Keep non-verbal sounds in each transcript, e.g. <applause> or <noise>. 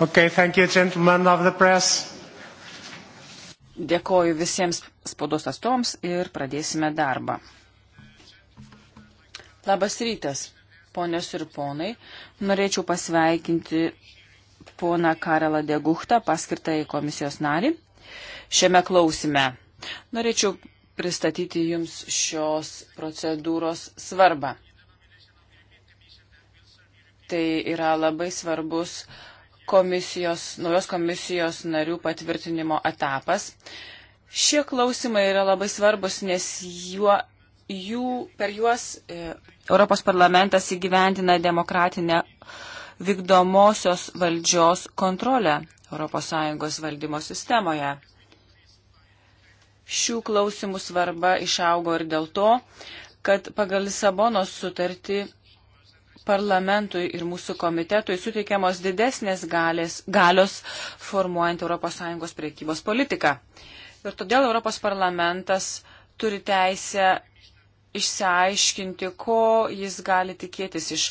Okay, thank you, gentlemen of the press. Dėkoju visiems spaudos atstovams ir pradėsime darbą. Labas rytas, ponios ir ponai. Norėčiau pasveikinti poną Karelą Deguchtą, paskirtą į komisijos narį. Šiame klausime norėčiau pristatyti Jums šios procedūros svarbą. Tai yra labai svarbus uh, komisijos, naujos komisijos narių patvirtinimo etapas. Šie klausimai yra labai svarbus, nes juo, jų, per juos e, Europos parlamentas įgyvendina demokratinę vykdomosios valdžios kontrolę ES valdymo sistemoje. Šių klausimų svarba išaugo ir dėl to, kad pagal Lisabonos sutartį parlamentui ir mūsų komitetui suteikiamos didesnės galės, galios formuojant ES priekybos politiką. Ir todėl Europos parlamentas turi teisę išsiaiškinti, ko jis gali tikėtis iš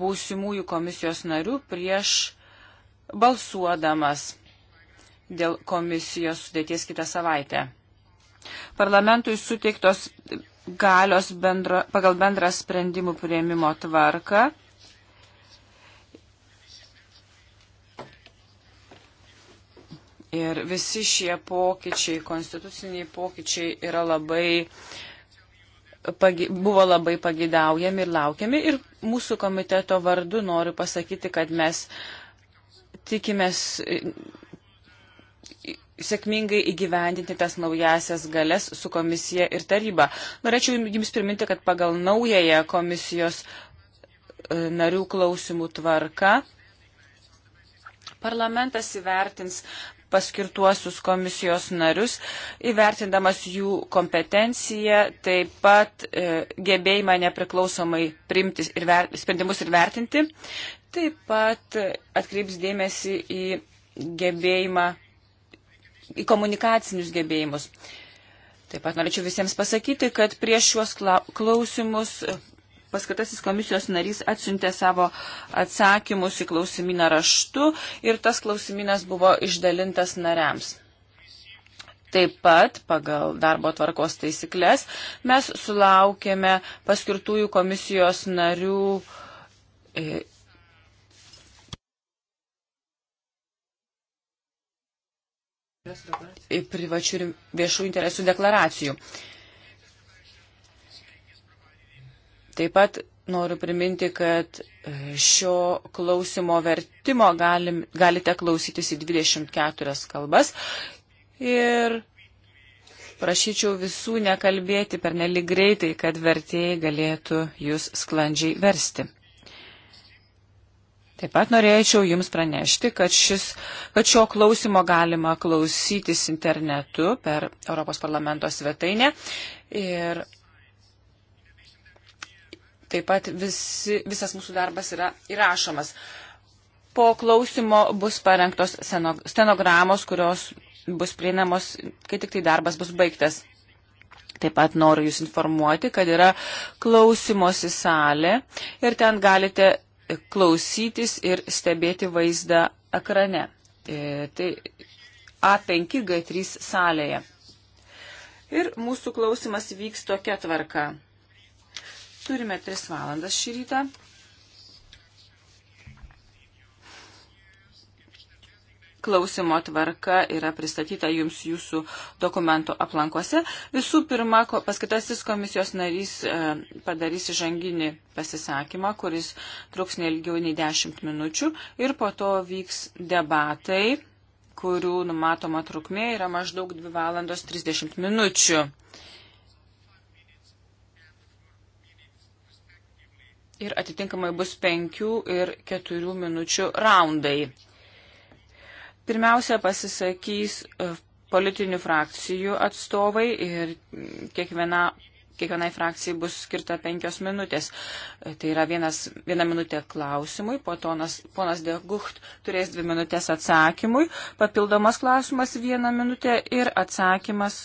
būsimųjų komisijos narių prieš balsuodamas dėl komisijos sudėties kitą savaitę. Parlamentui suteiktos galios bendro, pagal bendrą sprendimų prieimimo tvarką Ir visi šie pokyčiai, konstituciniai pokyčiai yra labai, pagi, buvo labai pagidaujami ir laukiami. Ir mūsų komiteto vardu noriu pasakyti, kad mes tikimės sėkmingai įgyvendinti tas naujasias galės su komisija ir taryba. Norėčiau Jums priminti, kad pagal naująją komisijos e, narių klausimų tvarką parlamentas įvertins paskirtuosius komisijos narius, įvertindamas jų kompetenciją, taip pat e, gebėjimą nepriklausomai priimti ir ver, sprendimus ir vertinti, taip pat atkreips dėmesį į gebėjimą, į komunikacinius gebėjimus. Taip pat norėčiau visiems pasakyti, kad prieš šiuos klausimus paskatasis komisijos narys atsiuntė savo atsakymus į klausimyną raštu ir tas klausimynas buvo išdalintas nariams. Taip pat pagal darbo tvarkos taisyklės mes sulaukėme paskirtųjų komisijos narių e, privačių ir viešų interesų deklaracijų. Taip pat noriu priminti, kad e, šio klausimo vertimo galim, galite klausytis į 24 kalbas ir prašyčiau visų nekalbėti per nelik greitai, kad vertėjai galėtų jūs sklandžiai versti. Taip pat norėčiau Jums pranešti, kad, šis, kad šio klausimo galima klausytis internetu per Europos parlamento svetainę ir Taip pat visi, visas mūsų darbas yra įrašomas. Po klausimo bus parengtos stenogramos, kurios bus prieinamos, kai tik tai darbas bus baigtas. Taip pat noriu Jūs informuoti, kad yra klausimosi salė ir ten galite klausytis ir stebėti vaizdą ekrane. E, tai A5G3 salėje. Ir mūsų klausimas vyks tokia tvarka. Turime 3 valandas šį rytą. Klausimo tvarka yra pristatyta jums jūsų dokumento aplankuose. Visų pirma, paskitasis komisijos narys e, padarys įžanginį pasisakymą, kuris truks nelgiau nei 10 minučių ir po to vyks debatai kurių numatoma trukmė yra maždaug 2 valandos 30 minučių. ir atitinkamai bus penkių ir keturių minučių raundai. Pirmiausia pasisakys e, politinių frakcijų atstovai ir kiekviena, kiekvienai frakcijai bus skirta penkios minutės. E, tai yra vienas, viena minutė klausimui, po to nas, ponas Degucht turės dvi minutės atsakymui, papildomas klausimas vieną minutę ir atsakymas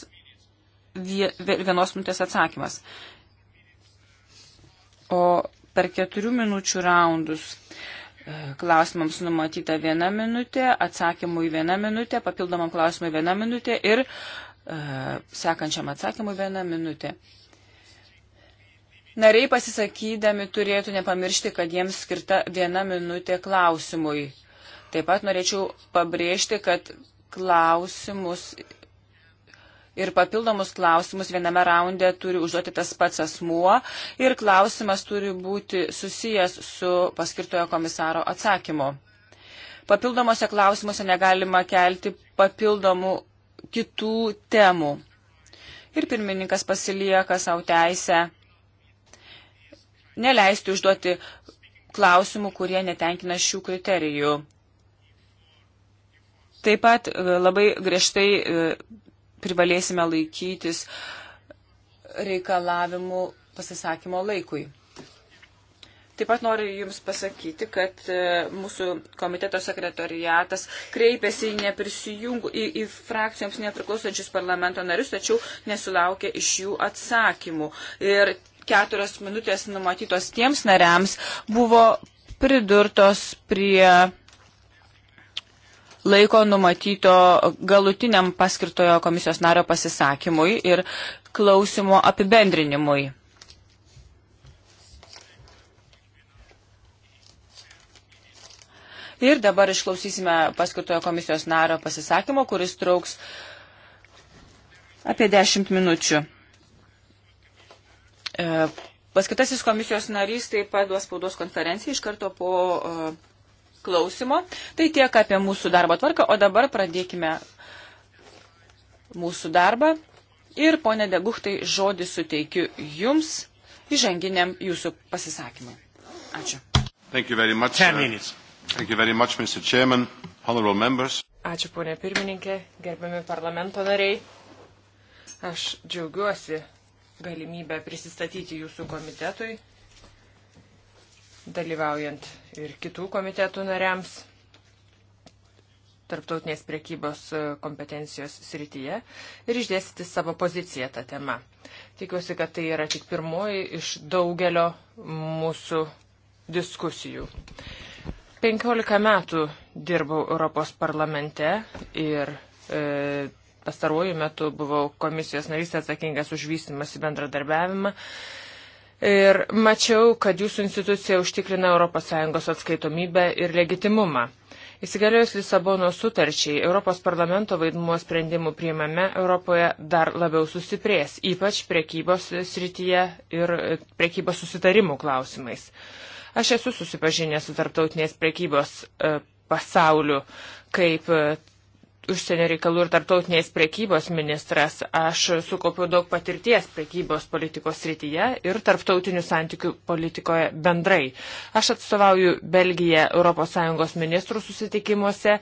vie, vienos minutės atsakymas. O per keturių minučių raundus. E, klausimams numatyta viena minutė, atsakymui viena minutė, papildomam klausimui viena minutė ir e, sekančiam atsakymui viena minutė. Nariai pasisakydami turėtų nepamiršti, kad jiems skirta viena minutė klausimui. Taip pat norėčiau pabrėžti, kad klausimus ir papildomus klausimus viename raunde turi užduoti tas pats asmuo ir klausimas turi būti susijęs su paskirtojo komisaro atsakymu. Papildomose klausimuose negalima kelti papildomų kitų temų. Ir pirmininkas pasilieka savo teisę neleisti užduoti klausimų, kurie netenkina šių kriterijų. Taip pat e, labai griežtai e, privalėsime laikytis reikalavimų pasisakymo laikui. Taip pat noriu Jums pasakyti, kad e, mūsų komiteto sekretoriatas kreipėsi į, į, į frakcijoms nepriklausančius parlamento narius, tačiau nesulaukė iš jų atsakymų. Ir keturios minutės numatytos tiems nariams buvo pridurtos prie laiko numatyto galutiniam paskirtojo komisijos nario pasisakymui ir klausimo apibendrinimui. Ir dabar išklausysime paskirtojo komisijos nario pasisakymo, kuris trauks apie 10 minučių. E, Paskitasis komisijos narys taip pat duos spaudos konferenciją iš karto po e, klausimo. Tai tiek apie mūsų darbo tvarką, o dabar pradėkime mūsų darbą. Ir, ponė Deguhtai, žodį suteikiu Jums įžanginiam Jūsų pasisakymui. Ačiū. Much, much, Chairman, Ačiū, ponė pirmininkė, gerbiami parlamento nariai. Aš džiaugiuosi galimybę prisistatyti Jūsų komitetui dalyvaujant ir kitų komitetų nariams tarptautinės priekybos e, kompetencijos srityje ir išdėstyti savo poziciją tą temą. Tikiuosi, kad tai yra tik pirmoji iš daugelio mūsų diskusijų. 15 metų dirbau Europos parlamente ir e, pastaruoju metu buvau komisijos narys atsakingas už vystimąsi bendradarbiavimą. E, ir mačiau, kad jūsų institucija užtikrina ES atskaitomybę ir legitimumą. Įsigaliojus Lisabono sutarčiai, Europos parlamento vaidmuo sprendimų priimame Europoje dar labiau sustiprės, ypač prekybos srityje ir e, prekybos susitarimų klausimais. Aš esu susipažinęs su tarptautinės prekybos e, pasauliu kaip e, užsienio reikalų ir tarptautinės priekybos ministras, aš sukaupiau daug patirties priekybos politikos srityje ir tarptautinių santykių politikoje bendrai. Aš atstovauju Belgiją ES ministrų susitikimuose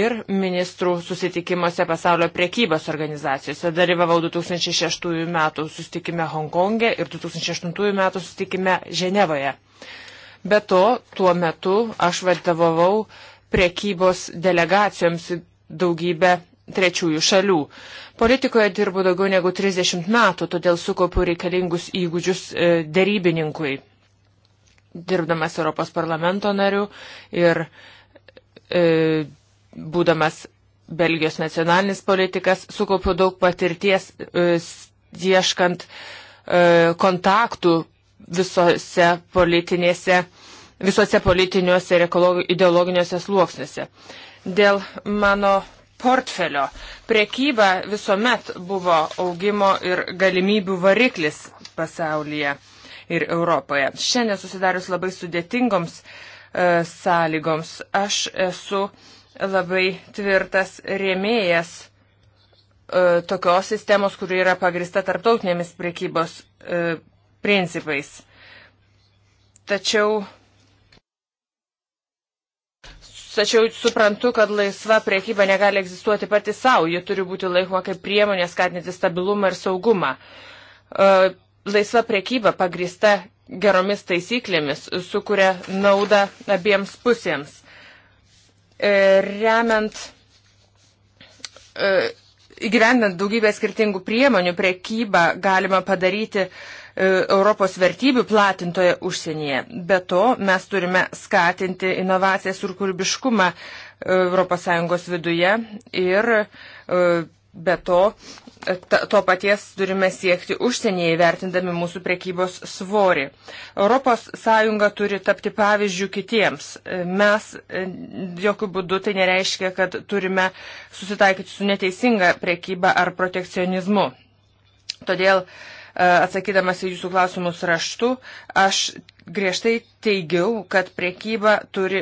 ir ministrų susitikimuose pasaulio priekybos organizacijose. Dalyvavau 2006 metų susitikime Hongkonge ir 2008 metų susitikime Ženevoje. Be to, tuo metu aš vadovavau priekybos delegacijoms daugybę trečiųjų šalių. Politikoje dirbu daugiau negu 30 metų, todėl sukaupiu reikalingus įgūdžius e, dėrybininkui, dirbdamas Europos parlamento nariu ir e, būdamas Belgijos nacionalinis politikas, sukaupiu daug patirties e, ieškant e, kontaktų visose politinėse, visose politiniuose ir ideologiniuose sluoksniuose dėl mano portfelio. Prekyba visuomet buvo augimo ir galimybių variklis pasaulyje ir Europoje. Šiandien susidarius labai sudėtingoms e, sąlygoms, aš esu labai tvirtas rėmėjas e, tokios sistemos, kuri yra pagrista tarptautinėmis priekybos e, principais. Tačiau Tačiau suprantu, kad laisva priekyba negali egzistuoti pati savo, ji turi būti laikoma kaip priemonė skatinti stabilumą ir saugumą. E, laisva priekyba pagrįsta geromis taisyklėmis sukuria naudą abiems pusėms. E, remiant, e, įgyvendant daugybę skirtingų priemonių, priekybą galima padaryti uh, E, Europos vertybių platintoje užsienyje. Be to, mes turime skatinti inovacijas ir kūrybiškumą ES viduje ir e, be to, to paties turime siekti užsienyje įvertindami mūsų prekybos svorį. ES turi tapti pavyzdžių kitiems. E, mes jokių būdų tai nereiškia, kad turime susitaikyti su neteisinga prekyba ar protekcionizmu. Todėl uh, E, atsakydamas į jūsų klausimus raštu, aš griežtai teigiau, kad priekyba turi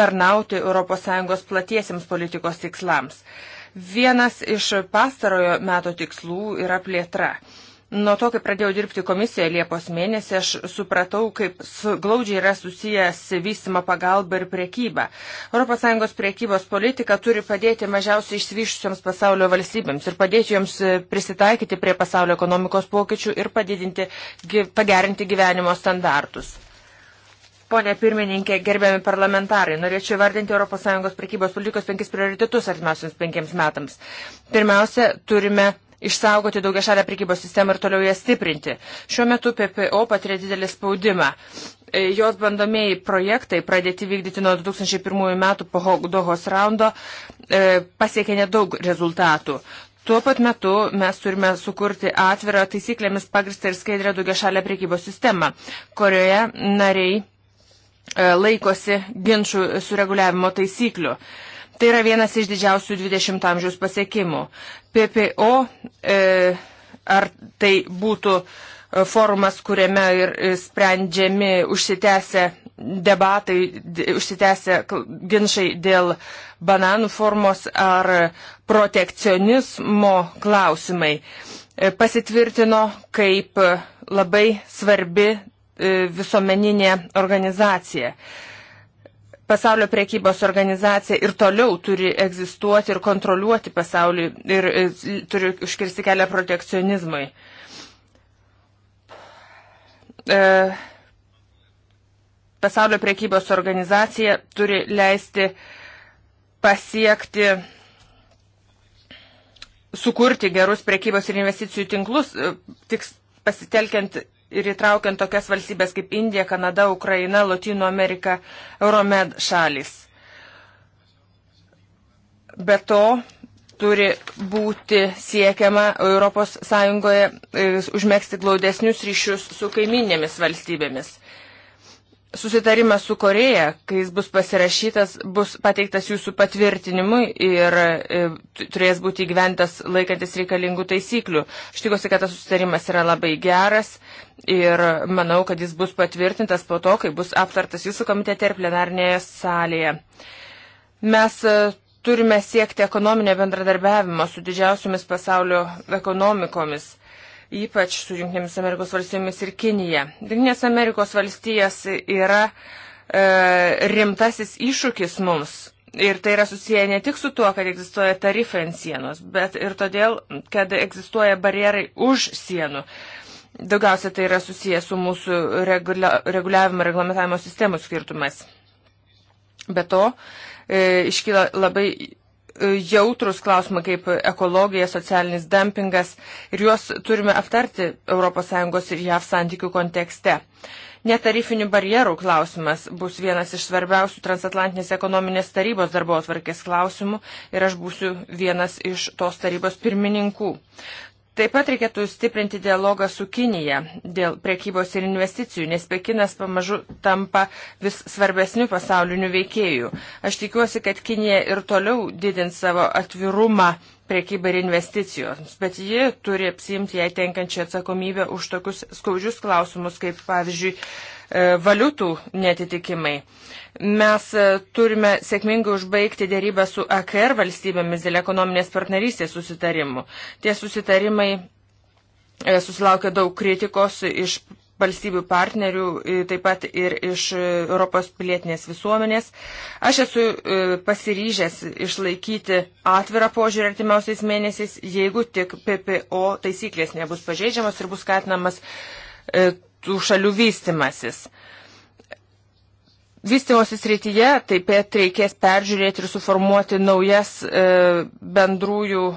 tarnauti ES platiesiems politikos tikslams. Vienas iš pastarojo meto tikslų yra plėtra. Nuo to, kai pradėjau dirbti komisiją Liepos mėnesį, aš supratau, kaip glaudžiai yra susijęs vystimo pagalba ir priekyba. ES priekybos politika turi padėti mažiausiai išsivyšusiams pasaulio valstybėms ir padėti joms e, prisitaikyti prie pasaulio ekonomikos pokyčių ir pagerinti gyvenimo standartus. Pone pirmininkė, gerbiami parlamentarai, norėčiau vardinti ES prekybos politikos penkis prioritetus artimiausiams penkiems metams. Pirmiausia, turime išsaugoti daugia šalę prekybos sistemą ir toliau ją stiprinti. Šiuo metu PPO patiria didelį spaudimą. E, jos bandomieji projektai, pradėti vykdyti nuo 2001 metų po Dohos raundo, e, pasiekė nedaug rezultatų. Tuo pat metu mes turime sukurti atvirą taisyklėmis pagristą ir skaidrę daugia šalę prekybos sistemą, kurioje nariai e, laikosi ginčių sureguliavimo taisyklių. Tai yra vienas iš didžiausių 20 amžiaus pasiekimų. PPO, e, ar tai būtų e, forumas, kuriame ir e, sprendžiami užsitęsę debatai, užsitęsę ginčiai dėl bananų formos ar protekcionizmo klausimai, e, pasitvirtino kaip labai svarbi visuomeninė organizacija. Pasaulio priekybos organizacija ir toliau turi egzistuoti ir kontroliuoti pasaulį ir, ir e, turi užkirsti kelią protekcionizmui. E, pasaulio priekybos organizacija turi leisti pasiekti, sukurti gerus priekybos ir investicijų tinklus, e, tiks pasitelkiant ir įtraukiant tokias valstybės kaip Indija, Kanada, Ukraina, Latino Amerika, Euromed šalis. Be to, turi būti siekiama ES e, užmėgsti glaudesnius ryšius su kaiminėmis valstybėmis susitarimas su Koreja, kai jis bus pasirašytas, bus pateiktas jūsų patvirtinimui ir e, turės būti įgyventas laikantis reikalingų taisyklių. Aš tikiuosi, kad tas susitarimas yra labai geras ir manau, kad jis bus patvirtintas po to, kai bus aptartas jūsų komitete ir plenarnėje salėje. Mes e, turime siekti ekonominio bendradarbiavimo su didžiausiomis pasaulio ekonomikomis ypač su Junktinėmis Amerikos valstijomis ir Kinija. Junktinės Amerikos valstijas yra e, rimtasis iššūkis mums. Ir tai yra susiję ne tik su tuo, kad egzistuoja tarifai ant sienos, bet ir todėl, kad egzistuoja barjerai už sienų. Daugiausia tai yra susiję su mūsų regula, reguliavimo ir reglamentavimo sistemų skirtumas. Be to, e, iškyla labai jautrus klausimai kaip ekologija, socialinis dumpingas ir juos turime aptarti ES ir JAV santykių kontekste. Netarifinių barjerų klausimas bus vienas iš svarbiausių transatlantinės ekonominės tarybos darbo atvarkės klausimų ir aš būsiu vienas iš tos tarybos pirmininkų. Taip pat reikėtų stiprinti dialogą su Kinija dėl prekybos ir investicijų, nes Pekinas pamažu tampa vis svarbesnių pasaulinių veikėjų. Aš tikiuosi, kad Kinija ir toliau didins savo atvirumą prekybai ir investicijoms, bet ji turi apsimti jai tenkančią atsakomybę už tokius skaudžius klausimus, kaip pavyzdžiui E, valiutų netitikimai. Mes e, turime sėkmingai užbaigti dėrybę su AKR valstybėmis dėl ekonominės partnerystės susitarimų. Tie susitarimai e, susilaukia daug kritikos iš valstybių partnerių, taip pat ir iš Europos pilietinės visuomenės. Aš esu pasiryžęs išlaikyti atvirą požiūrį artimiausiais mėnesiais, jeigu tik PPO taisyklės nebus pažeidžiamas ir bus skatinamas tų šalių vystimasis. Vystimosi srityje taip pat reikės peržiūrėti ir suformuoti naujas e, bendrųjų e,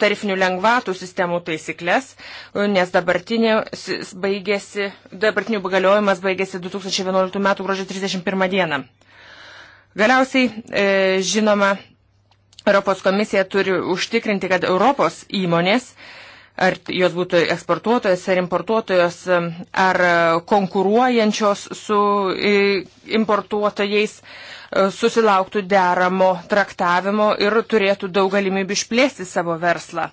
tarifinių lengvatų sistemų taisyklės, e, nes baigėsi, dabartinių galiojimas baigėsi 2011 m. gruodžio 31 d. Galiausiai, žinoma, Europos komisija turi užtikrinti, kad Europos įmonės ar jos būtų eksportuotojos ar importuotojos, ar konkuruojančios su importuotojais, e, susilauktų deramo traktavimo ir turėtų daug galimybių išplėsti savo verslą.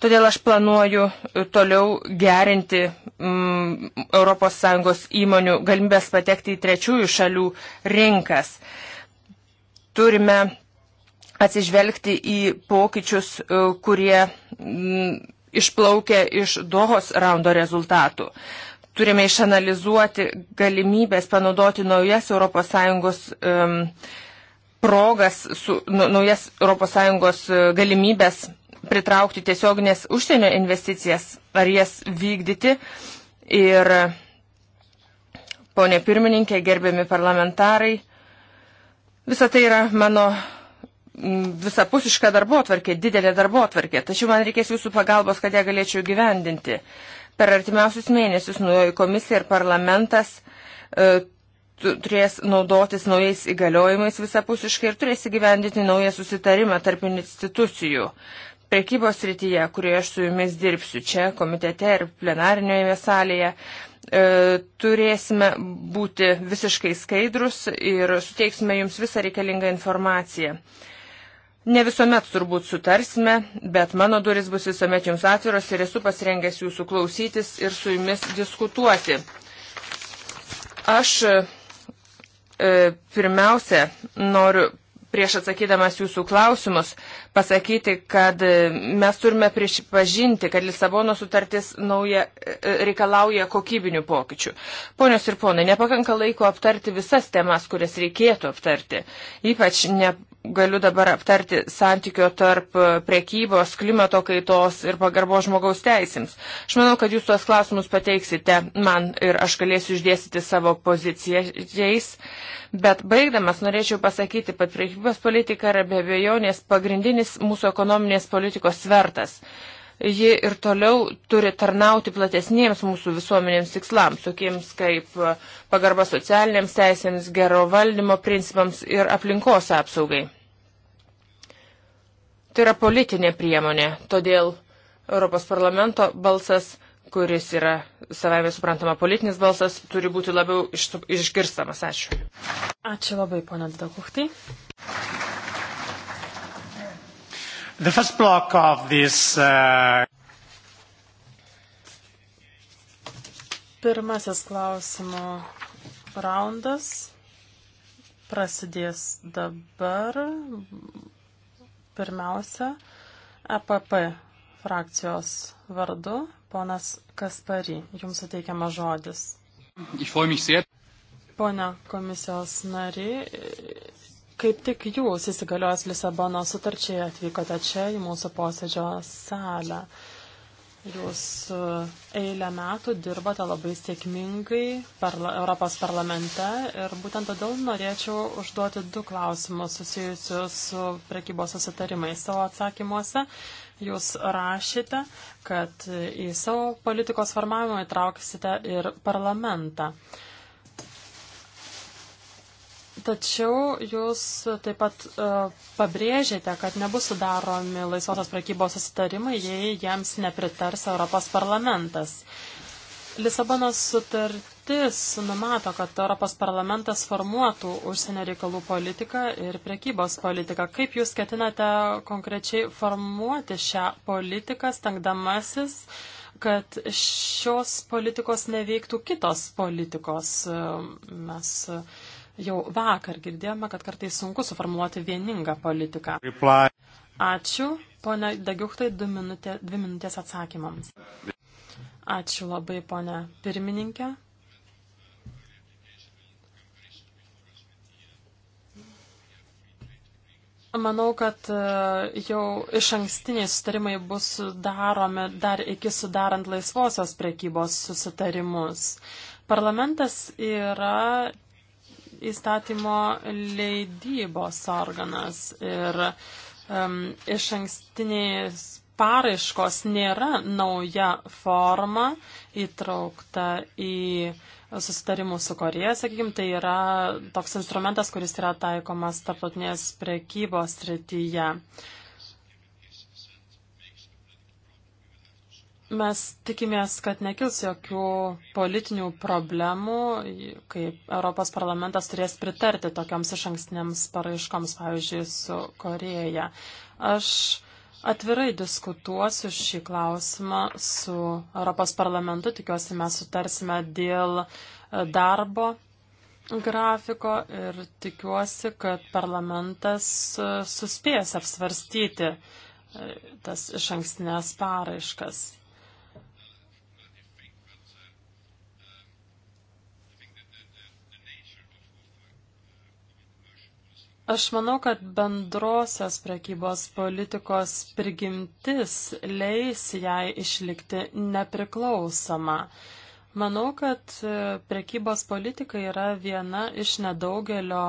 Todėl aš planuoju toliau gerinti mm, ES įmonių galimybės patekti į trečiųjų šalių rinkas. Turime atsižvelgti į pokyčius, e, kurie mm, išplaukia iš Dohos raundo rezultatų. Turime išanalizuoti galimybės panaudoti naujas ES um, progas, su, nu, naujas ES e, galimybės pritraukti tiesioginės užsienio investicijas, ar jas vykdyti. Ir, ponė pirmininkė, gerbiami parlamentarai, visa tai yra mano visapusišką darbo atvarkę, didelę darbo atvarkę, tačiau man reikės jūsų pagalbos, kad ją galėčiau gyvendinti. Per artimiausius mėnesius nuėjo į komisiją ir parlamentas e, turės naudotis naujais įgaliojimais visapusiškai ir turės įgyvendinti naują susitarimą tarp institucijų. Prekybos srityje, kurioje aš su jumis dirbsiu čia, komitete ir plenarinėje salėje, e, turėsime būti visiškai skaidrus ir suteiksime jums visą reikalingą informaciją. Ne visuomet turbūt sutarsime, bet mano duris bus visuomet jums atviros ir esu pasirengęs jūsų klausytis ir su jumis diskutuoti. Aš e, e pirmiausia noriu prieš atsakydamas jūsų klausimus pasakyti, kad e, mes turime pripažinti, kad Lisabono sutartis nauja, e, reikalauja kokybinių pokyčių. Ponios ir ponai, nepakanka laiko aptarti visas temas, kurias reikėtų aptarti. Ypač ne, galiu dabar aptarti santykio tarp e, prekybos, klimato kaitos ir pagarbo žmogaus teisėms. Aš manau, kad jūs tuos klausimus pateiksite man ir aš galėsiu išdėstyti savo poziciją jais. Bet baigdamas norėčiau pasakyti, kad prekybos politika yra be abejonės pagrindinis mūsų ekonominės politikos svertas ji ir toliau turi tarnauti platesniems mūsų visuomenėms tikslams, tokiems kaip e, pagarba socialiniams teisėms, gero valdymo principams ir aplinkos apsaugai. Tai yra politinė priemonė, todėl Europos parlamento balsas, kuris yra savai suprantama politinis balsas, turi būti labiau išgirstamas. Ačiū. Ačiū labai, ponė Dakuchtai. The first block of this. Uh... Pirmasis klausimo raundas prasidės dabar. Pirmiausia, APP e frakcijos vardu ponas Kaspary. Jums suteikiama žodis. Pone komisijos nariai, kaip tik jūs įsigaliojus Lisabono sutarčiai atvykote čia į mūsų posėdžio salę. Jūs e, eilę metų dirbate labai sėkmingai parla Europos parlamente ir būtent todėl norėčiau užduoti du klausimus susijusius su prekybos susitarimais savo atsakymuose. Jūs rašėte, kad į savo politikos formavimą įtrauksite ir parlamentą. Uh, Tačiau jūs taip pat uh, pabrėžėte, kad nebus sudaromi laisvosios prekybos susitarimai, jei jiems nepritars Europos parlamentas. Lisabonos sutartis numato, kad Europos parlamentas formuotų užsienio reikalų politiką ir prekybos politiką. Kaip jūs ketinate konkrečiai formuoti šią politiką, stengdamasis, kad šios politikos neveiktų kitos politikos? E, mes uh, Jau vakar girdėjome, kad kartais sunku suformuoluoti vieningą politiką. Reply. Ačiū, ponia Dagiuktai, minutė, dvi minutės atsakymams. Ačiū labai, ponia pirmininkė. Manau, kad e, jau iš ankstiniai sutarimai bus daromi dar iki sudarant laisvosios prekybos susitarimus. Parlamentas yra įstatymo leidybos organas ir um, iš ankstinės paraiškos nėra nauja forma įtraukta į susitarimų su Korėja, sakykime, tai yra toks instrumentas, kuris yra taikomas tarptautinės prekybos srityje. Uh, Mes tikimės, kad nekils jokių politinių problemų, kai Europos parlamentas turės pritarti tokiams iš ankstinėms paraiškoms, pavyzdžiui, su Koreja. Aš atvirai diskutuosiu šį klausimą su Europos parlamentu, tikiuosi mes sutarsime dėl e, darbo grafiko ir tikiuosi, kad parlamentas e, suspės apsvarstyti e, tas iš ankstinės paraiškas. Aš manau, kad bendrosios prekybos politikos prigimtis leis jai išlikti nepriklausoma. Manau, kad e, prekybos politika yra viena iš nedaugelio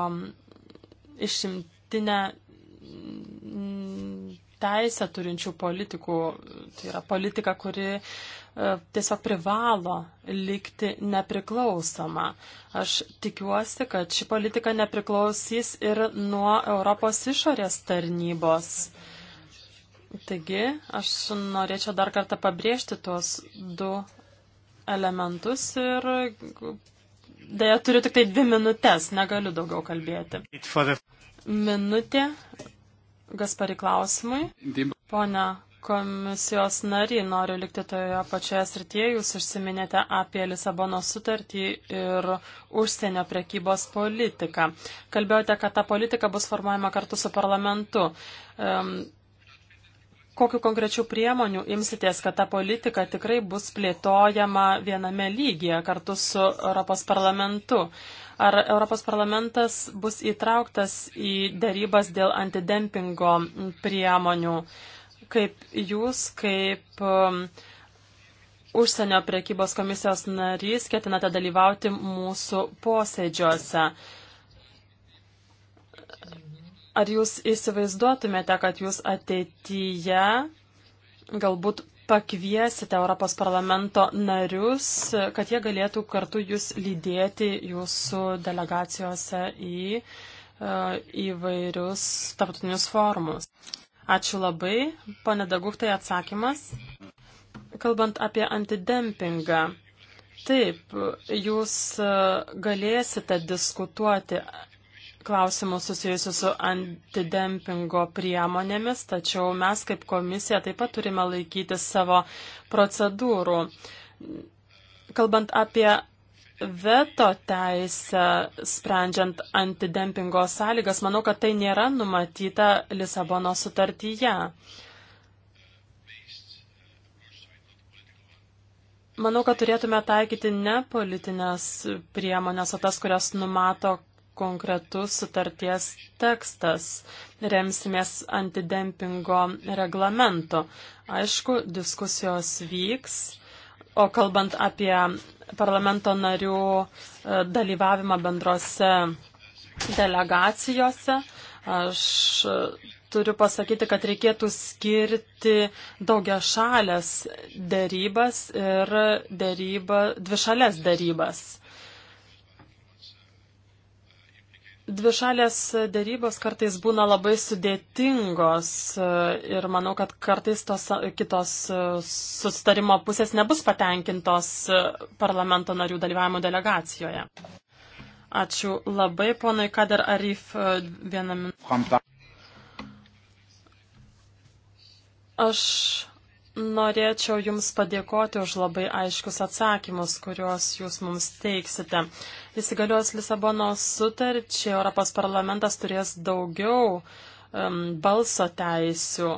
išimtinę teisę turinčių politikų. Tai yra politika, kuri e, tiesiog privalo likti nepriklausoma. Aš tikiuosi, kad ši politika nepriklausys ir nuo Europos išorės tarnybos. Taigi, aš norėčiau dar kartą pabrėžti tuos du elementus ir dėja turiu tik tai dvi minutės, negaliu daugiau kalbėti. Minutė Gaspari klausimui. Pone komisijos nariai, noriu likti toje pačioje srityje. Jūs užsiminėte apie Lisabono sutartį ir užsienio prekybos politiką. Kalbėjote, kad ta politika bus formuojama kartu su parlamentu. Um, kokiu konkrečiu priemoniu imsitės, kad ta politika tikrai bus plėtojama viename lygyje kartu su Europos parlamentu? Ar Europos parlamentas bus įtrauktas į darybas dėl antidempingo priemonių? Kaip jūs, kaip um, užsienio prekybos komisijos narys, ketinate dalyvauti mūsų posėdžiuose? Ar jūs įsivaizduotumėte, kad jūs ateityje galbūt pakviesite Europos parlamento narius, kad jie galėtų kartu jūs lydėti jūsų delegacijose į e, įvairius tarptautinius forumus? Ačiū labai. Pane Daguktai, atsakymas. Kalbant apie antidempingą, taip, jūs e, galėsite diskutuoti klausimų susijusių su antidempingo priemonėmis, tačiau mes kaip komisija taip pat turime laikytis savo procedūrų. Kalbant apie veto teisę sprendžiant antidempingo sąlygas, manau, kad tai nėra numatyta Lisabono sutartyje. Manau, kad turėtume taikyti ne politinės priemonės, o tas, kurias numato konkretus sutarties tekstas, remsimės antidempingo reglamento. Aišku, diskusijos vyks, o kalbant apie parlamento narių e, dalyvavimą bendrose delegacijose, aš turiu pasakyti, kad reikėtų skirti daugia šalės dėrybas ir dėryba, dvišalės dėrybas. Dvišalės darybos kartais būna labai sudėtingos e, ir manau, kad kartais tos e, kitos e, sustarimo pusės nebus patenkintos parlamento narių dalyvavimo delegacijoje. Ačiū labai, ponai Kader Arif, vieną minutę. Aš Norėčiau Jums padėkoti už labai aiškius atsakymus, kuriuos Jūs mums teiksite. Įsigalios Lisabonos sutarčiai, Europos parlamentas turės daugiau um, balso teisių.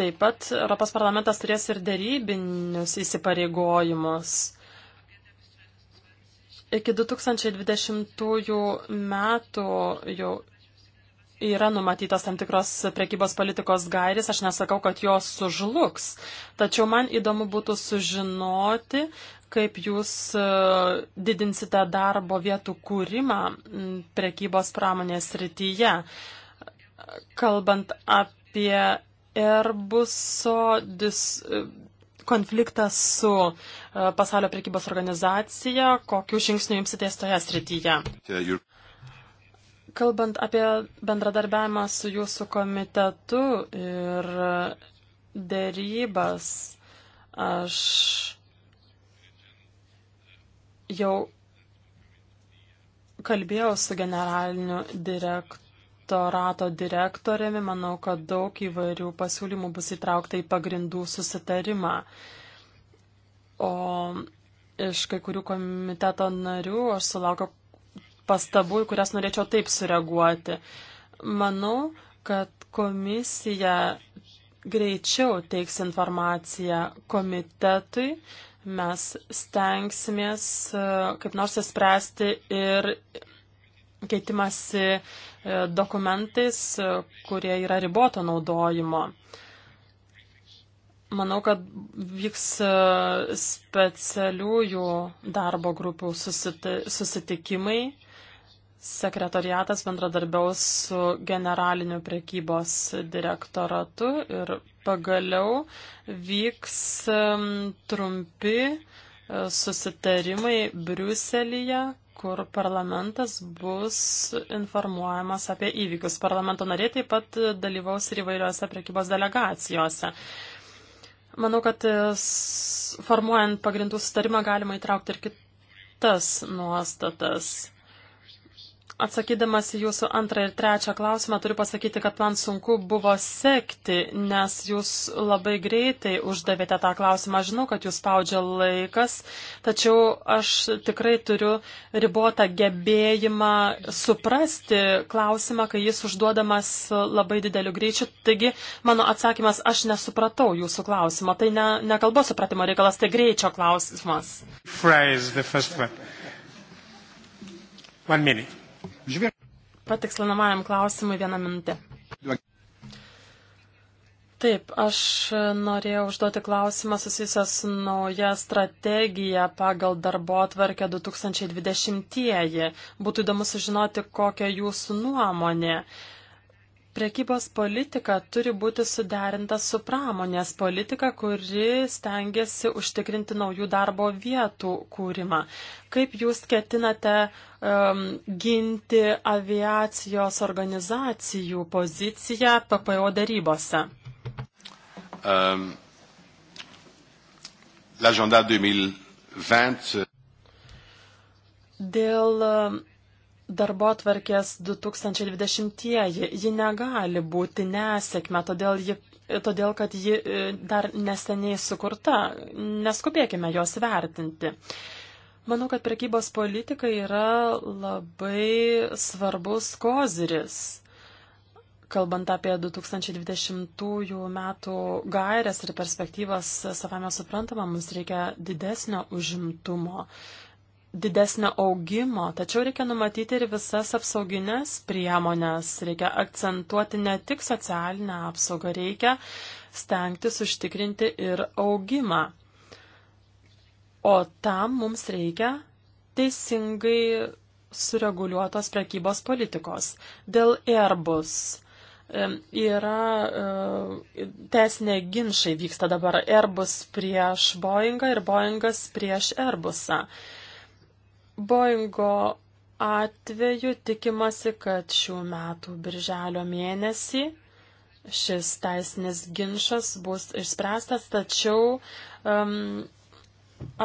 Taip pat Europos parlamentas turės ir dėrybinius įsipareigojimus. Iki 2020 metų jau yra numatytos tam tikros prekybos politikos gairis, aš nesakau, kad jos sužlugs, tačiau man įdomu būtų sužinoti, kaip jūs e, didinsite darbo vietų kūrimą prekybos pramonės rytyje. Kalbant apie Airbuso dis, e, konfliktą su e, pasaulio prekybos organizacija, kokiu žingsniu imsitės toje srityje? Kalbant apie bendradarbiavimą su jūsų komitetu ir dėrybas, aš jau kalbėjau su generaliniu direktorato direktoriumi, manau, kad daug įvairių pasiūlymų bus įtraukta į pagrindų susitarimą. O iš kai kurių komiteto narių aš sulaukiu pastabų, į kurias norėčiau taip sureaguoti. Manau, kad komisija greičiau teiks informaciją komitetui. Mes stengsimės e, kaip nors įspręsti ir keitimasi e, dokumentais, e, kurie yra riboto naudojimo. Manau, kad vyks specialiųjų darbo grupių susitikimai Sekretariatas bendradarbiaus su generaliniu prekybos direktoratu ir pagaliau vyks trumpi e, susitarimai Briuselyje, kur parlamentas bus informuojamas apie įvykius. Parlamento nariai taip pat dalyvaus ir įvairiuose prekybos delegacijose. Manau, kad e, formuojant pagrindų sutarimą galima įtraukti ir kitas nuostatas. Atsakydamas į jūsų antrą ir trečią klausimą, turiu pasakyti, kad man sunku buvo sekti, nes jūs labai greitai uždavėte tą klausimą. Žinau, kad jūs spaudžia laikas, tačiau aš tikrai turiu ribotą gebėjimą suprasti klausimą, kai jis užduodamas labai dideliu greičiu. Taigi, mano atsakymas, aš nesupratau jūsų klausimo. Tai ne, ne kalbos supratimo reikalas, tai greičio klausimas. Phrase, One minute. Patikslinamajam klausimui vieną minutę. Taip, aš norėjau užduoti klausimą susijusią su nauja strategija pagal darbo atvarkę 2020-ieji. Būtų įdomu sužinoti, kokia jūsų nuomonė. Uh, Prekybos politika turi būti suderinta su pramonės politika, kuri stengiasi užtikrinti naujų darbo vietų kūrimą. Kaip jūs ketinate um, ginti aviacijos organizacijų poziciją PPO darybose? Um, 2020. Euh, Dėl um, darbo tvarkės 2020-ieji. Ji negali būti nesėkme, todėl, ji, todėl kad ji e, dar neseniai sukurta. Neskubėkime jos vertinti. Manau, kad prekybos politika yra labai svarbus koziris. Kalbant apie 2020 metų gairias ir perspektyvas, savame suprantama, mums reikia didesnio užimtumo didesnio augimo, tačiau reikia numatyti ir visas apsauginės priemonės. Reikia akcentuoti ne tik socialinę apsaugą, reikia stengtis užtikrinti ir augimą. O tam mums reikia teisingai sureguliuotos prekybos politikos. Dėl Airbus yra e, tesnė ginšai vyksta dabar Airbus prieš Boeingą ir Boeingas prieš Airbusą. Boingo atveju tikimasi, kad šių metų birželio mėnesį šis teisinis ginčas bus išspręstas, tačiau um,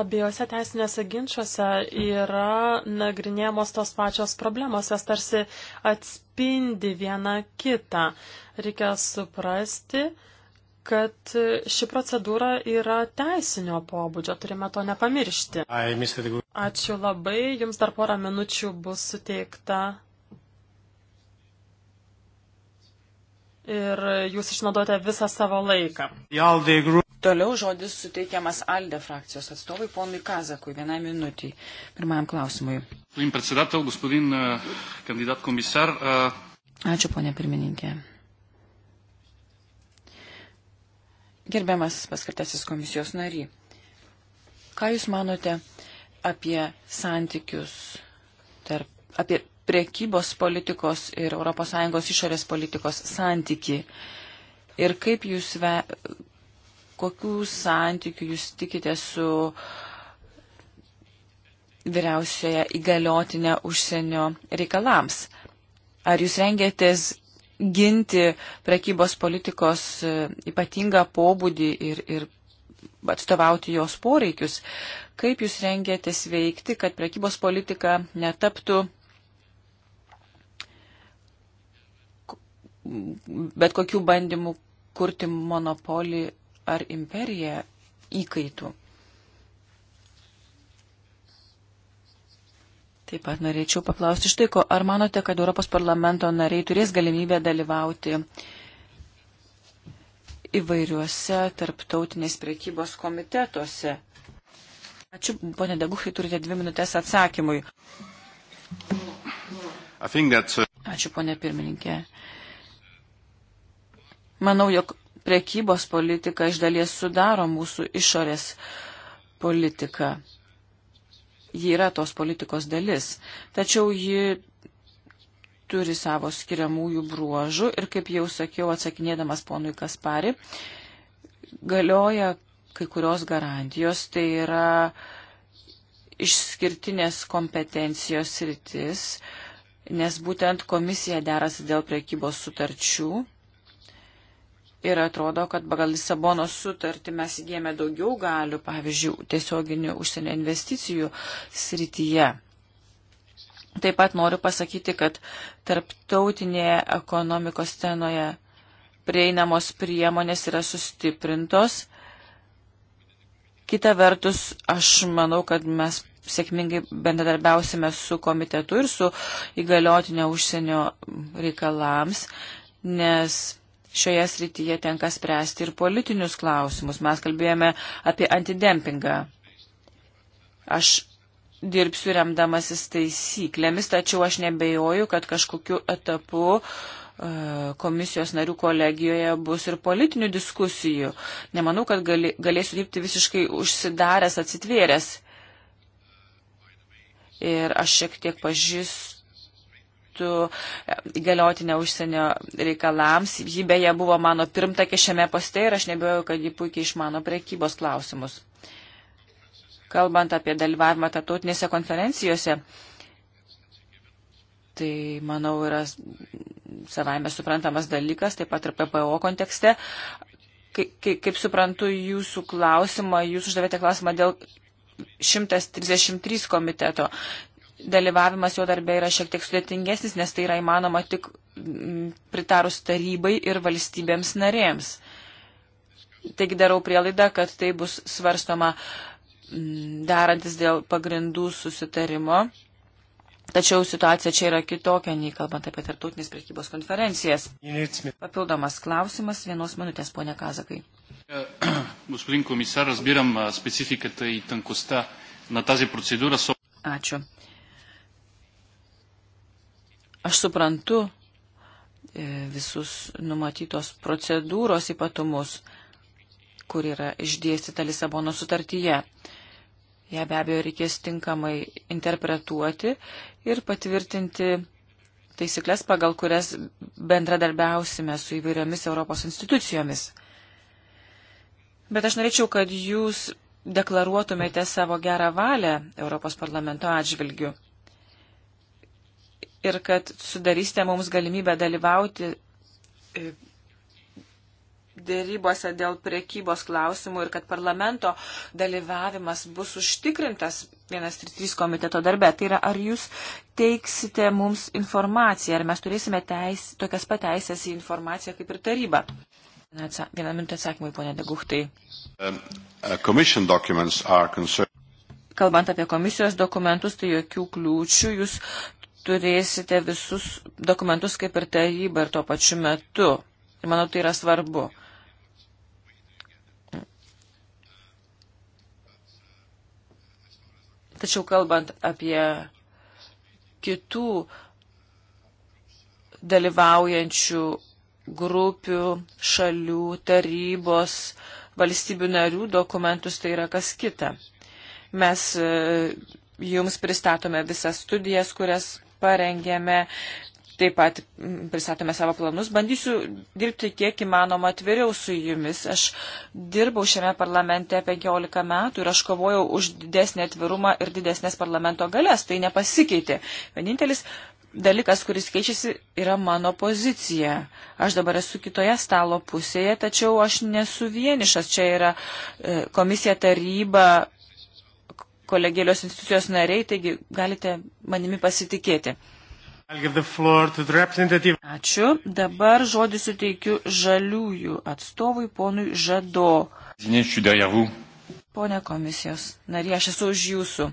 abiejose teisinėse ginčiuose yra nagrinėjamos tos pačios problemos, jos tarsi atspindi vieną kitą. Reikia suprasti, kad ši procedūra yra teisinio pobūdžio, turime to nepamiršti. Ai, Ačiū labai. Jums dar porą minučių bus suteikta. Ir jūs išnaudojate visą savo laiką. Toliau žodis suteikiamas Alde frakcijos atstovui ponui Kazakui vienai minutiai. Pirmajam klausimui. Ačiū, ponė pirmininkė. Gerbiamas paskirtasis komisijos nary. Ką Jūs manote apie santykius tarp, apie priekybos politikos ir ES išorės politikos santyki. Ir kaip jūs, ve, kokių santykių jūs tikite su vyriausioje įgaliotinė užsienio reikalams? Ar jūs rengėtės ginti prekybos politikos e, ypatingą pobūdį ir, ir atstovauti jos poreikius? Kaip jūs rengėtės veikti, kad prekybos politika netaptų bet kokių bandymų kurti monopolį ar imperiją įkaitų? Taip pat norėčiau paklausti štai ko. Ar manote, kad Europos parlamento nariai turės galimybę dalyvauti įvairiuose tarptautinės priekybos komitetuose? Ačiū, ponė Deguchai, turite dvi minutės atsakymui. Uh, Ačiū, ponė pirmininkė. Manau, jog prekybos politika iš dalies sudaro mūsų išorės politiką. Ji yra tos politikos dalis, tačiau ji turi savo skiriamųjų bruožų ir, kaip jau sakiau, atsakinėdamas ponui Kaspari, galioja, kai kurios garantijos, tai yra išskirtinės kompetencijos rytis, nes būtent komisija derasi dėl priekybos sutarčių. Ir atrodo, kad pagal Lisabono sutartį mes įgėmė daugiau galių, pavyzdžiui, tiesioginių užsienio investicijų srityje. Taip pat noriu pasakyti, kad tarptautinėje ekonomikos scenoje prieinamos priemonės yra sustiprintos Kita vertus, aš manau, kad mes sėkmingai bendradarbiausime su komitetu ir su įgaliotinio užsienio reikalams, nes šioje srityje tenka spręsti ir politinius klausimus. Mes kalbėjome apie antidempingą. Aš dirbsiu remdamasis taisyklėmis, tačiau aš nebejoju, kad kažkokiu etapu uh, E, komisijos narių kolegijoje bus ir politinių diskusijų. Nemanau, kad gali, galėsiu dirbti visiškai užsidaręs, atsitvėręs. Ir aš šiek tiek pažįstu galiotinę užsienio reikalams. Ji beje buvo mano pirmtakė šiame poste ir aš nebejoju, kad ji puikiai išmano prekybos klausimus. Kalbant apie dalyvavimą tarptautinėse konferencijose, Tai, manau, yra savaime suprantamas dalykas, taip pat ir PPO kontekste. Kaip, kaip suprantu jūsų klausimą, jūs uždavėte klausimą dėl 133 komiteto. Dalyvavimas jo darbė yra šiek tiek sudėtingesnis, nes tai yra įmanoma tik pritarus tarybai ir valstybėms narėms. Taigi darau prielaidą, kad tai bus svarstoma darantis dėl pagrindų susitarimo Tačiau situacija čia yra kitokia, nei kalbant apie tarptautinės prekybos konferencijas. Papildomas klausimas vienos minutės, ponė Kazakai. Господин комисар, разбирам спецификата и тънкостта на тази процедура. Ačiū. Aš suprantu e, visus numatytos procedūros ypatumus, kur yra išdėstyta Lisabono sutartyje. Ja be abejo reikės tinkamai interpretuoti ir patvirtinti taisyklės, pagal kurias bendradarbiausime su įvairiomis Europos institucijomis. Bet aš norėčiau, kad jūs deklaruotumėte savo gerą valią Europos parlamento atžvilgiu ir kad sudarysite mums galimybę dalyvauti e, dėrybose dėl priekybos klausimų ir kad parlamento dalyvavimas bus užtikrintas 1.3 komiteto darbe. Tai yra, ar jūs teiksite mums informaciją, ar mes turėsime teis, tokias pateisės į informaciją kaip ir taryba? Vieną minutę atsakymui, ponė Deguhtai. Um, uh, Kalbant apie komisijos dokumentus, tai jokių kliūčių. Jūs turėsite visus dokumentus kaip ir taryba ir tuo pačiu metu. Ir manau, tai yra svarbu. Tačiau kalbant apie kitų dalyvaujančių grupių, šalių, tarybos, valstybių narių dokumentus, tai yra kas kita. Mes e, jums pristatome visas studijas, kurias parengėme, taip pat mm, pristatome savo planus. Bandysiu dirbti kiek įmanoma atviriau su jumis. Aš dirbau šiame parlamente 15 metų ir aš kovojau už didesnį atvirumą ir didesnės parlamento galės. Tai nepasikeitė. Vienintelis dalykas, kuris keičiasi, yra mano pozicija. Aš dabar esu kitoje stalo pusėje, tačiau aš nesu vienišas. Čia yra e, komisija taryba kolegėlios institucijos nariai, taigi galite manimi pasitikėti. Ačiū. Dabar žodį suteikiu žaliųjų atstovui ponui Žado. Pone komisijos narė, aš esu už jūsų.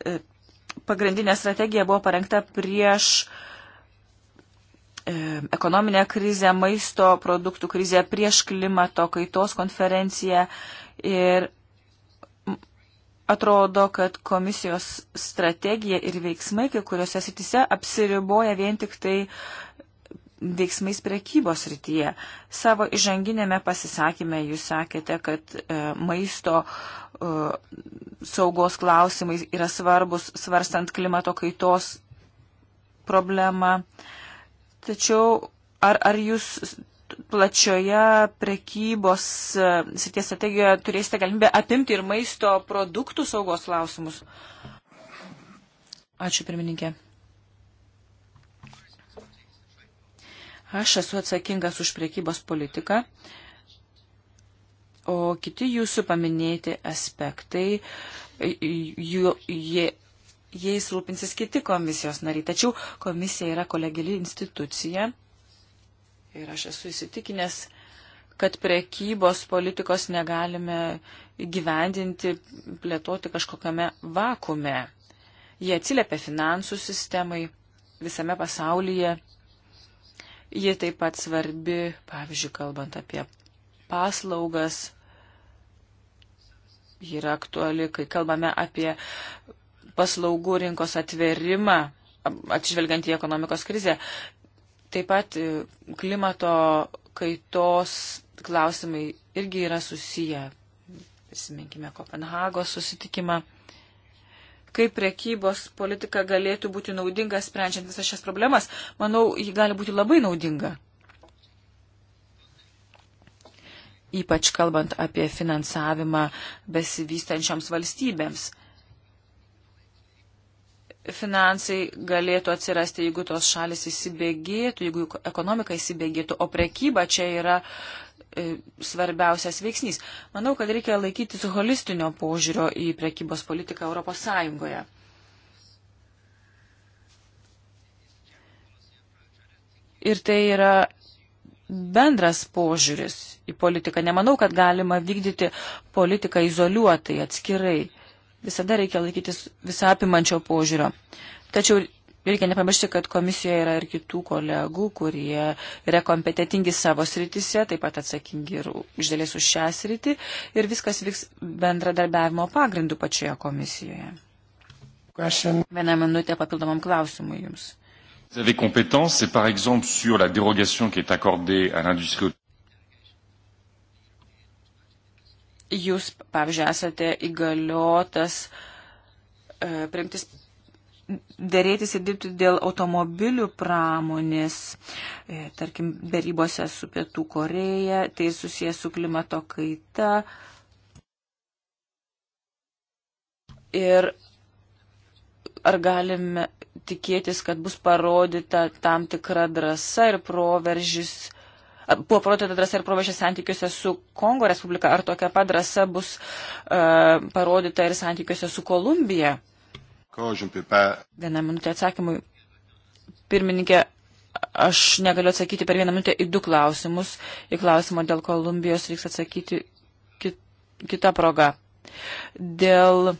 E, pagrindinė strategija buvo parengta prieš uh, E, ekonominę krizę, maisto produktų krizę, prieš klimato kaitos konferenciją ir atrodo, kad komisijos strategija ir veiksmai kai kuriuose srityse apsiriboja vien tik tai veiksmais prekybos rytyje. Savo įžanginėme pasisakymė jūs sakėte, kad e, maisto e, saugos klausimai yra svarbus svarstant klimato kaitos problemą. E, Tačiau ar, ar jūs plačioje prekybos e, srities strategijoje turėsite galimybę apimti ir maisto produktų saugos klausimus? Ačiū, pirmininkė. Aš esu atsakingas už prekybos politiką, o kiti jūsų paminėti aspektai, jų, jie jais rūpinsis kiti komisijos nariai. Tačiau komisija yra kolegili institucija ir aš esu įsitikinęs, kad prekybos politikos negalime gyvendinti, plėtoti kažkokiame vakume. Jie atsiliepia finansų sistemai visame pasaulyje. Jie taip pat svarbi, pavyzdžiui, kalbant apie paslaugas, yra aktuali, kai kalbame apie paslaugų rinkos atverimą, atžvelgiant į ekonomikos krizę. Taip pat e, klimato kaitos klausimai irgi yra susiję. Prisiminkime Kopenhagos susitikimą. Kaip prekybos politika galėtų būti naudinga sprendžiant visas šias problemas, manau, ji gali būti labai naudinga. Ypač kalbant apie finansavimą besivystančioms valstybėms finansai galėtų atsirasti, jeigu tos šalis įsibėgėtų, jeigu ekonomika įsibėgėtų, o prekyba čia yra e, svarbiausias veiksnys. Manau, kad reikia laikytis holistinio požiūrio į prekybos politiką Europos Sąjungoje. Ir tai yra bendras požiūris į politiką. Nemanau, kad galima vykdyti politiką izoliuotai, atskirai Visada reikia laikytis visapimančio požiūrio. Tačiau reikia nepamiršti, kad komisijoje yra ir kitų kolegų, kurie yra kompetitingi savo sritise, taip pat atsakingi ir išdėlės už šią sritį ir viskas vyks bendradarbiavimo pagrindų pačioje komisijoje. Question. Vieną minutę papildomam klausimui jums. Vous avez compétence, c'est par exemple sur la dérogation qui est accordée à l'industrie. jūs, pavyzdžiui, esate įgaliotas e, priimtis dėrėtis ir dirbti dėl automobilių pramonės, e, tarkim, darybose su Pietų Koreja, tai susijęs su klimato kaita. Ir ar galime tikėtis, kad bus parodyta tam tikra drąsa ir proveržis buvo parodyta drąsa ir proveržė santykiuose su Kongo Respublika, ar tokia pat drąsa bus uh, parodyta ir santykiuose su Kolumbija? Vieną minutę atsakymui. Pirmininkė, aš negaliu atsakyti per vieną minutę į du klausimus. Į klausimą dėl Kolumbijos reiks atsakyti kit, kitą progą. Dėl,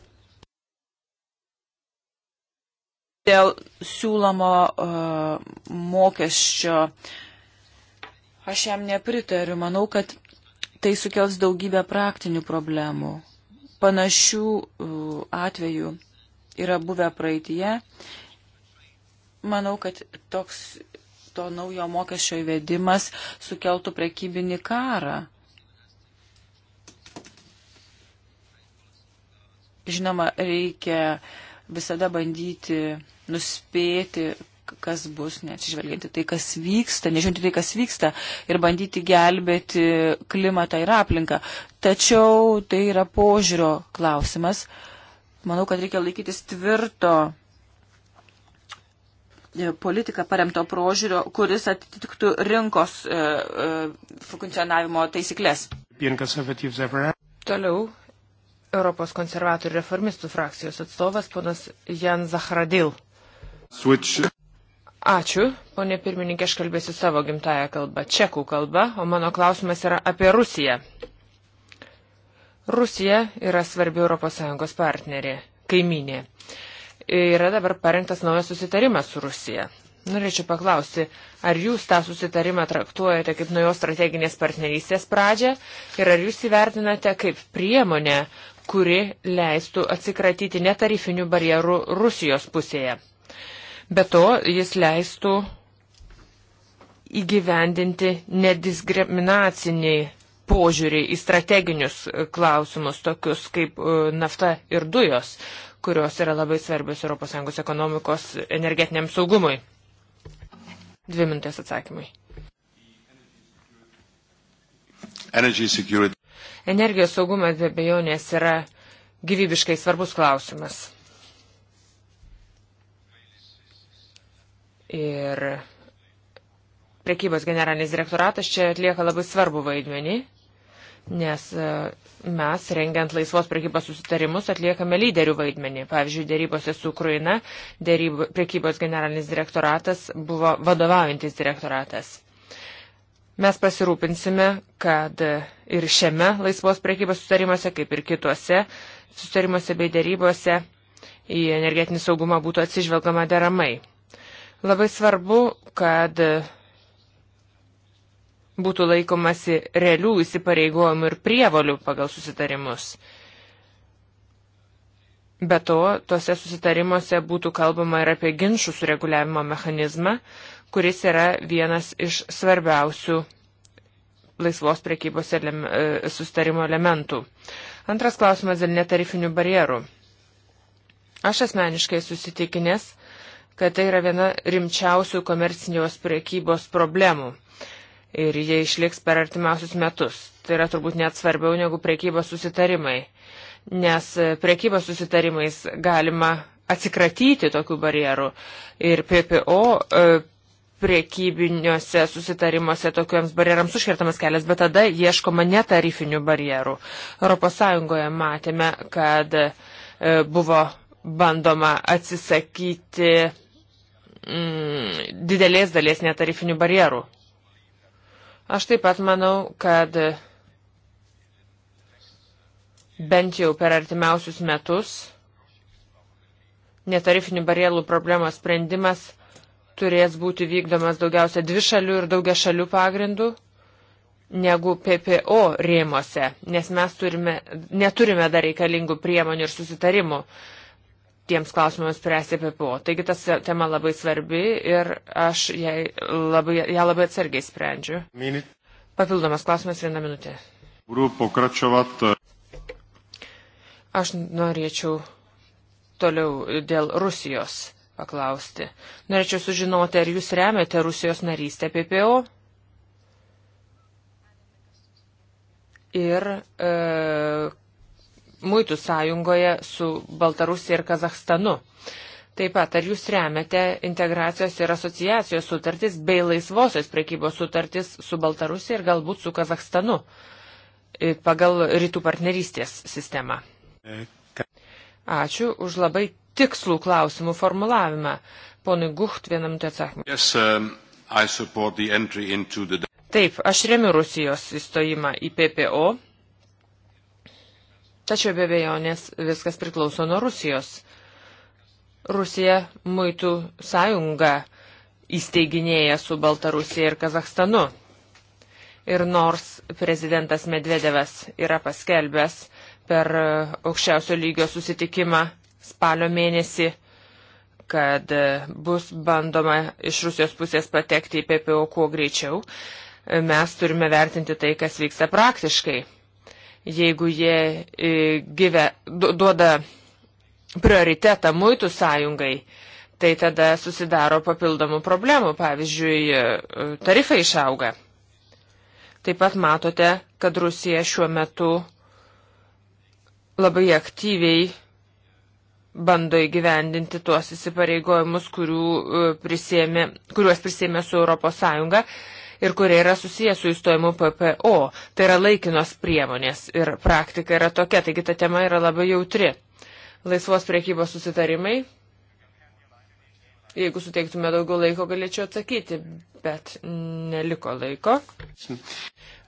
dėl siūlomo uh, mokesčio uh, Aš jam nepritariu. Manau, kad tai sukels daugybę praktinių problemų. Panašių atvejų yra buvę praeitie. Manau, kad toks to naujo mokesčio įvedimas sukeltų prekybinį karą. Žinoma, reikia visada bandyti nuspėti, kas bus, neatsižvelgianti tai, kas vyksta, nežinti tai, kas vyksta ir bandyti gelbėti klimatą ir aplinką. Tačiau tai yra požiūrio klausimas. Manau, kad reikia laikytis tvirto e, politiką paremto prožiūrio, kuris atitiktų rinkos e, e, funkcionavimo taisyklės. Toliau Europos konservatorių reformistų frakcijos atstovas ponas Jan Zahradil. Switch. Ačiū, ponė pirmininkė, aš kalbėsiu savo gimtają kalbą, čekų kalbą, o mano klausimas yra apie Rusiją. Rusija yra svarbi ES partnerė, kaiminė. Yra dabar parengtas naujas susitarimas su Rusija. Norėčiau paklausti, ar jūs tą susitarimą traktuojate kaip naujos strateginės partnerystės pradžią ir ar jūs įvertinate kaip priemonę, kuri leistų atsikratyti netarifinių barjerų Rusijos pusėje? Be to, jis leistų įgyvendinti nediskriminaciniai požiūrį į strateginius e, klausimus, tokius kaip e, nafta ir dujos, kurios yra labai svarbios ES ekonomikos energetiniam saugumui. Dvi mintės atsakymai. Energijos saugumas be bejonės yra gyvybiškai svarbus klausimas. Ir prekybos generalinis direktoratas čia atlieka labai svarbu vaidmenį, nes e, mes, rengiant laisvos prekybos susitarimus, atliekame lyderių vaidmenį. Pavyzdžiui, dėrybose su Ukraina dėryb, prekybos generalinis direktoratas buvo vadovaujantis direktoratas. Mes pasirūpinsime, kad ir šiame laisvos prekybos susitarimuose, kaip ir kituose susitarimuose bei dėrybose, į energetinį saugumą būtų atsižvelgama deramai. Labai svarbu, kad būtų laikomasi realių įsipareigojimų ir prievolių pagal susitarimus. Be to, tuose susitarimuose būtų kalbama ir apie ginčių sureguliavimo mechanizmą, kuris yra vienas iš svarbiausių laisvos priekybos eleme, sustarimo elementų. Antras klausimas dėl netarifinių barjerų. Aš asmeniškai susitikinęs, kad tai yra viena rimčiausių komercinios priekybos problemų ir jie išliks per artimiausius metus. Tai yra turbūt net svarbiau negu priekybos susitarimai, nes priekybos susitarimais galima atsikratyti tokių barjerų ir PPO e, priekybiniuose susitarimuose tokiems barjerams užkertamas kelias, bet tada ieškoma netarifinių barjerų. ES matėme, kad e, buvo bandoma atsisakyti mm, didelės dalies netarifinių barjerų. Aš taip pat manau, kad bent jau per artimiausius metus netarifinių barjerų problemos sprendimas turės būti vykdomas daugiausia dvi šalių ir daugia šalių pagrindų negu PPO rėmose, nes mes turime, neturime dar reikalingų priemonių ir susitarimų. Uh, tiems klausimams spręsti PPO. Taigi tas tema labai svarbi ir aš jai labai, ją labai atsargiai sprendžiu. Minit. Papildomas klausimas vieną minutę. E, aš norėčiau toliau dėl Rusijos paklausti. Norėčiau sužinoti, ar jūs remiate Rusijos narystę PPO? Ir e, muitų sąjungoje su Baltarusija ir Kazahstanu. Taip pat, ar jūs remiate integracijos ir asociacijos sutartis bei laisvosios prekybos sutartis su Baltarusija ir galbūt su Kazahstanu e, pagal rytų partnerystės sistemą? Ačiū už labai tikslų klausimų formulavimą. Ponui Gucht vieną minutę atsakymą. Yes, um, the... Taip, aš remiu Rusijos įstojimą į PPO Tačiau be bejonės viskas priklauso nuo Rusijos. Rusija muitų sąjungą įsteiginėja su Baltarusija ir Kazakstanu. Ir nors prezidentas Medvedevas yra paskelbęs per aukščiausio lygio susitikimą spalio mėnesį, kad bus bandoma iš Rusijos pusės patekti į PPO kuo greičiau, mes turime vertinti tai, kas vyksta praktiškai jeigu jie e, gyve, duoda prioritetą muitų sąjungai, tai tada susidaro papildomų problemų, pavyzdžiui, e, tarifai išauga. Taip pat matote, kad Rusija šiuo metu labai aktyviai bando įgyvendinti tuos įsipareigojimus, e, prisėmė, kuriuos prisėmė su ES ir kurie yra susijęs su įstojimu PPO. Tai yra laikinos priemonės ir praktika yra tokia, taigi ta tema yra labai jautri. Laisvos priekybos susitarimai. Jeigu suteiktume daugiau laiko, galėčiau atsakyti, bet neliko laiko.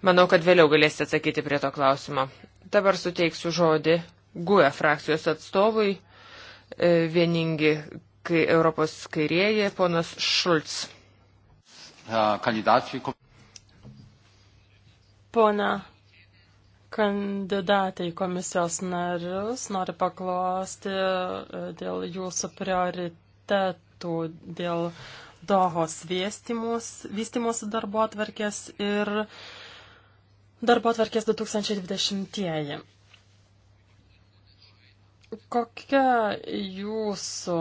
Manau, kad vėliau galėsite atsakyti prie to klausimo. Dabar suteiksiu žodį GUE frakcijos atstovui, e, vieningi kai Europos kairieji, ponas Šulc kandidat și Pone kandidatai komisijos narius, noriu paklosti e, dėl jūsų prioritetų, dėl Dohos vystimosi darbo atverkės ir darbo atverkės 2020. Kokia jūsų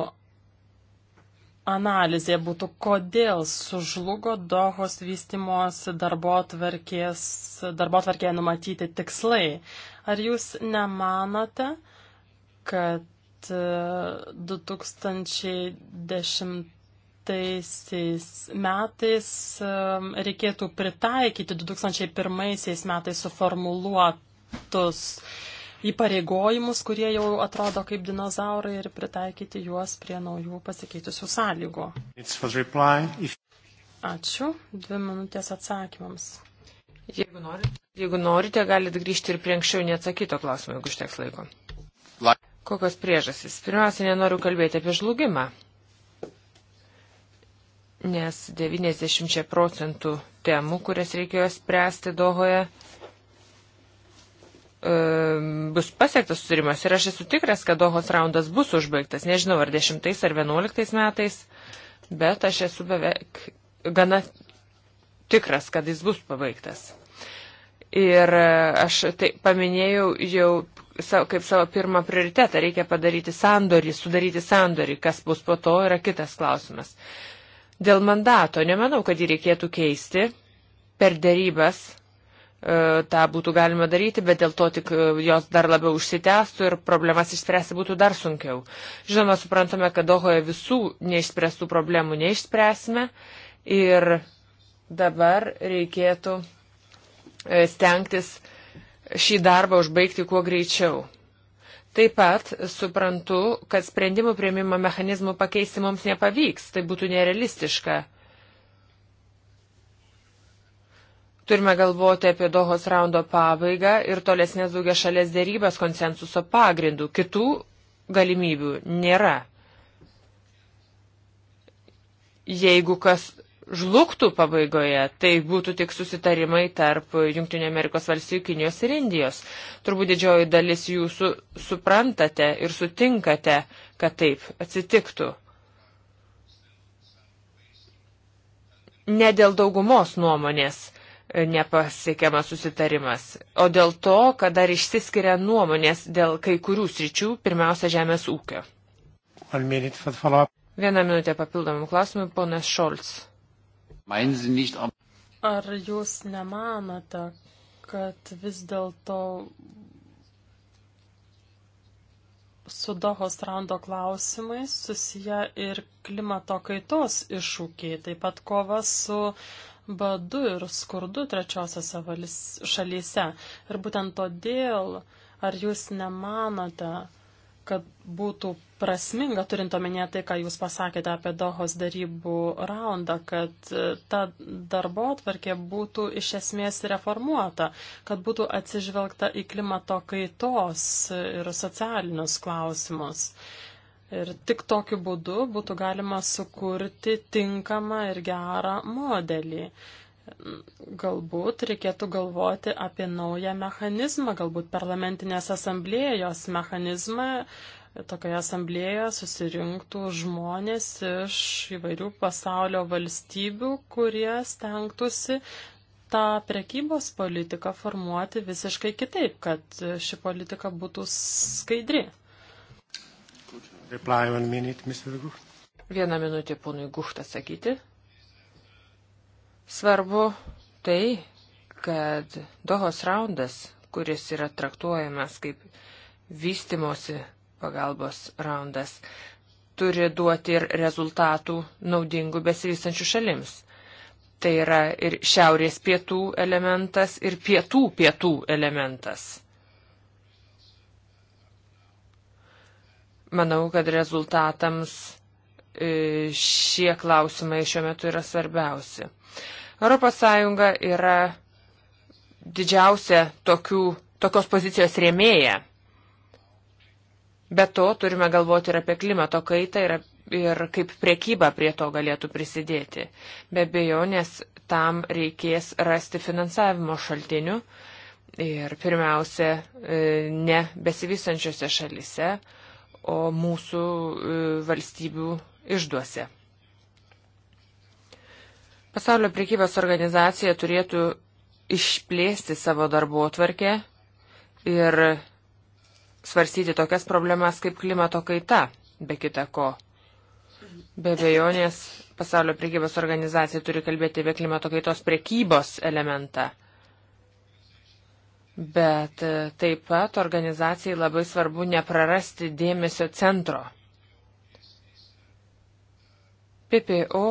analizė būtų, kodėl sužlugo Dohos vystimos darbo tvarkėje numatyti tikslai. Ar jūs nemanote, kad 2010 e, metais e, reikėtų pritaikyti 2001 metais suformuluotus įpareigojimus, kurie jau atrodo kaip dinozaurai ir pritaikyti juos prie naujų pasikeitusių sąlygų. Ačiū. Dvi minutės atsakymams. Jeigu norite, jeigu norite, galite grįžti ir prie anksčiau neatsakyto klausimo, jeigu užteks laiko. Kokios priežasys? Pirmiausia, nenoriu kalbėti apie žlugimą, nes 90 procentų temų, kurias reikėjo spręsti Dohoje, bus pasiektas susirimas ir aš esu tikras, kad Dohos raundas bus užbaigtas, nežinau ar 10 ar 11 metais, bet aš esu beveik gana tikras, kad jis bus pabaigtas. Ir e, aš tai paminėjau jau kaip savo pirmą prioritetą, reikia padaryti sandorį, sudaryti sandorį, kas bus po to yra kitas klausimas. Dėl mandato nemanau, kad jį reikėtų keisti per dėrybas E, tą būtų galima daryti, bet dėl to tik e, jos dar labiau užsitęstų ir problemas išspręsti būtų dar sunkiau. Žinoma, suprantame, kad Dohoje visų neišspręstų problemų neišspręsime ir dabar reikėtų e, stengtis šį darbą užbaigti kuo greičiau. Taip pat suprantu, kad sprendimų prieimimo mechanizmų pakeisti mums nepavyks, tai būtų nerealistiška. Turime galvoti apie Dohos raundo pabaigą ir tolesnės daugia šalės dėrybės konsensuso pagrindų. Kitų galimybių nėra. Jeigu kas žlugtų pabaigoje, tai būtų tik susitarimai tarp Junktinio Amerikos valstybių, Kinijos ir Indijos. Turbūt didžioji dalis jūsų suprantate ir sutinkate, kad taip atsitiktų. Ne dėl daugumos nuomonės nepasiekiamas susitarimas, o dėl to, kad dar išsiskiria nuomonės dėl kai kurių sričių, pirmiausia, žemės ūkio. Vieną minutę papildomų klausimų, ponas Šolts. Ar jūs nemanote, kad vis dėlto su Dohos rando klausimais susiję ir klimato kaitos iššūkiai, taip pat kova su uh, badu ir skurdu trečiosiose šalyse. Ir būtent todėl, ar jūs nemanote, kad būtų prasminga, turint omenyje tai, ką jūs pasakėte apie Dohos darybų raundą, kad e, ta darbo atvarkė būtų iš esmės reformuota, kad būtų atsižvelgta į klimato kaitos ir socialinius klausimus. Ir tik tokiu būdu būtų galima sukurti tinkamą ir gerą modelį. Galbūt reikėtų galvoti apie naują mechanizmą, galbūt parlamentinės asamblėjos mechanizmą. Tokioje asamblėje susirinktų žmonės iš įvairių pasaulio valstybių, kurie stengtųsi tą prekybos politiką formuoti visiškai kitaip, kad ši politika būtų skaidri. Reply one minute, Mr. Gucht. Vieną minutę ponui Gucht atsakyti. Svarbu tai, kad Dohos raundas, kuris yra traktuojamas kaip vystimosi pagalbos raundas, turi duoti ir rezultatų naudingų besivystančių šalims. Tai yra ir šiaurės pietų elementas, ir pietų pietų elementas. Manau, kad rezultatams e, šie klausimai šiuo metu yra svarbiausi. ES yra didžiausia tokių, tokios pozicijos rėmėja. Be to turime galvoti ir apie klimato kaitą ir, ir kaip priekyba prie to galėtų prisidėti. Be bejonės tam reikės rasti finansavimo šaltinių ir pirmiausia e, ne besivysančiose šalise, o mūsų e, valstybių išduose. Pasaulio priekybos organizacija turėtų išplėsti savo darbo atvarkę ir svarstyti tokias problemas kaip klimato kaita, be kita ko. Be bejonės, pasaulio priekybos organizacija turi kalbėti apie klimato kaitos priekybos elementą. Bet e, taip pat organizacijai labai svarbu neprarasti dėmesio centro. PPO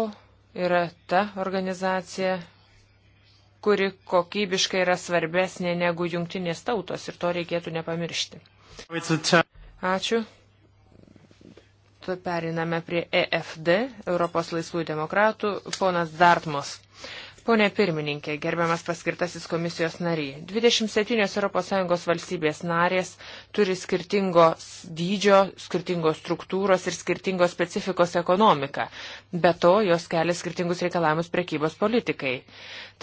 yra ta organizacija, kuri kokybiškai yra svarbesnė negu jungtinės tautos ir to reikėtų nepamiršti. Ačiū. Tu periname prie EFD, Europos laisvų demokratų, ponas Dartmos. Pone pirmininkė, gerbiamas paskirtasis komisijos nariai, 27 ES valstybės narės turi skirtingos dydžio, skirtingos struktūros ir skirtingos specifikos ekonomiką. Be to, jos kelia skirtingus reikalavimus prekybos politikai.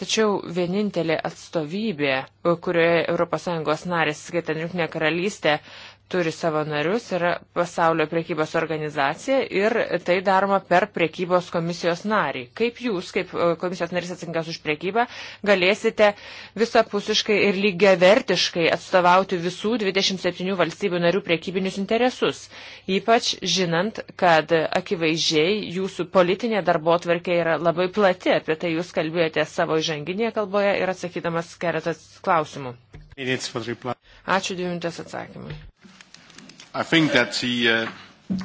Tačiau vienintelė atstovybė, kurioje ES narės, skaitant Junktinė karalystė, turi savo narius, yra pasaulio priekybos organizacija ir tai daroma per priekybos komisijos narį. Kaip jūs, kaip e, komisijos narys atsakingas už priekybą, galėsite visapusiškai ir lygiavertiškai atstovauti visų 27 valstybių narių priekybinius interesus, ypač žinant, kad akivaizdžiai jūsų politinė darbo tvarkė yra labai plati, apie tai jūs kalbėjote savo įžanginėje kalboje ir atsakydamas keletas klausimų. Ačiū dvi minutės atsakymui. The,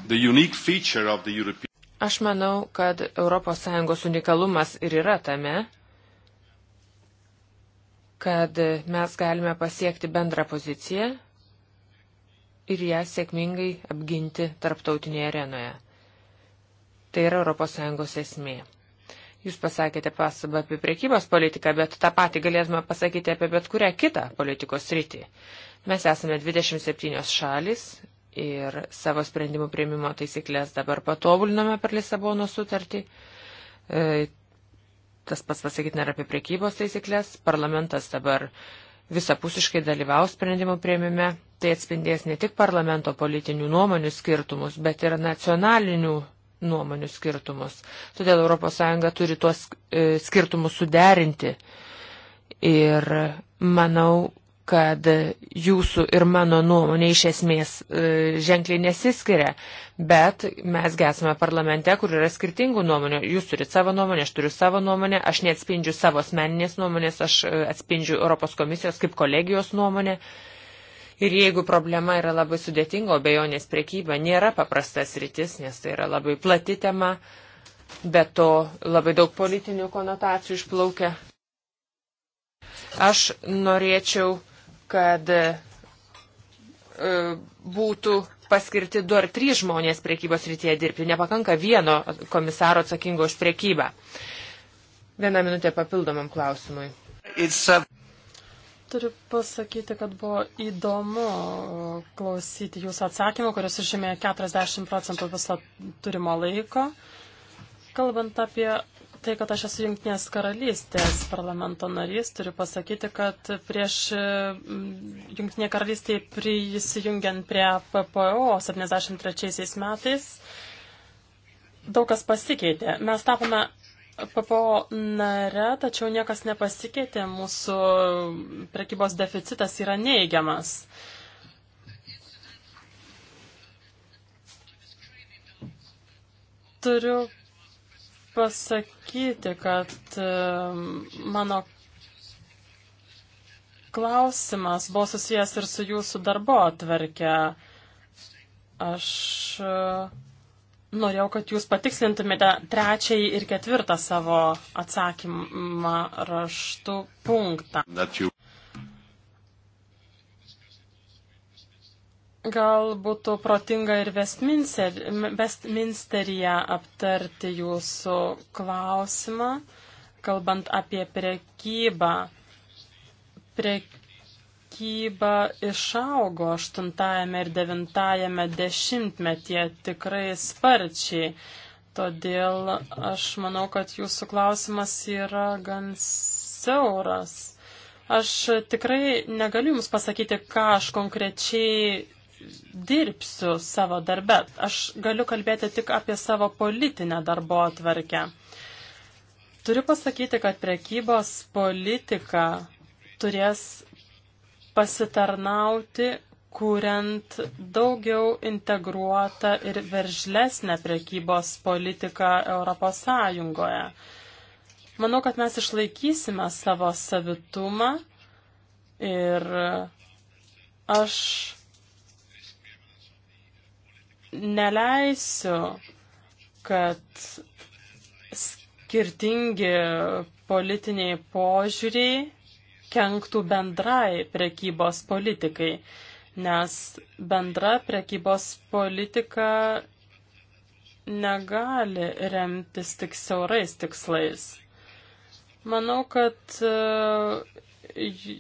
uh, European... Aš manau, kad ES unikalumas ir yra tame, kad mes galime pasiekti bendrą poziciją ir ją sėkmingai apginti tarptautinėje arenoje. Tai yra ES esmė. Jūs pasakėte pasabą apie priekybos politiką, bet tą patį galėtume pasakyti apie bet kurią kitą politikos rytį. Mes esame 27 šalis, ir savo sprendimų prieimimo taisyklės dabar patobulinome per Lisabono sutartį. E, tas pats pasakyti nėra apie priekybos taisyklės. Parlamentas dabar visapusiškai dalyvaus sprendimų prieimime. Tai atspindės ne tik parlamento politinių nuomonių skirtumus, bet ir nacionalinių nuomonių skirtumus. Todėl ES turi tuos e, skirtumus suderinti. Ir manau, kad jūsų ir mano nuomonė iš esmės e, ženkliai nesiskiria, bet mes esame parlamente, kur yra skirtingų nuomonių. Jūs turite savo nuomonę, aš turiu savo nuomonę, aš neatspindžiu savo asmeninės nuomonės, aš e, atspindžiu Europos komisijos kaip kolegijos nuomonę. Ir jeigu problema yra labai sudėtinga, o bejonės priekyba nėra paprastas rytis, nes tai yra labai plati tema, bet to labai daug politinių konotacijų išplaukia. Aš norėčiau kad e, būtų paskirti du ar trys žmonės priekybos rytyje dirbti. Nepakanka vieno komisaro atsakingo už priekybą. Vieną minutę papildomam klausimui. A... Uh, Turiu pasakyti, kad buvo įdomu uh, klausyti jūsų atsakymą, kuris užėmė 40 procentų viso turimo laiko. Kalbant apie tai, kad aš esu Junktinės karalystės parlamento narys, turiu pasakyti, kad prieš Junktinė karalystė prisijungiant prie PPO 73 metais daug kas pasikeitė. Mes tapome PPO nare, tačiau niekas nepasikeitė, mūsų prekybos deficitas yra neigiamas. Turiu pasakyti, kad e, mano klausimas buvo susijęs ir su jūsų darbo atverke. Aš e, norėjau, kad jūs patikslintumėte trečiąjį ir ketvirtą savo atsakymą raštų punktą. You... Gal būtų protinga ir Westminsteryje aptarti jūsų klausimą, kalbant apie prekybą. Prekyba išaugo 8 ir 9 dešimtmetyje tikrai sparčiai. Todėl aš manau, kad jūsų klausimas yra gan siauras. Aš tikrai negaliu Jums pasakyti, ką aš konkrečiai dirbsiu savo darbę. Aš galiu kalbėti tik apie savo politinę darbo atvarkę. Turiu pasakyti, kad prekybos politika turės pasitarnauti, kuriant daugiau integruotą ir veržlesnę prekybos politiką Europos Sąjungoje. Manau, kad mes išlaikysime savo savitumą ir aš neleisiu, kad skirtingi politiniai požiūriai kenktų bendrai prekybos politikai, nes bendra prekybos politika negali remtis tik siaurais tikslais. Manau, kad e,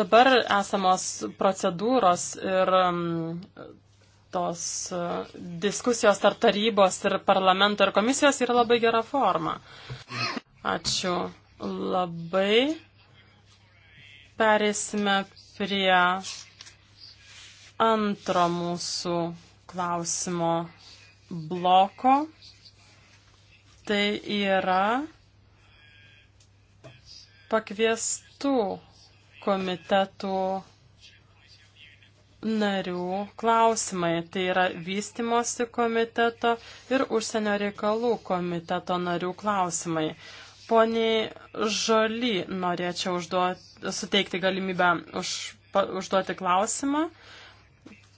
dabar esamos procedūros ir tos e, diskusijos tarp tarybos ir parlamento ir komisijos yra labai gera forma. Ačiū labai. Perėsime prie antro mūsų klausimo bloko. Tai yra pakviestų komitetų narių klausimai. Tai yra vystimosi komiteto ir užsienio reikalų komiteto narių klausimai. Poniai Žoly norėčiau užduoti, suteikti galimybę už, pa, užduoti klausimą.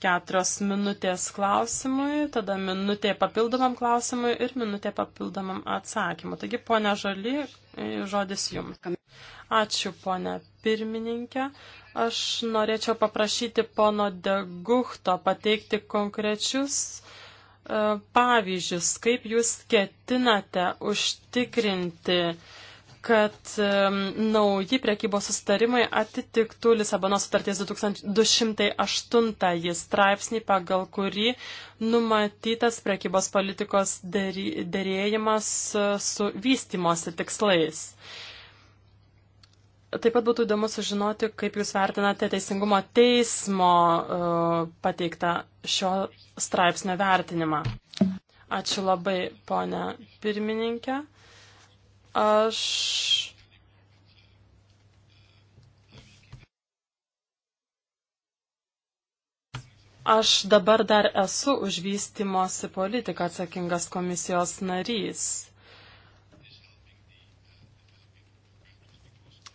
Keturios minutės klausimui, tada minutė papildomam klausimui ir minutė papildomam atsakymui. Taigi, ponia Žoly, žodis jums. Ačiū, ponia pirmininkė. Aš norėčiau paprašyti pono Degukto pateikti konkrečius e, pavyzdžius, kaip jūs ketinate užtikrinti, kad e, nauji priekybos sustarimai atitiktų Lisabono sutarties 2208 straipsnį, pagal kurį numatytas priekybos politikos dėrėjimas e, su vystimosi tikslais. E, Taip pat būtų įdomu sužinoti, kaip Jūs vertinate Teisingumo teismo e, pateiktą šio straipsnio vertinimą. Ačiū labai, ponia pirmininkė. Aš Aš dabar dar esu už vystimosi politiką atsakingas komisijos narys.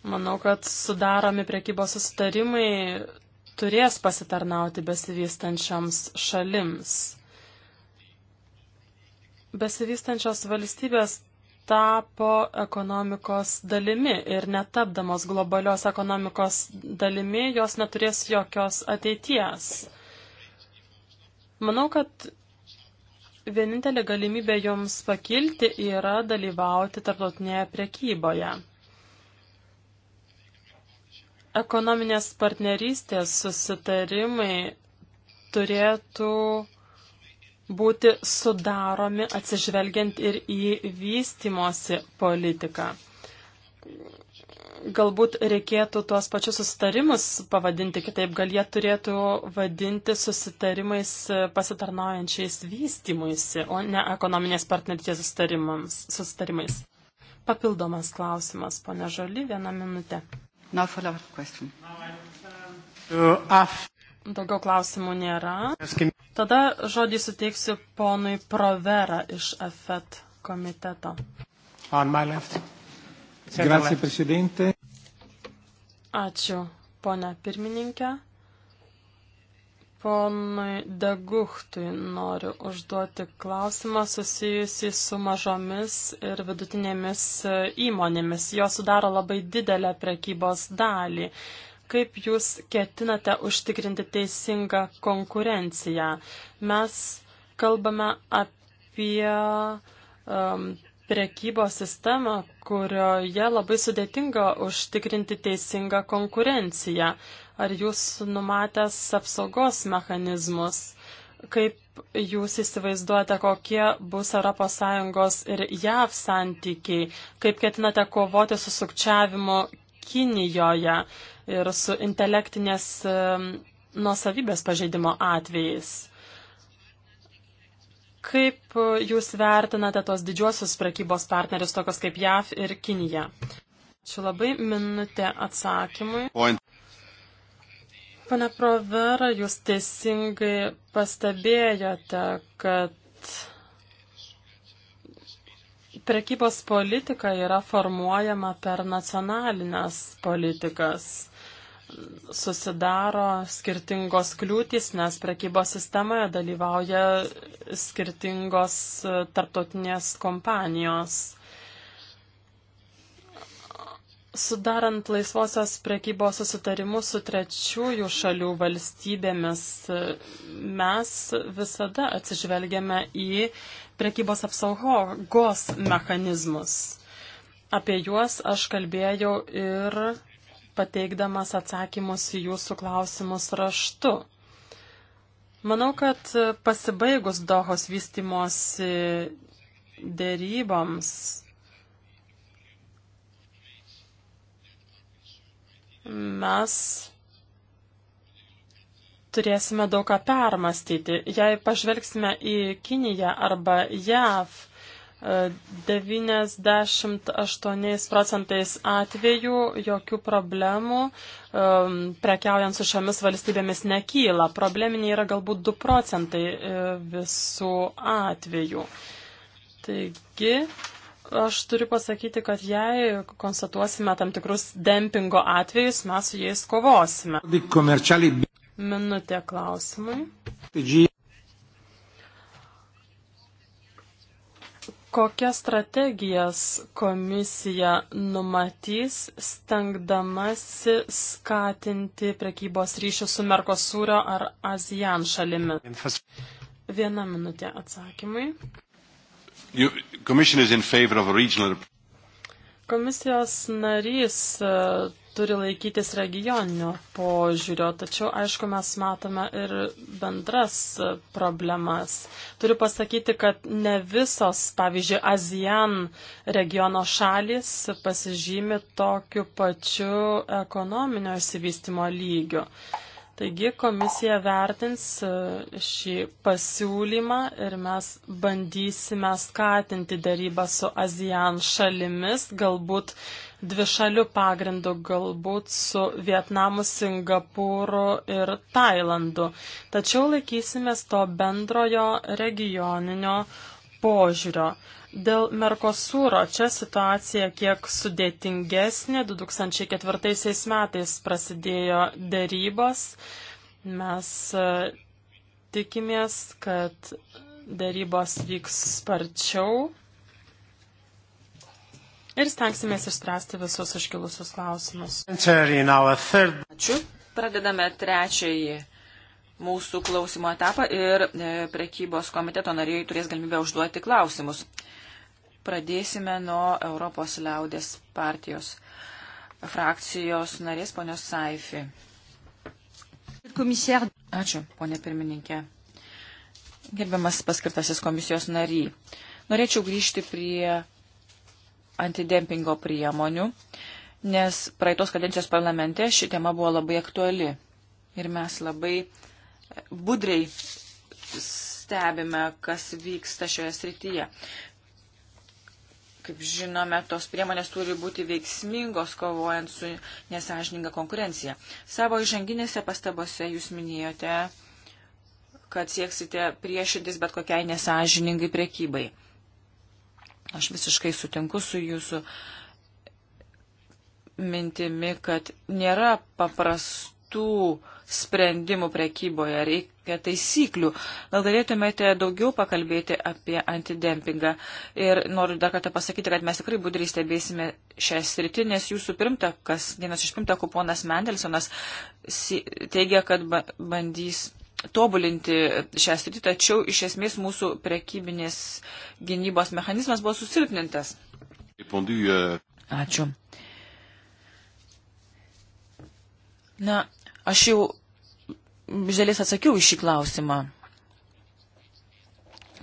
Manau, kad sudaromi priekybos sustarimai turės pasitarnauti besivystančiams šalims. Besivystančios valstybės tapo ekonomikos dalimi ir netapdamos globalios ekonomikos dalimi jos neturės jokios ateities. Manau, kad vienintelė galimybė joms pakilti yra dalyvauti tarptautinėje prekyboje. Ekonominės partnerystės susitarimai turėtų būti sudaromi atsižvelgiant ir į vystimosi politiką. Galbūt reikėtų tuos pačius susitarimus pavadinti kitaip, gal jie turėtų vadinti susitarimais pasitarnaujančiais vystimuisi, o ne ekonominės partnerystės susitarimais. Papildomas klausimas, ponia Žali, vieną minutę. No follow-up question. Uh, Daugiau klausimų nėra. Tada žodį suteiksiu ponui Provera iš AFET komiteto. Grazie, Ačiū, ponia pirmininkė. Ponui Deguhtui noriu užduoti klausimą susijusį su mažomis ir vidutinėmis e, įmonėmis. Jos sudaro labai didelę prekybos dalį. Kaip jūs ketinate užtikrinti teisingą konkurenciją? Mes kalbame apie um, prekybos sistemą, kurioje labai sudėtinga užtikrinti teisingą konkurenciją. Ar jūs numatęs apsaugos mechanizmus? Kaip jūs įsivaizduojate, kokie bus ES ir JAV santykiai? Kaip ketinate kovoti su sukčiavimu Kinijoje ir su intelektinės nuosavybės pažeidimo atvejais? Kaip jūs vertinate tos didžiosius prekybos partnerius, tokios kaip JAV ir Kinija? Ačiū labai, minutė atsakymui. Point. Pane Provera, jūs teisingai pastebėjote, kad prekybos politika yra formuojama per nacionalinės politikas. Susidaro skirtingos kliūtys, nes prekybos sistemoje dalyvauja skirtingos tarptautinės kompanijos. Sudarant laisvosios prekybos susitarimus su trečiųjų šalių valstybėmis, mes visada atsižvelgiame į prekybos apsaugos mechanizmus. Apie juos aš kalbėjau ir pateikdamas atsakymus į jūsų klausimus raštu. Manau, kad pasibaigus Dohos vystimosi dėryboms mes turėsime daug ką permastyti. Jei pažvelgsime į Kiniją arba JAV, 98 e, procentais atvejų jokių problemų um, prekiaujant su šiomis valstybėmis nekyla. Probleminiai yra galbūt 2 procentai e, visų atvejų. Taigi, Aš turiu pasakyti, kad jei konstatuosime tam tikrus dempingo atvejus, mes su jais kovosime. Minutė klausimui. Kokias strategijas komisija numatys, stengdamasi skatinti prekybos ryšių su Merkosūrio ar Azijan šalimi? Viena minutė atsakymui. You, regional... Komisijos narys e, turi laikytis regioninio požiūrio, tačiau aišku mes matome ir bendras e, problemas. Turiu pasakyti, kad ne visos, pavyzdžiui, ASEAN regiono šalis pasižymi tokiu pačiu ekonominio įsivystimo lygiu. Taigi komisija vertins e, šį pasiūlymą ir mes bandysime skatinti darybą su ASEAN šalimis, galbūt dvišalių pagrindų, galbūt su Vietnamu, Singapūru ir Tailandu. Tačiau laikysimės to bendrojo regioninio požiūrio. Dėl Merkosūro čia situacija kiek sudėtingesnė. 2004 metais prasidėjo dėrybos. Mes e, tikimės, kad dėrybos vyks sparčiau ir stengsimės išspręsti visus iškilusius klausimus. Ačiū. Pradedame trečiąjį mūsų klausimo etapą ir e, prekybos komiteto nariai turės galimybę užduoti klausimus. Pradėsime nuo Europos liaudės partijos frakcijos narės ponios Saifi. Ačiū, ponė pirmininkė. Gerbiamas paskirtasis komisijos nary. Norėčiau grįžti prie antidempingo priemonių, nes praeitos kadencijos parlamente ši tema buvo labai aktuali. Ir mes labai budriai stebime, kas vyksta šioje srityje. Kaip žinome, tos priemonės turi būti veiksmingos kovojant su nesažininga konkurencija. Savo įžanginėse pastabose jūs minėjote, kad sieksite priešintis bet kokiai nesažiningai priekybai. Aš visiškai sutinku su jūsų mintimi, kad nėra papras, kitų sprendimų prekyboje, reikia taisyklių. Gal galėtumėte daugiau pakalbėti apie antidempingą. Ir noriu dar kartą pasakyti, kad mes tikrai budriai stebėsime šią sritį, nes jūsų pirmtakas, vienas iš pirmtakų ponas Mendelsonas teigia, kad bandys tobulinti šią sritį, tačiau iš esmės mūsų prekybinės gynybos mechanizmas buvo susilpnintas. Euh, Ačiū. Na, Aš jau iš dalies atsakiau į šį klausimą.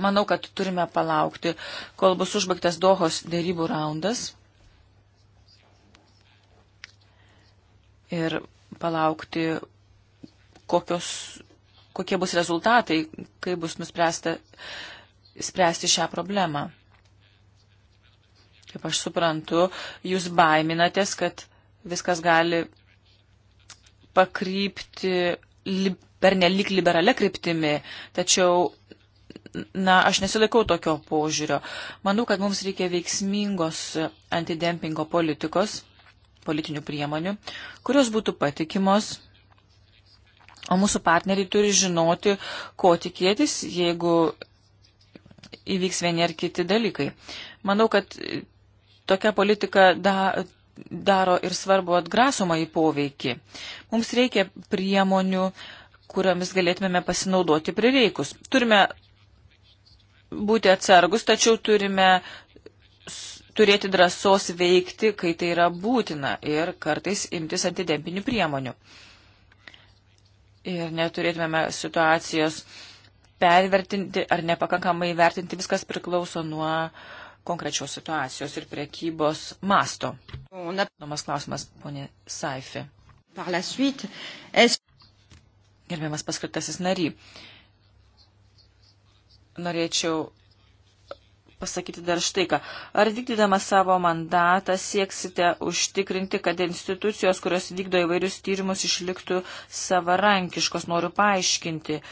Manau, kad turime palaukti, kol bus užbaigtas Dohos dėrybų raundas. Ir palaukti, kokios, kokie bus rezultatai, kai bus nuspręsta spręsti šią problemą. Kaip aš suprantu, jūs baiminatės, kad viskas gali pakrypti li, per nelik liberalią kryptimį, tačiau, na, aš nesilaikau tokio požiūrio. Manau, kad mums reikia veiksmingos antidempingo politikos, politinių priemonių, kurios būtų patikimos. O mūsų partneriai turi žinoti, ko tikėtis, jeigu įvyks vieni ar kiti dalykai. Manau, kad tokia politika da, daro ir svarbu atgrasomą į poveikį. Mums reikia priemonių, kuriomis galėtumėme pasinaudoti prireikus. Turime būti atsargus, tačiau turime turėti drąsos veikti, kai tai yra būtina ir kartais imtis antidempinių priemonių. Ir neturėtumėme situacijos pervertinti ar nepakankamai vertinti, viskas priklauso nuo uh, konkrečios situacijos ir priekybos masto. Nomas klausimas, ponė Saifi. Gerbiamas paskirtasis nary, norėčiau pasakyti dar štai ką. Ar vykdydama savo mandatą sieksite užtikrinti, kad institucijos, kurios vykdo įvairius tyrimus, išliktų savarankiškos? Noriu paaiškinti.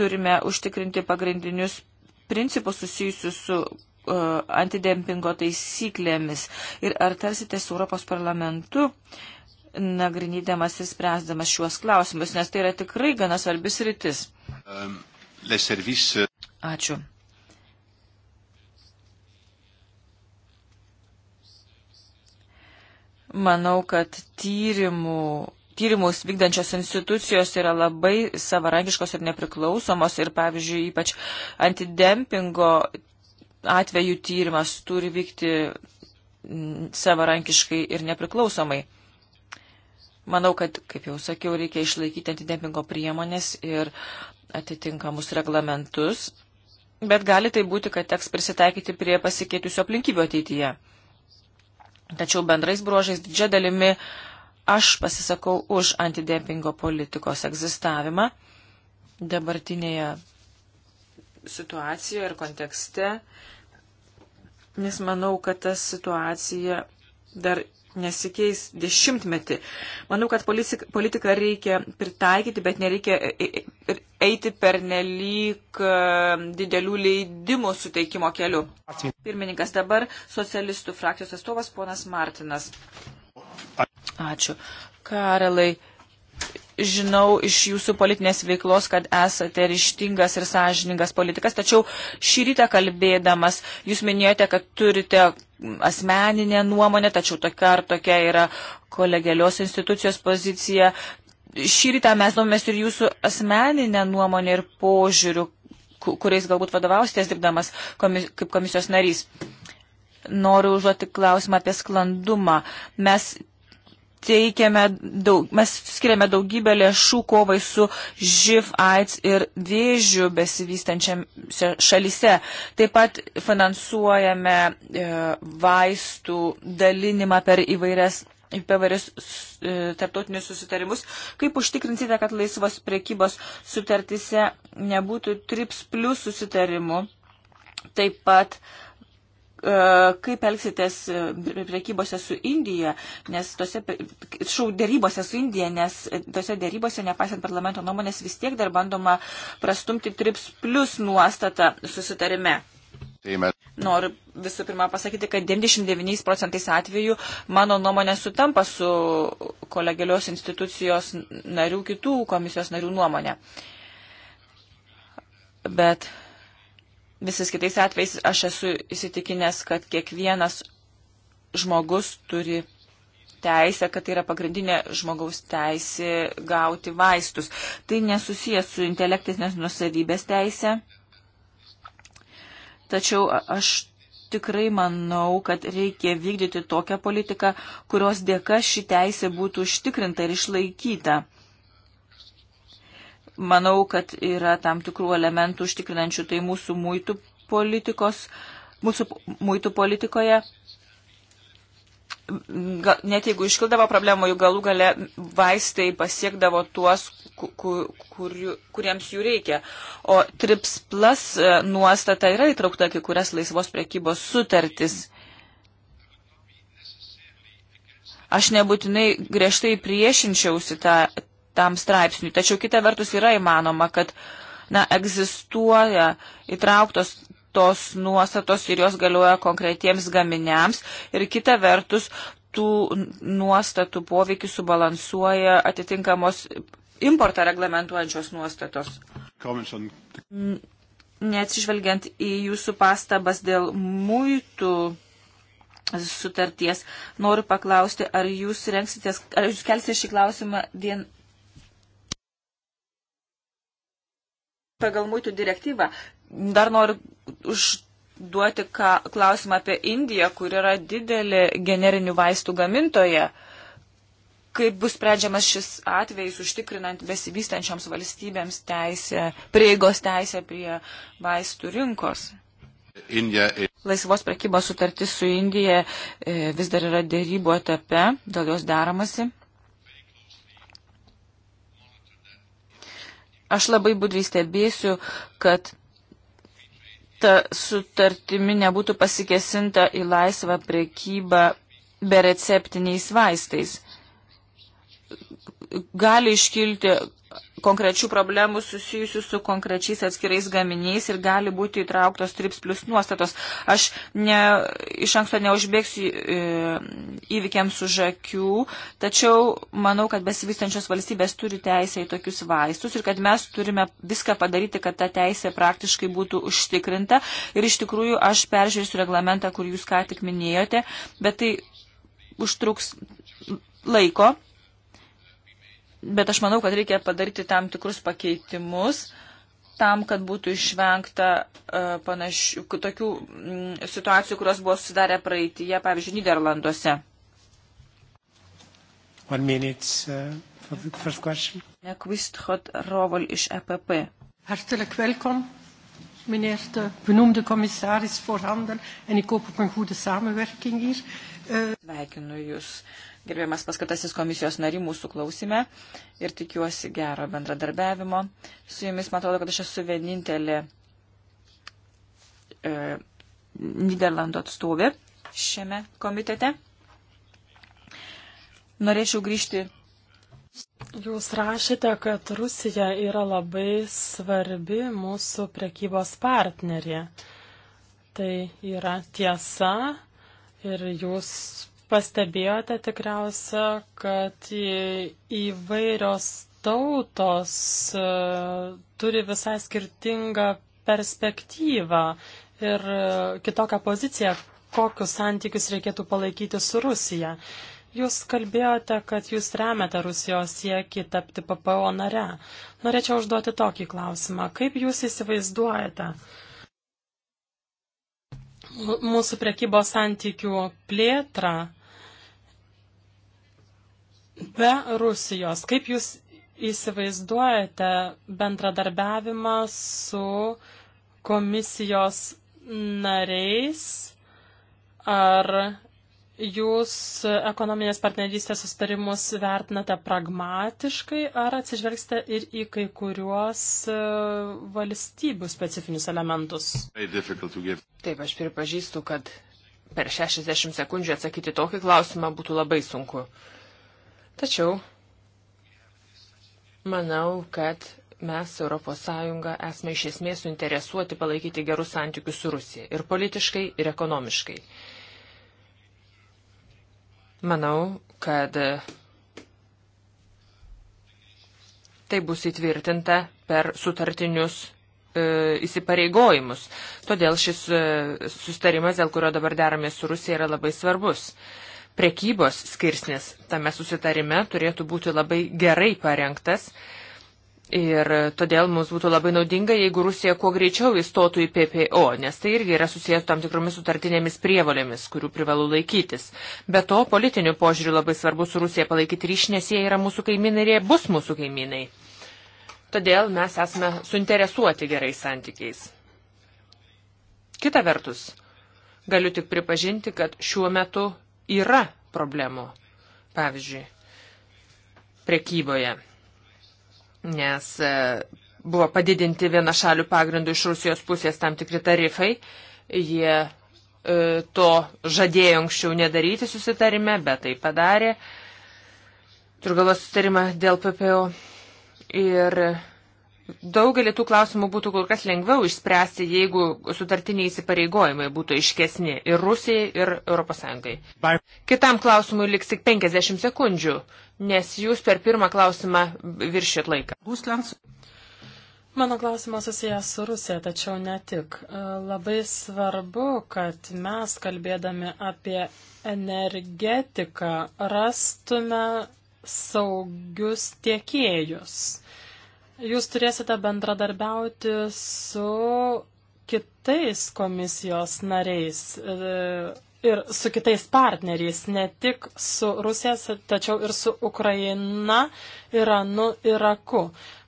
Turime užtikrinti pagrindinius principus susijusius su E, antidempingo taisyklėmis ir ar tarsite su Europos parlamentu, nagrinėdamas ir spręsdamas šiuos klausimus, nes tai yra tikrai gana svarbis rytis. Um, service... Ačiū. Manau, kad tyrimų tyrimus vykdančios institucijos yra labai savarankiškos ir nepriklausomos ir, pavyzdžiui, ypač antidempingo atvejų tyrimas turi vykti mm, savarankiškai ir nepriklausomai. Manau, kad, kaip jau sakiau, reikia išlaikyti antidempingo priemonės ir atitinkamus reglamentus, bet gali tai būti, kad teks prisitaikyti prie pasikeitusių aplinkybių ateityje. Tačiau bendrais bruožais didžia dalimi aš pasisakau už antidempingo politikos egzistavimą dabartinėje situacijoje ir kontekste, nes manau, kad ta situacija dar nesikeis dešimtmetį. Manau, kad politiką reikia pritaikyti, bet nereikia e, e, e, eiti per nelyg didelių leidimų suteikimo keliu. Pirmininkas dabar socialistų frakcijos atstovas ponas Martinas. Ačiū. Karalai žinau iš jūsų politinės veiklos, kad esate ryštingas ir sąžiningas politikas, tačiau šį rytą kalbėdamas jūs minėjote, kad turite asmeninę nuomonę, tačiau tokia ar tokia yra kolegelios institucijos pozicija. Šį rytą mes domės ir jūsų asmeninę nuomonę ir požiūrių, kuriais galbūt vadovausitės dirbdamas komis, kaip komisijos narys. Noriu užduoti klausimą apie sklandumą. Mes teikiame daug, mes skiriame daugybę lėšų kovai su živ, AIDS ir vėžių besivystančiam šalyse. Taip pat finansuojame e, vaistų dalinimą per įvairias apie varius e, tarptautinius susitarimus. Kaip užtikrinsite, kad laisvos priekybos sutartise nebūtų TRIPS plus susitarimų? Taip pat uh, E, kaip elgsitės priekybose su Indija, nes tose šau dėrybose su Indija, nes tose dėrybose, nepaisant parlamento nuomonės, vis tiek dar bandoma prastumti trips plus nuostatą susitarime. Seime. Noriu visų pirma pasakyti, kad 99 procentais atvejų mano nuomonė sutampa su kolegelios institucijos narių kitų komisijos narių nuomonė. Bet visais kitais atvejais aš esu įsitikinęs, kad kiekvienas žmogus turi teisę, kad tai yra pagrindinė žmogaus teisė gauti vaistus. Tai nesusijęs su intelektinės nusavybės teisė. Tačiau aš tikrai manau, kad reikia vykdyti tokią politiką, kurios dėka ši teisė būtų užtikrinta ir išlaikyta manau, kad yra tam tikrų elementų užtikrinančių tai mūsų muitų politikos, mūsų muitų politikoje. Gal, net jeigu iškildavo problemų, jų galų gale vaistai pasiekdavo tuos, kur, kur, kuriems jų reikia. O TRIPS plus e, nuostata yra įtraukta kai kurias laisvos priekybos sutartis. Aš nebūtinai griežtai priešinčiausi tą tam straipsniui. Tačiau kita vertus yra įmanoma, kad na, egzistuoja įtrauktos tos nuostatos ir jos galioja konkretiems gaminiams ir kita vertus tų nuostatų poveikį subalansuoja atitinkamos importą reglamentuojančios nuostatos. Neatsižvelgiant į jūsų pastabas dėl muitų sutarties, noriu paklausti, ar jūs, renksitės, ar jūs kelsite šį klausimą vien pagal mūtų direktyvą. Dar noriu užduoti ką, klausimą apie Indiją, kur yra didelė generinių vaistų gamintoja. Kaip bus sprendžiamas šis atvejis užtikrinant besivystančioms valstybėms teisę, prieigos teisę prie vaistų rinkos? Indija. Laisvos prekybos sutartis su Indija e, vis dar yra dėrybų etape, dėl jos deramasi. Aš labai budriai stebėsiu, kad ta sutartimi nebūtų pasikesinta į laisvą prekybą be receptiniais vaistais. Gali iškilti konkrečių problemų susijusių su konkrečiais atskirais gaminiais ir gali būti įtrauktos trips plus nuostatos. Aš ne, iš anksto neužbėgsiu e, įvykiams už akių, tačiau manau, kad besivystančios valstybės turi teisę į tokius vaistus ir kad mes turime viską padaryti, kad ta teisė praktiškai būtų užtikrinta. Ir iš tikrųjų aš peržiūrėsiu reglamentą, kur jūs ką tik minėjote, bet tai užtruks laiko bet aš manau, kad reikia padaryti tam tikrus pakeitimus tam, kad būtų išvengta uh, e, panašių tokių mm, situacijų, kurios buvo susidarę praeitįje, pavyzdžiui, Niderlanduose. One minute uh, for the first question. Nekvistchot Rovol iš EPP. Hartelijk welkom, meneer de benoemde commissaris voor handel en ik hoop op een goede samenwerking hier. Eh, Sveikinu uh... Jūs. Uh, gerbiamas paskatasis komisijos nari mūsų klausime ir tikiuosi gero bendradarbiavimo. Su jumis, man atrodo, kad aš esu vienintelė e, Niderlandų atstovė šiame komitete. Norėčiau grįžti. Jūs rašėte, kad Rusija yra labai svarbi mūsų prekybos partnerė. Tai yra tiesa ir jūs Pastebėjote tikriausia, kad įvairios tautos e, turi visai skirtingą perspektyvą ir e, kitokią poziciją, kokius santykius reikėtų palaikyti su Rusija. Jūs kalbėjote, kad jūs remiate Rusijos siekį tapti PPO nare. Norėčiau užduoti tokį klausimą. Kaip jūs įsivaizduojate? mūsų prekybos santykių plėtrą Be Rusijos, kaip jūs įsivaizduojate bendradarbiavimą su komisijos nariais ar jūs ekonominės partnerystės sustarimus vertinate pragmatiškai ar atsižvelgsite ir į kai kuriuos e, valstybių specifinius elementus? Taip, aš pripažįstu, kad per 60 sekundžių atsakyti tokį klausimą būtų labai sunku. Uh, Tačiau manau, kad mes, ES, esame iš esmės suinteresuoti palaikyti gerus santykius su Rusija ir politiškai, ir ekonomiškai. Manau, kad tai bus įtvirtinta per sutartinius e, įsipareigojimus. Todėl šis e, sustarimas, dėl kurio dabar deramės su Rusija, yra labai svarbus prekybos skirsnis tame susitarime turėtų būti labai gerai parengtas. Ir todėl mums būtų labai naudinga, jeigu Rusija kuo greičiau įstotų į PPO, nes tai irgi yra susijęs tam tikromis sutartinėmis prievolėmis, kurių privalu laikytis. Be to, politiniu požiūriu labai svarbu su Rusija palaikyti ryšį, nes jie yra mūsų kaimynai ir jie bus mūsų kaimynai. Todėl mes esame suinteresuoti gerais santykiais. Kita vertus, galiu tik pripažinti, kad šiuo metu yra problemų, pavyzdžiui, prekyboje, nes e, buvo padidinti vienašalių pagrindų iš Rusijos pusės tam tikri tarifai, jie e, to žadėjo anksčiau nedaryti susitarime, bet tai padarė. Turgalvas susitarimą dėl PPO. Ir Daugelį tų klausimų būtų kur kas lengviau išspręsti, jeigu sutartiniai įsipareigojimai būtų iškesni ir Rusijai, ir ES. Kitam klausimui liks tik 50 sekundžių, nes jūs per pirmą klausimą viršit laiką. Ruslands. Mano klausimas susijęs su Rusija, tačiau ne tik. E, labai svarbu, kad mes kalbėdami apie energetiką rastume saugius tiekėjus. Jūs turėsite bendradarbiauti su kitais komisijos nariais e, ir su kitais partneriais, ne tik su Rusija, tačiau ir su Ukraina, Iranu, Iraku.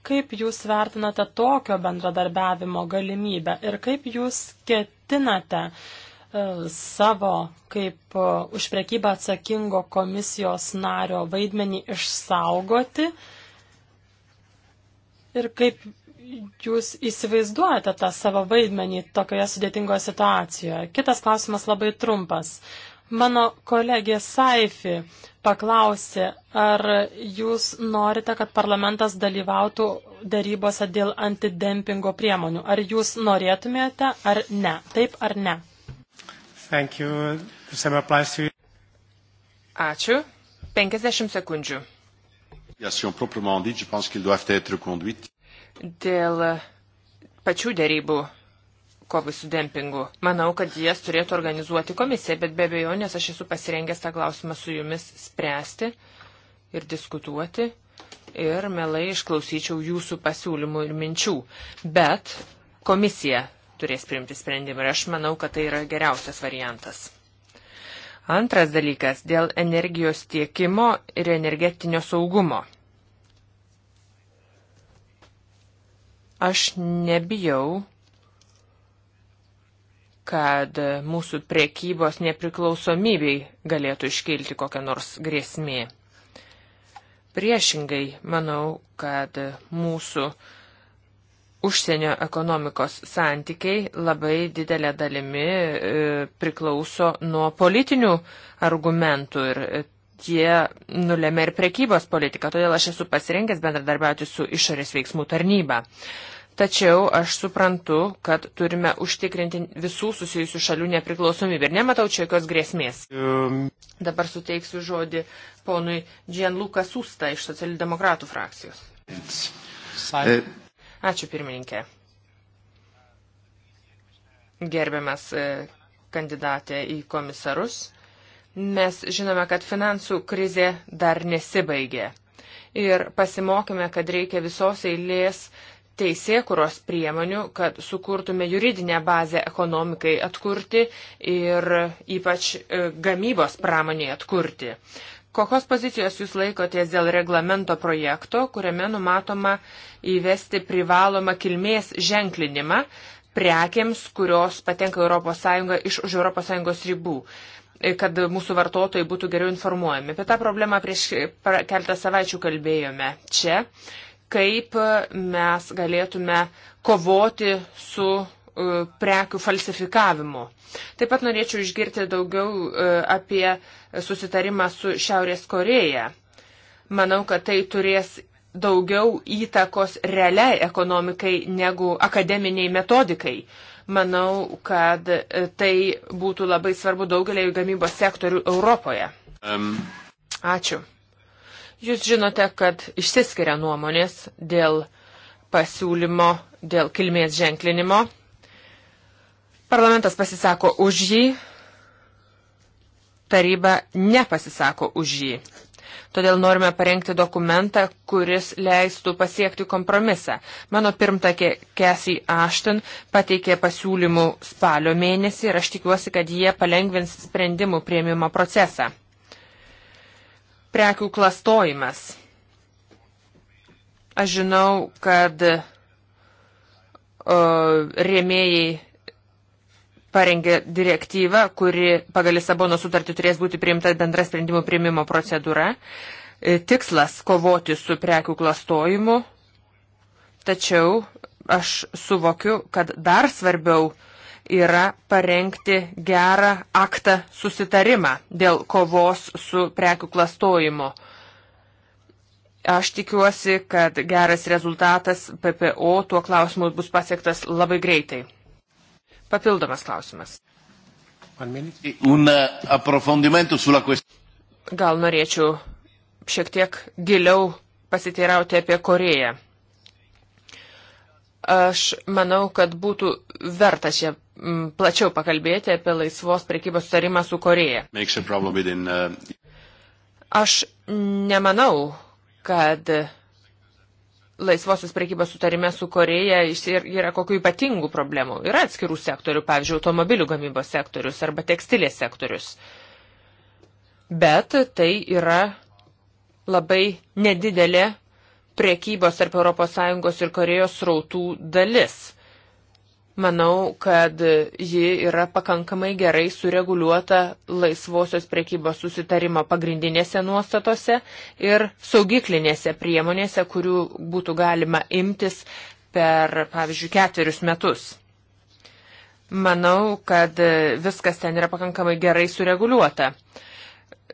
Kaip jūs vertinate tokio bendradarbiavimo galimybę ir kaip jūs ketinate e, savo kaip e, už prekybą atsakingo komisijos nario vaidmenį išsaugoti ir kaip jūs įsivaizduojate tą savo vaidmenį tokioje sudėtingoje situacijoje? Kitas klausimas labai trumpas. Mano kolegė Saifi paklausė, ar jūs norite, kad parlamentas dalyvautų darybose dėl antidempingo priemonių. Ar jūs norėtumėte, ar ne? Taip ar ne? Ačiū. 50 sekundžių. Dėl pačių dėrybų kovai su dempingu. Manau, kad jas turėtų organizuoti komisija, bet be abejo, nes aš esu pasirengęs tą klausimą su jumis spręsti ir diskutuoti ir melai išklausyčiau jūsų pasiūlymų ir minčių. Bet komisija turės priimti sprendimą ir aš manau, kad tai yra geriausias variantas. Antras dalykas - dėl energijos tiekimo ir energetinio saugumo. Aš nebijau, kad mūsų priekybos nepriklausomybei galėtų iškilti kokią nors grėsmė. Priešingai, manau, kad mūsų uh, užsienio ekonomikos santykiai labai didelė dalimi e, priklauso nuo politinių argumentų ir e, tie nulėmė ir prekybos politiką, todėl aš esu pasirengęs bendradarbiauti su išorės veiksmų tarnyba. Tačiau aš suprantu, kad turime užtikrinti visų susijusių šalių nepriklausomybę ir nematau čia jokios grėsmės. Um. Dabar suteiksiu žodį ponui Gianluca Susta iš socialdemokratų frakcijos. It's... Sąjungos. Ačiū pirmininkė. Gerbiamas e, kandidatė į komisarus. Mes žinome, kad finansų krizė dar nesibaigė. Ir pasimokime, kad reikia visos eilės teisėkuros priemonių, kad sukurtume juridinę bazę ekonomikai atkurti ir ypač e, gamybos pramoniai atkurti. Kokios pozicijos jūs laikotės dėl reglamento projekto, kuriame numatoma įvesti privalomą kilmės ženklinimą prekiams, kurios patenka ES iš už ES ribų, e, kad mūsų vartotojai būtų geriau informuojami. Apie tą problemą prieš e, keltą savaičių kalbėjome čia, kaip e, mes galėtume kovoti su E, prekių falsifikavimu. Taip pat norėčiau išgirti daugiau e, apie susitarimą su Šiaurės Koreja. Manau, kad tai turės daugiau įtakos realiai ekonomikai negu akademiniai metodikai. Manau, kad e, tai būtų labai svarbu daugeliai gamybos sektorių Europoje. Um. Ačiū. Jūs žinote, kad išsiskiria nuomonės dėl pasiūlymo, dėl kilmės ženklinimo Parlamentas pasisako už jį, taryba nepasisako už jį. Todėl norime parengti dokumentą, kuris leistų pasiekti kompromisą. Mano pirmtakė Cassie Ashton pateikė pasiūlymų spalio mėnesį ir aš tikiuosi, kad jie palengvins sprendimų prieimimo procesą. Prekių klastojimas. Aš žinau, kad o, rėmėjai parengė direktyvą, kuri pagal Lisabono sutartį turės būti priimta bendra sprendimų priimimo procedūra. E, tikslas - kovoti su prekių klastojimu. Tačiau aš suvokiu, kad dar svarbiau yra parengti gerą aktą susitarimą dėl kovos su prekių klastojimu. Aš tikiuosi, kad geras rezultatas PPO tuo klausimu bus pasiektas labai greitai. Papildomas klausimas. Eh, Gal norėčiau šiek tiek giliau pasiteirauti apie Koreją. Aš manau, kad būtų verta čia mm, plačiau pakalbėti apie laisvos prekybos sutarimą su Koreja. Eh, Aš nemanau, kad laisvosios prekybos sutarime su Koreja yra kokių ypatingų problemų. Yra atskirų sektorių, pavyzdžiui, automobilių gamybos sektorius arba tekstilės sektorius. Bet tai yra labai nedidelė prekybos tarp ES ir Korejos srautų dalis. Manau, kad ji yra pakankamai gerai sureguliuota laisvosios prekybos susitarimo pagrindinėse nuostatose ir saugiklinėse priemonėse, kurių būtų galima imtis per, pavyzdžiui, ketverius metus. Manau, kad viskas ten yra pakankamai gerai sureguliuota.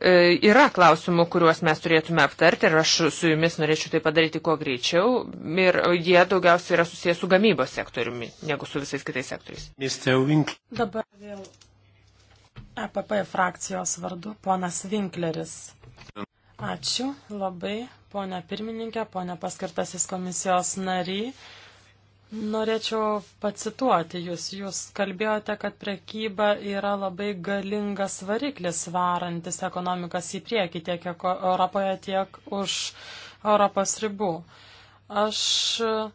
E, yra klausimų, kuriuos mes turėtume aptarti ir aš su jumis norėčiau tai padaryti kuo greičiau. Ir jie daugiausiai yra susijęs su gamybos sektoriumi, negu su visais kitais sektoriais. Dabar vėl EPP frakcijos vardu ponas Winkleris. Ačiū labai, ponia pirmininkė, ponia paskirtasis komisijos nariai. Norėčiau pacituoti jūs. Jūs kalbėjote, kad prekyba yra labai galingas variklis varantis ekonomikas į priekį tiek Europoje, tiek už Europos ribų. Aš uh,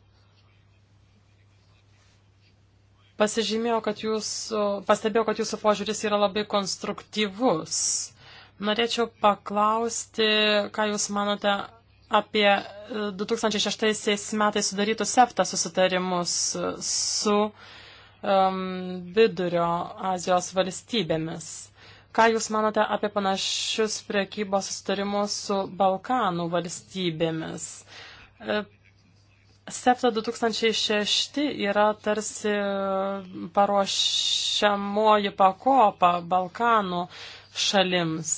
pasižymėjau, kad jūs, uh, pastebėjau, kad jūsų požiūris yra labai konstruktyvus. Norėčiau paklausti, ką jūs manote apie 2006 e, metais sudarytų SEPTA susitarimus e, su um, vidurio Azijos valstybėmis. Ką Jūs manote apie panašius priekybos susitarimus su Balkanų valstybėmis? E, SEPTA 2006 yra tarsi paruošiamoji pakopa Balkanų šalims.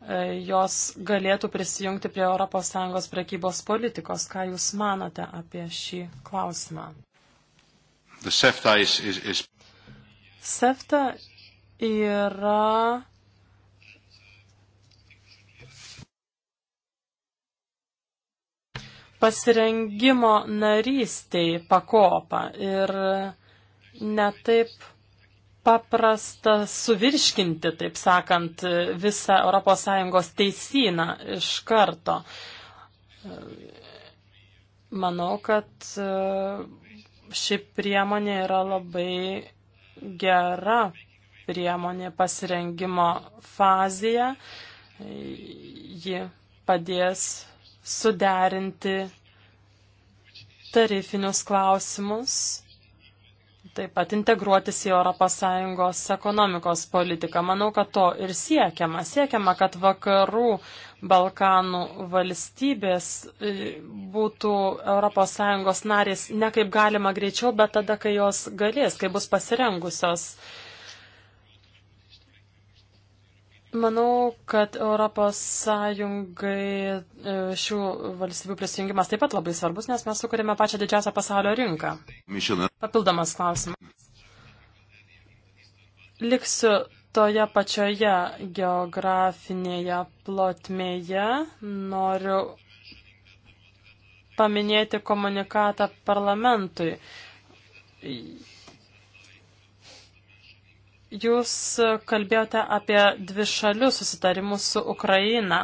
E, jos galėtų prisijungti prie ES prekybos politikos. Ką Jūs manote apie šį klausimą? SEFTA, is, is, is... SEFTA yra. Pasirengimo narystiai pakopa ir netaip paprasta suvirškinti, taip sakant, visą ES teisyną iš karto. Manau, kad e, ši priemonė yra labai gera priemonė pasirengimo fazėje. Ji padės suderinti tarifinius klausimus taip pat integruotis į ES ekonomikos politiką. Manau, kad to ir siekiama. Siekiama, kad vakarų Balkanų valstybės e, būtų ES narės ne kaip galima greičiau, bet tada, kai jos galės, kai bus pasirengusios. Uh, Manau, kad Europos Sąjungai e, šių valstybių prisijungimas taip pat labai svarbus, nes mes sukūrėme pačią didžiausią pasaulio rinką. Papildomas klausimas. Liksiu toje pačioje geografinėje plotmėje. Noriu paminėti komunikatą parlamentui. Jūs kalbėjote apie dvišalius susitarimus su Ukraina.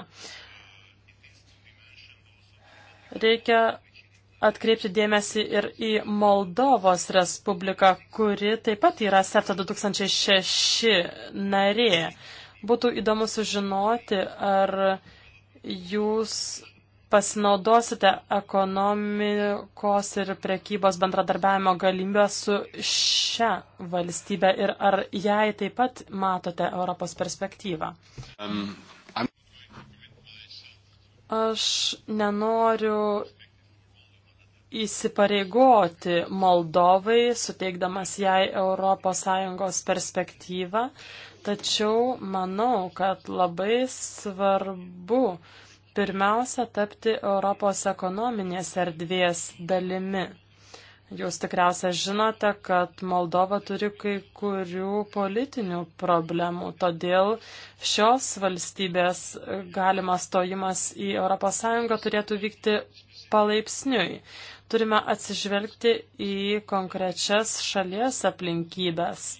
Reikia atkreipti dėmesį ir į Moldovos Respubliką, kuri taip pat yra SEPTA 2006 narė. Būtų įdomu sužinoti, ar jūs pasinaudosite ekonomikos ir prekybos bendradarbiavimo galimybę su šia valstybe ir ar jai taip pat matote Europos perspektyvą? Um, Aš nenoriu įsipareigoti Moldovai, suteikdamas jai ES perspektyvą, tačiau manau, kad labai svarbu uh, pirmiausia tapti Europos ekonominės erdvės dalimi. Jūs tikriausia žinote, kad Moldova turi kai kurių politinių problemų, todėl šios valstybės galimas stojimas į ES turėtų vykti palaipsniui. Turime atsižvelgti į konkrečias šalies aplinkybės.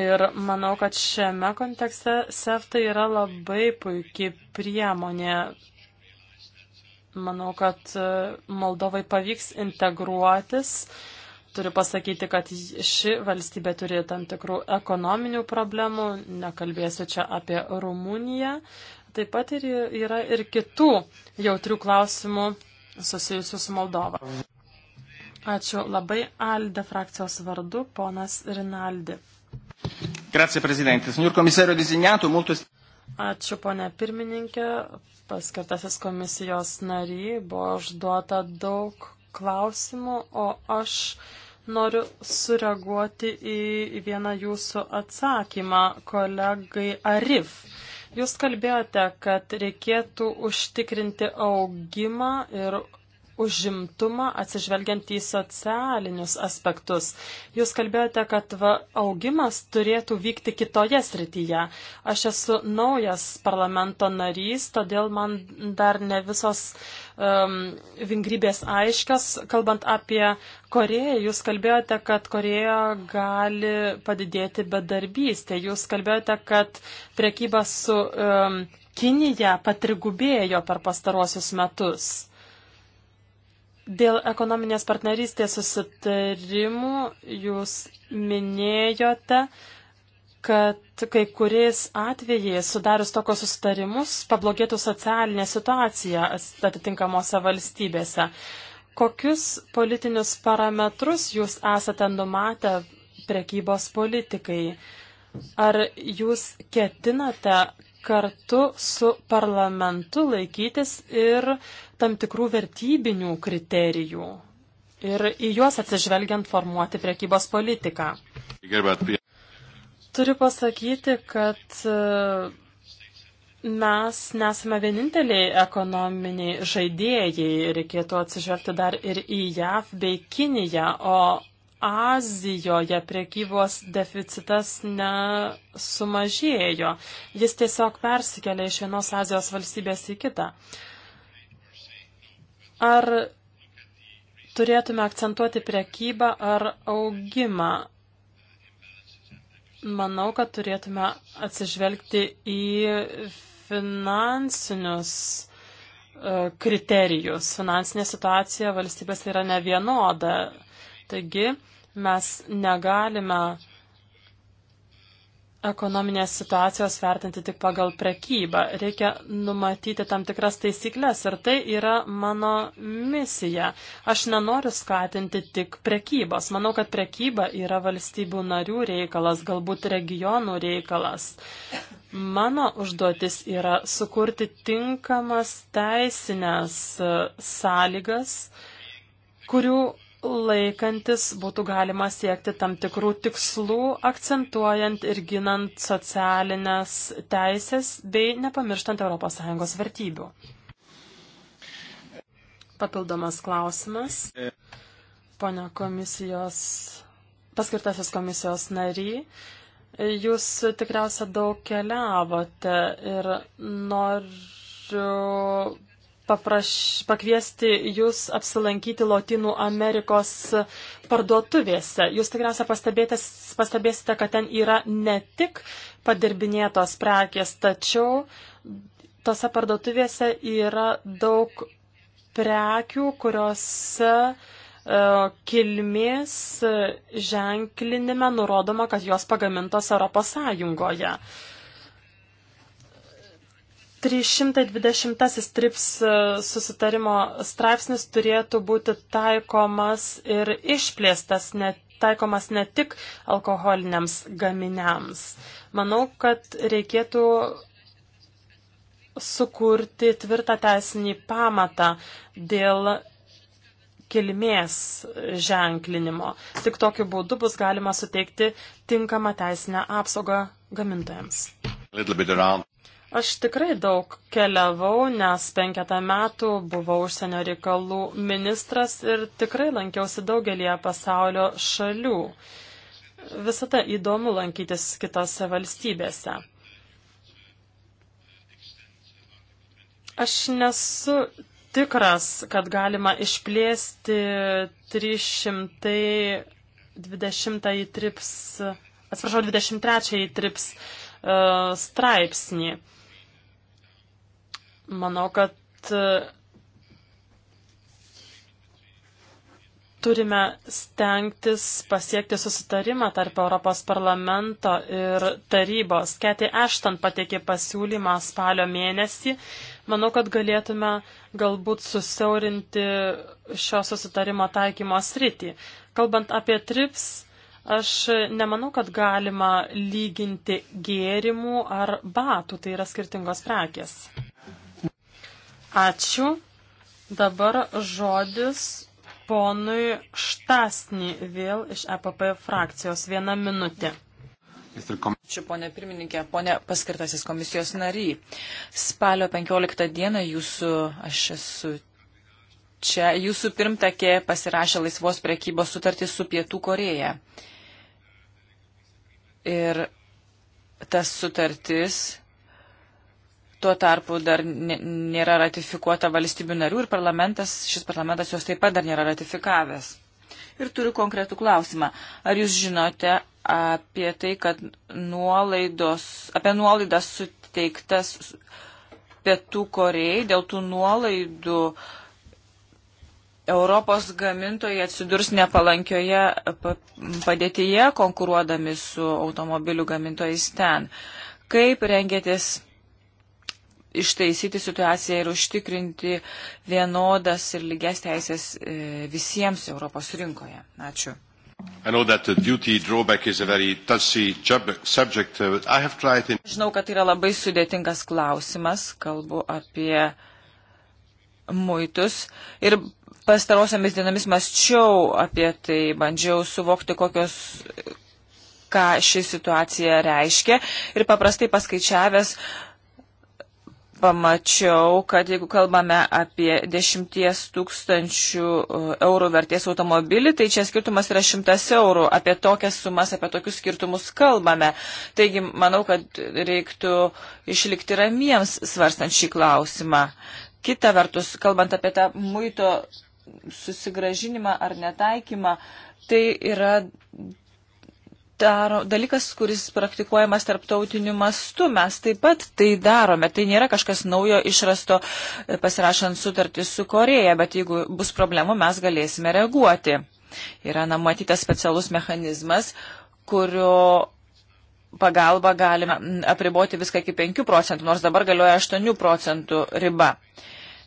Ir manau, kad šiame kontekste SEF tai yra labai puikiai priemonė. Manau, kad e, Moldovai pavyks integruotis. Turiu pasakyti, kad ši valstybė turi tam tikrų ekonominių problemų. Nekalbėsiu čia apie Rumuniją. Taip pat ir yra ir kitų jautrių klausimų susijusių su Moldova. Ačiū labai Alde frakcijos vardu, ponas Rinaldi. Grazie, prezidentė. Signor komisario disignato, molto... Ačiū, ponė pirmininkė. Paskirtasis komisijos nary buvo užduota daug klausimų, o aš noriu sureaguoti į vieną jūsų atsakymą kolegai Arif. Jūs kalbėjote, kad reikėtų užtikrinti augimą ir užimtumą atsižvelgiant į socialinius aspektus. Jūs kalbėjote, kad va, augimas turėtų vykti kitoje srityje. Aš esu naujas parlamento narys, todėl man dar ne visos um, vingrybės aiškios. Kalbant apie Koreją, jūs kalbėjote, kad Koreja gali padidėti bedarbystė. Jūs kalbėjote, kad prekyba su um, Kinija patrigubėjo per pastaruosius metus. Dėl ekonominės partnerystės susitarimų jūs minėjote, kad kai kuriais atvejais sudarius tokios susitarimus pablogėtų socialinė situacija atitinkamose valstybėse. Kokius politinius parametrus jūs esate numatę prekybos politikai? Ar jūs ketinate kartu su parlamentu laikytis ir tam tikrų vertybinių kriterijų ir į juos atsižvelgiant formuoti priekybos politiką. Turiu pasakyti, kad e, mes nesame vieninteliai ekonominiai žaidėjai, reikėtų atsižvelgti dar ir į JAV bei Kiniją, o Azijoje prekybos deficitas nesumažėjo. Jis tiesiog persikelia iš vienos Azijos valstybės į kitą. Ar turėtume akcentuoti prekybą ar augimą? Manau, kad turėtume atsižvelgti į finansinius e, kriterijus. Finansinė situacija valstybės yra nevienoda. Taigi, Mes negalime ekonominės situacijos vertinti tik pagal prekybą. Reikia numatyti tam tikras taisyklės ir tai yra mano misija. Aš nenoriu skatinti tik prekybos. Manau, kad prekyba yra valstybių narių reikalas, galbūt regionų reikalas. Mano užduotis yra sukurti tinkamas teisinės e, sąlygas, kurių laikantis būtų galima siekti tam tikrų tikslų, akcentuojant ir ginant socialinės teisės bei nepamirštant ES vertybių. Papildomas klausimas. Pone komisijos, paskirtasis komisijos nary, jūs tikriausia daug keliavote ir noriu papraš, pakviesti jūs apsilankyti Lotynų Amerikos parduotuvėse. Jūs tikriausiai pastebėsite, kad ten yra ne tik padirbinėtos prekės, tačiau tose parduotuvėse yra daug prekių, kuriuose uh, kilmės ženklinime nurodoma, kad jos pagamintos Europos Sąjungoje. Uh, 320 trips e, susitarimo straipsnis turėtų būti taikomas ir išplėstas, ne, taikomas ne tik alkoholiniams gaminiams. Manau, kad reikėtų sukurti tvirtą teisinį pamatą dėl kilmės ženklinimo. Tik tokiu būdu bus galima suteikti tinkamą teisinę apsaugą gamintojams. Aš tikrai daug keliavau, nes penketą metų buvau užsienio reikalų ministras ir tikrai lankiausi daugelie pasaulio šalių. Visada įdomu lankytis kitose valstybėse. Aš nesu tikras, kad galima išplėsti 320 trips, atsiprašau, 23 trips e, straipsnį. Manau, kad e, turime stengtis pasiekti susitarimą tarp Europos parlamento ir tarybos. Keti Ešton pateikė pasiūlymą spalio mėnesį. Manau, kad galėtume galbūt susiaurinti šio susitarimo taikymo sritį. Kalbant apie trips, aš nemanau, kad galima lyginti gėrimų ar batų, tai yra skirtingos prekės. Ačiū. Dabar žodis ponui Štasni vėl iš EPP frakcijos. Viena minutė. Ačiū, ponė pirmininkė, ponė paskirtasis komisijos nary. Spalio 15 dieną jūsų, aš esu čia, jūsų pirmtakė pasirašė laisvos prekybos sutartį su Pietų Koreja. Ir tas sutartis Tuo tarpu dar nėra ratifikuota valstybių narių ir parlamentas, šis parlamentas jos taip pat dar nėra ratifikavęs. Ir turiu konkretų klausimą. Ar jūs žinote apie tai, kad nuolaidos, apie nuolaidas suteiktas Pietų Korejai dėl tų nuolaidų Europos gamintojai atsidurs nepalankioje padėtyje konkuruodami su automobilių gamintojais ten. Kaip rengėtės ištaisyti situaciją ir užtikrinti vienodas ir lygias teisės e, visiems Europos rinkoje. Ačiū. Subject, uh, in... Žinau, kad tai yra labai sudėtingas klausimas, kalbu apie muitus ir pastarosiamis dienomis mąsčiau apie tai, bandžiau suvokti, kokios, ką ši situacija reiškia ir paprastai paskaičiavęs pamačiau, kad jeigu kalbame apie 10 tūkstančių e, eurų vertės automobilį, tai čia skirtumas yra 100 eurų. Apie tokias sumas, apie tokius skirtumus kalbame. Taigi, manau, kad reiktų išlikti ramiems svarstant šį klausimą. Kita vertus, kalbant apie tą muito susigražinimą ar netaikymą, tai yra daro, dalykas, kuris praktikuojamas tarptautiniu mastu. Mes taip pat tai darome. Tai nėra kažkas naujo išrasto e, pasirašant sutartį su Koreja, bet jeigu bus problemų, mes galėsime reaguoti. Yra namatytas specialus mechanizmas, kurio pagalba galime apriboti viską iki 5 procentų, nors dabar galioja 8 procentų riba.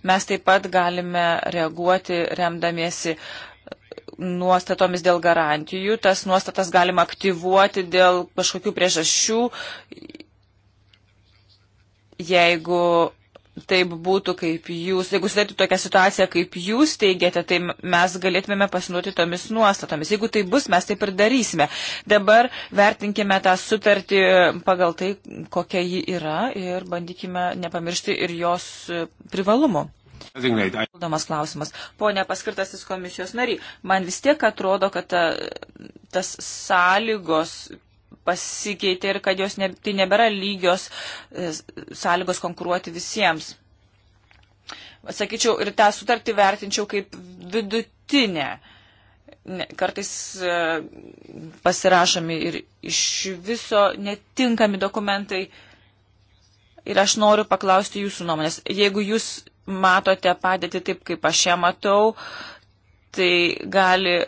Mes taip pat galime reaguoti remdamiesi uh, nuostatomis dėl garantijų. Tas nuostatas galima aktyvuoti dėl kažkokių priežasčių, jeigu taip būtų kaip jūs, jeigu sudėtų tokią situaciją, kaip jūs teigiate, tai mes galėtumėme pasinuoti tomis nuostatomis. Jeigu tai bus, mes taip ir darysime. Dabar vertinkime tą sutartį pagal tai, kokia ji yra ir bandykime nepamiršti ir jos privalumų. Valdomas klausimas. Pone paskirtasis komisijos nariai, man vis tiek atrodo, kad ta, tas sąlygos pasikeitė ir kad jos ne, tai nebėra lygios e, sąlygos konkuruoti visiems. Sakyčiau, ir tą sutartį vertinčiau kaip vidutinę. Kartais e, pasirašomi ir iš viso netinkami dokumentai. Ir aš noriu paklausti jūsų nuomonės. Jeigu jūs matote padėti taip, kaip aš ją matau, tai gali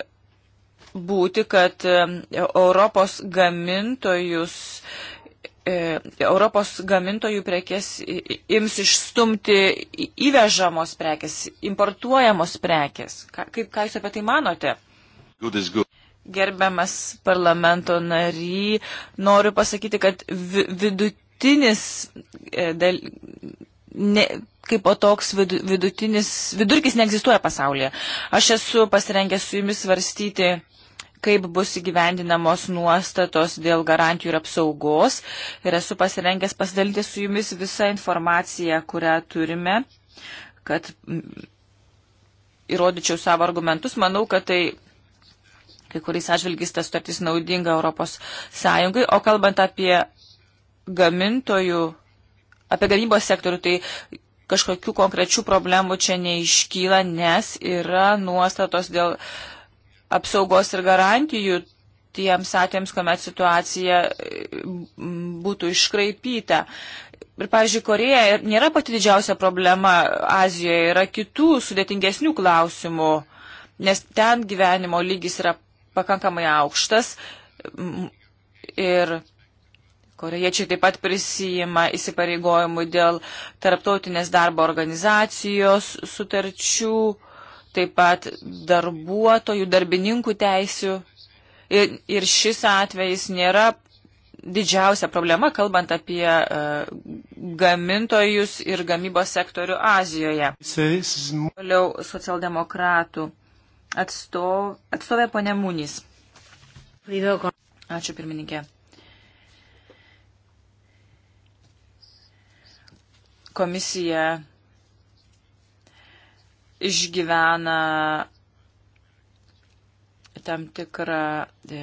būti, kad e, Europos gamintojus e, Europos gamintojų prekes ims išstumti įvežamos prekes, importuojamos prekes. Kaip ką jūs apie tai manote? Good good. Gerbiamas parlamento nary, noriu pasakyti, kad vidutinis e, ne, kaip o toks vidutinis, vidurkis neegzistuoja pasaulyje. Aš esu pasirengęs su jumis svarstyti kaip bus įgyvendinamos nuostatos dėl garantijų ir apsaugos. Ir esu pasirengęs pasidalinti su jumis visą informaciją, kurią turime, kad įrodyčiau savo argumentus. Manau, kad tai kai kuriais atžvilgis tas sutartis naudinga Europos Sąjungai. O kalbant apie gamintojų apie gamybos sektorių, tai kažkokių konkrečių problemų čia neiškyla, nes yra nuostatos dėl apsaugos ir garantijų tiems atvejams, kuomet situacija būtų iškraipyta. Ir, pavyzdžiui, Koreja nėra pati didžiausia problema Azijoje, yra kitų sudėtingesnių klausimų, nes ten gyvenimo lygis yra pakankamai aukštas ir Korejiečiai taip pat prisijima įsipareigojimų dėl tarptautinės darbo organizacijos sutarčių, taip pat darbuotojų, darbininkų teisių. Ir, ir šis atvejis nėra didžiausia problema, kalbant apie uh, gamintojus ir gamybos sektorių Azijoje. Toliau socialdemokratų atstovė ponė Munys. Ačiū pirmininkė. komisija išgyvena tam tikrą e,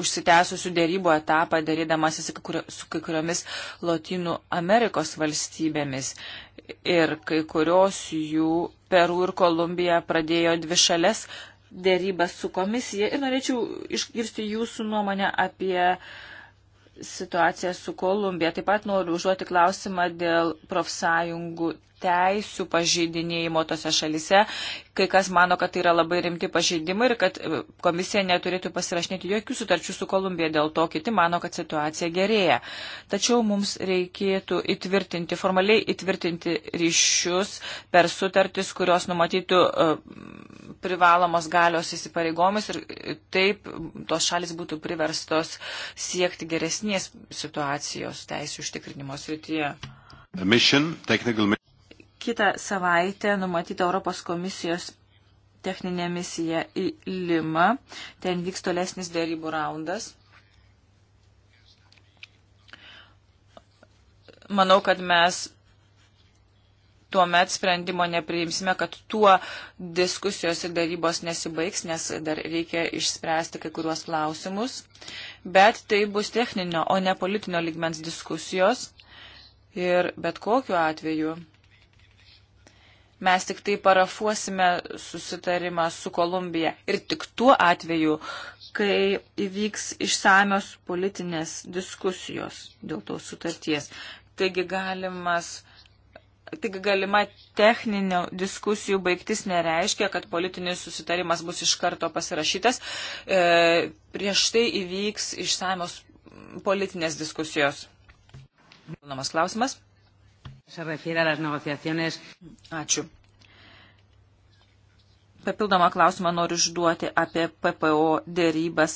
užsitęsusių dėrybų etapą, darydamasis su kai kuriomis Latinų Amerikos valstybėmis. Ir kai kurios jų Peru ir Kolumbija pradėjo dvi šalės dėrybas su komisija. Ir norėčiau išgirsti jūsų nuomonę apie e, situaciją su Kolumbija. Taip pat noriu užduoti klausimą dėl profsąjungų teisų pažeidinėjimo tose šalise. Kai kas mano, kad tai yra labai rimti pažeidimai ir kad e, komisija neturėtų pasirašinėti jokių sutarčių su Kolumbija, dėl to kiti mano, kad situacija gerėja. Tačiau mums reikėtų įtvirtinti, formaliai įtvirtinti ryšius per sutartis, kurios numatytų e, privalomos galios įsipareigomis ir taip tos šalis būtų priverstos siekti geresnės situacijos teisų užtikrinimo srityje. Mission, technical kitą savaitę numatyta Europos komisijos techninė misija į Limą. Ten vyks tolesnis dėrybų raundas. Manau, kad mes tuo met sprendimo nepriimsime, kad tuo diskusijos ir darybos nesibaigs, nes dar reikia išspręsti kai kuriuos klausimus. Bet tai bus techninio, o ne politinio ligmens diskusijos. Ir bet kokiu atveju mes tik tai parafuosime susitarimą su Kolumbija. Ir tik tuo atveju, kai įvyks išsamios politinės diskusijos dėl tos sutarties. Taigi galimas. Taigi galima techninio diskusijų baigtis nereiškia, kad politinis susitarimas bus iš karto pasirašytas. E, prieš tai įvyks išsamios politinės diskusijos. Žinomas klausimas. Ačiū. Papildomą klausimą noriu užduoti apie PPO dėrybas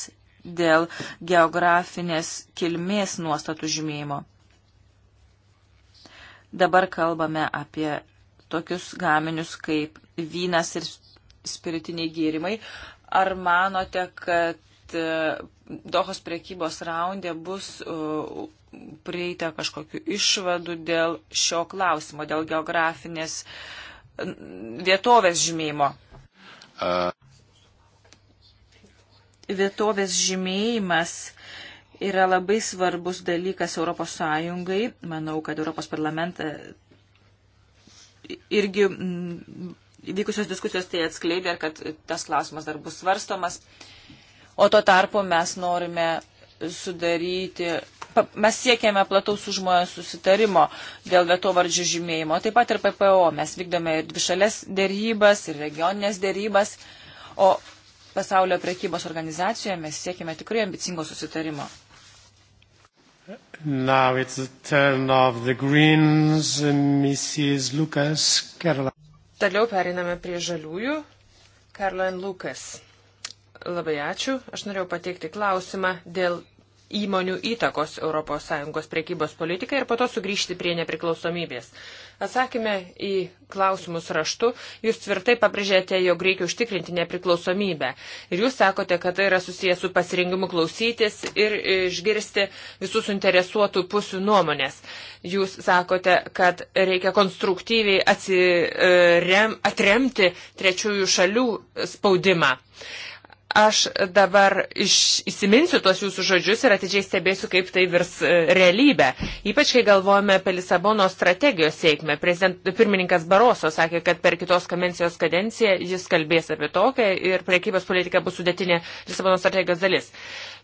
dėl geografinės kilmės nuostatų žymėjimo. Dabar kalbame apie tokius gaminius kaip vynas ir spiritiniai gėrimai. Ar manote, kad E, Dohos priekybos raundė bus e, prieita kažkokiu išvadu dėl šio klausimo, dėl geografinės vietovės žymėjimo. Vietovės žymėjimas yra labai svarbus dalykas Europos Sąjungai. Manau, kad Europos parlamentą irgi vykusios diskusijos tai atskleidė ir kad tas klausimas dar bus svarstomas. Uh, o tuo tarpu mes norime sudaryti, mes siekiame plataus užmojo susitarimo dėl vietovardžių žymėjimo, taip pat ir PPO, mes vykdome ir dvišalės dėrybas, ir regioninės dėrybas, o pasaulio prekybos organizacijoje mes siekime tikrai ambicingo susitarimo. Now it's the turn of the Greens, Mrs. Lucas Caroline. Toliau periname prie žaliųjų. Caroline Lucas. Labai ačiū. Aš norėjau pateikti klausimą dėl įmonių įtakos ES priekybos politikai ir po to sugrįžti prie nepriklausomybės. Atsakymė į klausimus raštu, jūs tvirtai pabrėžėte, jog reikia užtikrinti nepriklausomybę. Ir jūs sakote, kad tai yra susijęs su pasirinkimu klausytis ir išgirsti visų suinteresuotų pusių nuomonės. Jūs sakote, kad reikia konstruktyviai atsirem, atremti trečiųjų šalių spaudimą. Aš dabar iš, įsiminsiu tuos jūsų žodžius ir atidžiai stebėsiu, kaip tai virs e, realybę. Ypač, kai galvojame apie Lisabono strategijos sėkmę. Prezident, pirmininkas Baroso sakė, kad per kitos kadencijos kadenciją jis kalbės apie tokią ir priekybos politika bus sudėtinė Lisabono strategijos dalis.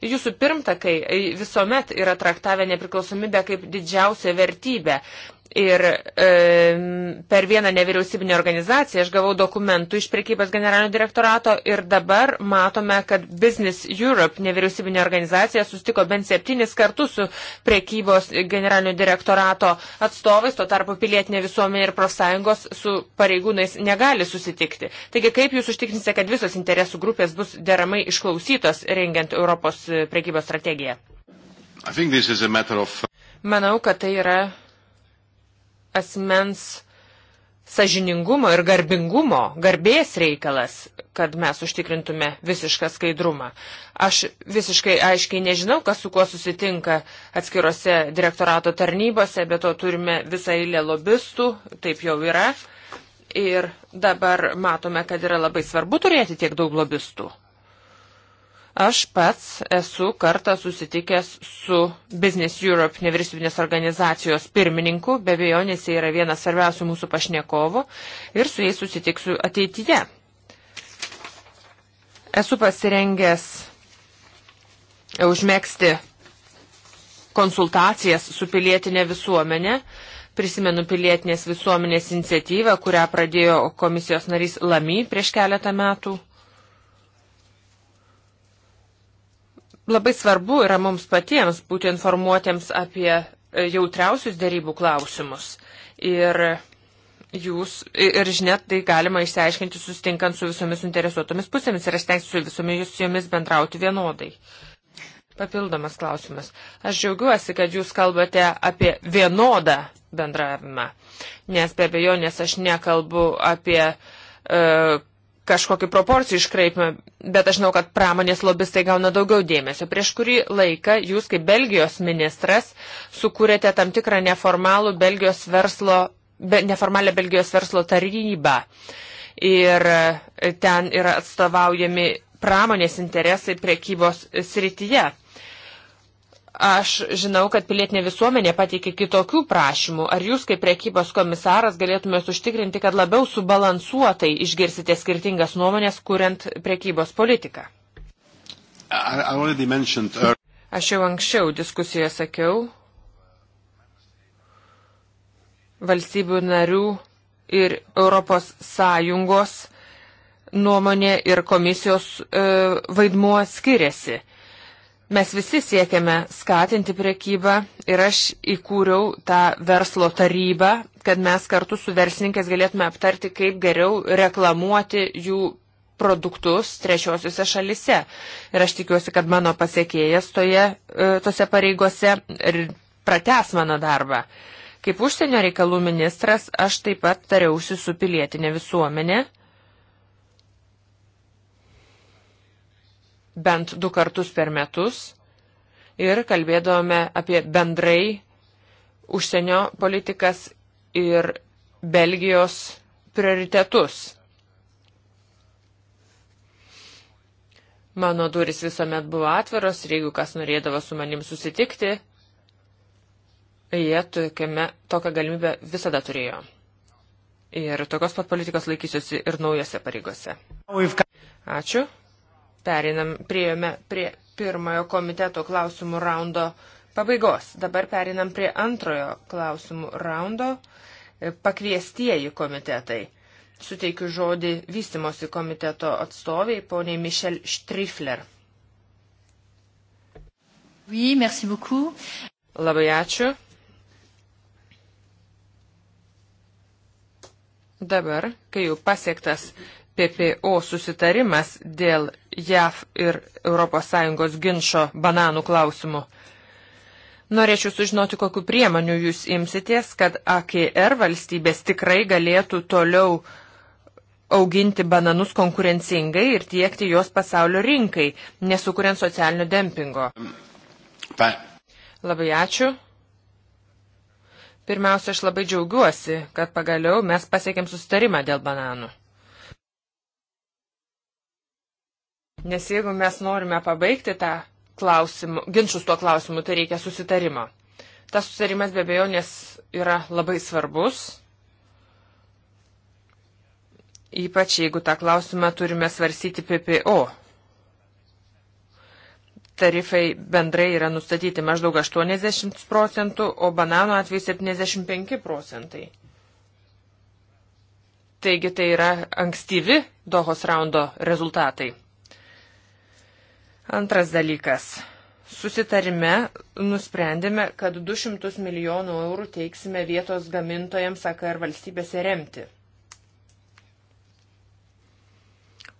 Jūsų pirmtakai visuomet yra traktavę nepriklausomybę kaip didžiausią vertybę. Ir e, per vieną nevyriausybinę organizaciją aš gavau dokumentų iš prekybos generalinio direktorato ir dabar matome, kad Business Europe nevyriausybinė organizacija sustiko bent septynis kartus su prekybos generalinio direktorato atstovais, tuo tarpu pilietinė visuomenė ir profsąjungos su pareigūnais negali susitikti. Taigi kaip jūs užtikrinsite, kad visos interesų grupės bus deramai išklausytos rengiant Europos prekybos strategiją? Of... Manau, kad tai yra asmens sažiningumo ir garbingumo, garbės reikalas, kad mes užtikrintume visišką skaidrumą. Aš visiškai aiškiai nežinau, kas su kuo susitinka atskirose direktorato tarnybose, bet to turime visą eilę lobistų, taip jau yra. Ir dabar matome, kad yra labai svarbu turėti tiek daug lobistų. Aš pats esu kartą susitikęs su Business Europe nevyriausybinės organizacijos pirmininku, be abejonės jie yra vienas svarbiausių mūsų pašnekovų ir su jais susitiksiu ateityje. Esu pasirengęs e, užmėgsti konsultacijas su pilietinė visuomenė. Prisimenu pilietinės visuomenės iniciatyvą, kurią pradėjo komisijos narys Lamy prieš keletą metų. Labai svarbu yra mums patiems būti informuotiems apie e, jautriausius dėrybų klausimus. Ir jūs ir žinia, tai galima išsiaiškinti sustinkant su visomis interesuotomis pusėmis ir aš tenksiu su visomis su jomis bendrauti vienodai. Papildomas klausimas. Aš džiaugiuosi, kad jūs kalbate apie vienodą bendravimą, nes be abejonės aš nekalbu apie e, kažkokį proporcijų iškraipimą, bet aš žinau, kad pramonės lobistai gauna daugiau dėmesio. Prieš kurį laiką jūs kaip Belgijos ministras sukūrėte tam tikrą neformalų Belgijos verslo, be, neformalę Belgijos verslo tarybą. Ir e, ten yra atstovaujami pramonės interesai priekybos srityje. Aš žinau, kad pilietinė visuomenė pateikė kitokių prašymų. Ar jūs kaip prekybos komisaras galėtumės užtikrinti, kad labiau subalansuotai išgirsite skirtingas nuomonės, kuriant prekybos politiką? Aš jau anksčiau diskusijoje sakiau valstybių narių ir Europos Sąjungos nuomonė ir komisijos e, vaidmuo skiriasi. Mes visi siekiame skatinti priekybą ir aš įkūriau tą verslo tarybą, kad mes kartu su verslininkais galėtume aptarti, kaip geriau reklamuoti jų produktus trečiosiuose šalise. Ir aš tikiuosi, kad mano pasiekėjas toje, e, tose pareigose prates mano darbą. Kaip užsienio reikalų ministras, aš taip pat tariausi su pilietinė visuomenė bent du kartus per metus ir kalbėdavome apie bendrai užsienio politikas ir Belgijos prioritetus. Mano durys visuomet buvo atviros ir jeigu kas norėdavo su manim susitikti, jie tokiame, tokią galimybę visada turėjo. Ir tokios pat politikos laikysiuosi ir naujose pareigose. Ačiū. Perinam, priejome prie pirmojo komiteto klausimų raundo pabaigos. Dabar perinam prie antrojo klausimų raundo e, pakviestieji komitetai. Suteikiu žodį vystimosi komiteto atstoviai, poniai Michel Štrifler. Oui, merci beaucoup. Labai ačiū. Dabar, kai jau pasiektas PPO susitarimas dėl JAV ir ES ginčio bananų klausimu. Norėčiau sužinoti, kokiu priemoniu jūs imsitės, kad AKR valstybės tikrai galėtų toliau auginti bananus konkurencingai ir tiekti juos pasaulio rinkai, nesukuriant socialinio dempingo. Pa. Labai ačiū. Pirmiausia, aš labai džiaugiuosi, kad pagaliau mes pasiekėm sustarimą dėl bananų. Nes jeigu mes norime pabaigti tą klausimą, ginčius tuo klausimu, tai reikia susitarimo. Tas susitarimas be abejo, nes yra labai svarbus, ypač jeigu tą klausimą turime svarsyti PPO. Tarifai bendrai yra nustatyti maždaug 80 procentų, o banano atveju 75 procentai. Taigi tai yra ankstyvi Dohos raundo rezultatai. Antras dalykas. Susitarime nusprendėme, kad 200 milijonų eurų teiksime vietos gamintojams AKR valstybėse remti.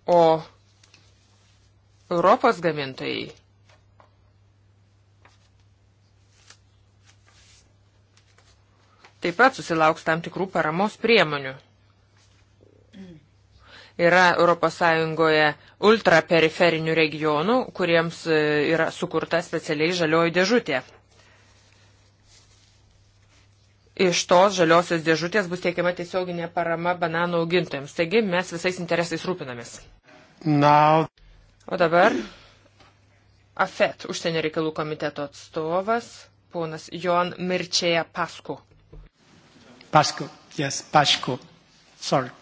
O Europos gamintojai taip pat susilauks tam tikrų paramos priemonių. Yra ES ultraperiferinių regionų, kuriems e, yra sukurta specialiai žalioji dėžutė. Iš tos žaliosios dėžutės bus teikiama tiesioginė parama bananų augintojams. Taigi mes visais interesais rūpinamės. Now. O dabar AFET, užsienio reikalų komiteto atstovas, ponas Joan Mirčėja Pasku. Pasku, yes, Pasku. Sorry.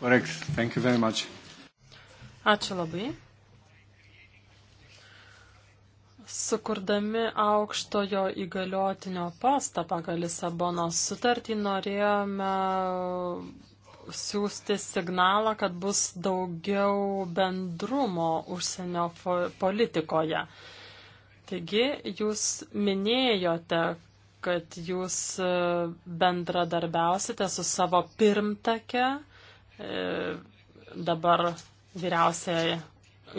Correct. Thank you very much. Ačiū labai. Sukurdami aukštojo įgaliotinio postą pagal Lisabonos sutartį norėjome siūsti signalą, kad bus daugiau bendrumo užsienio politikoje. Taigi, jūs minėjote, kad jūs bendradarbiausite su savo pirmtake E, dabar vyriausiai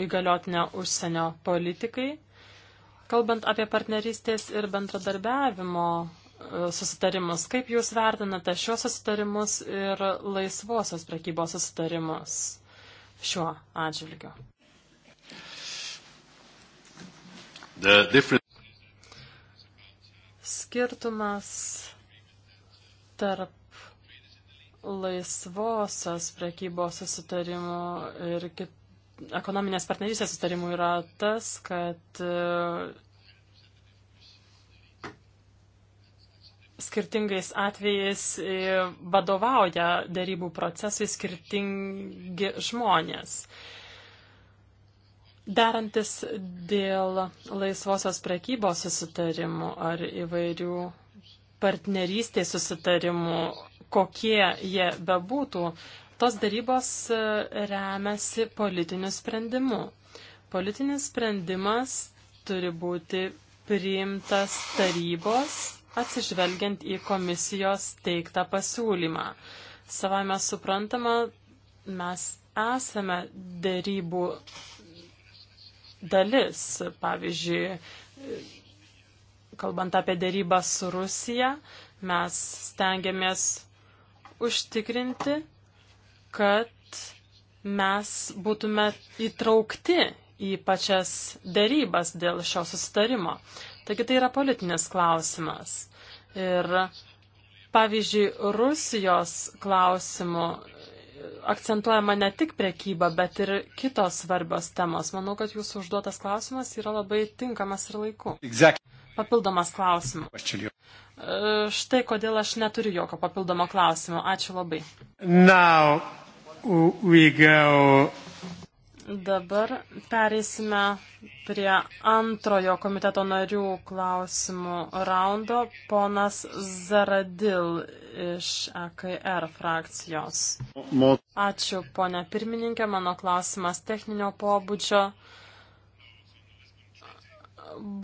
įgaliotinę užsienio politikai. Kalbant apie partnerystės ir bendradarbiavimo e, susitarimus, kaip Jūs vertinate šios susitarimus ir laisvosios prekybos susitarimus šiuo atžvilgiu? Different... Skirtumas tarp laisvosios prekybos susitarimų ir kit, ekonominės partnerystės susitarimų yra tas, kad e, skirtingais atvejais e, vadovauja darybų procesai skirtingi žmonės. Darantis dėl laisvosios prekybos susitarimų ar įvairių partnerystės susitarimų kokie jie bebūtų, tos darybos e, remiasi politiniu sprendimu. Politinis sprendimas turi būti priimtas tarybos atsižvelgiant į komisijos teiktą pasiūlymą. Savame suprantama, mes esame dėrybų dalis. Pavyzdžiui, kalbant apie dėrybą su Rusija, mes stengiamės užtikrinti, kad mes būtume įtraukti į pačias dėrybas dėl šio sustarimo. Taigi tai yra politinis klausimas. Ir pavyzdžiui, Rusijos klausimu akcentuojama ne tik prekyba, bet ir kitos svarbios temos. Manau, kad jūsų užduotas klausimas yra labai tinkamas ir laiku. Exactly papildomas klausimas. E, štai kodėl aš neturiu jokio papildomo klausimo. Ačiū labai. Now we go. Dabar pereisime prie antrojo komiteto narių klausimų raundo. Ponas Zaradil iš AKR frakcijos. Ačiū, ponė pirmininkė. Mano klausimas techninio pobūdžio.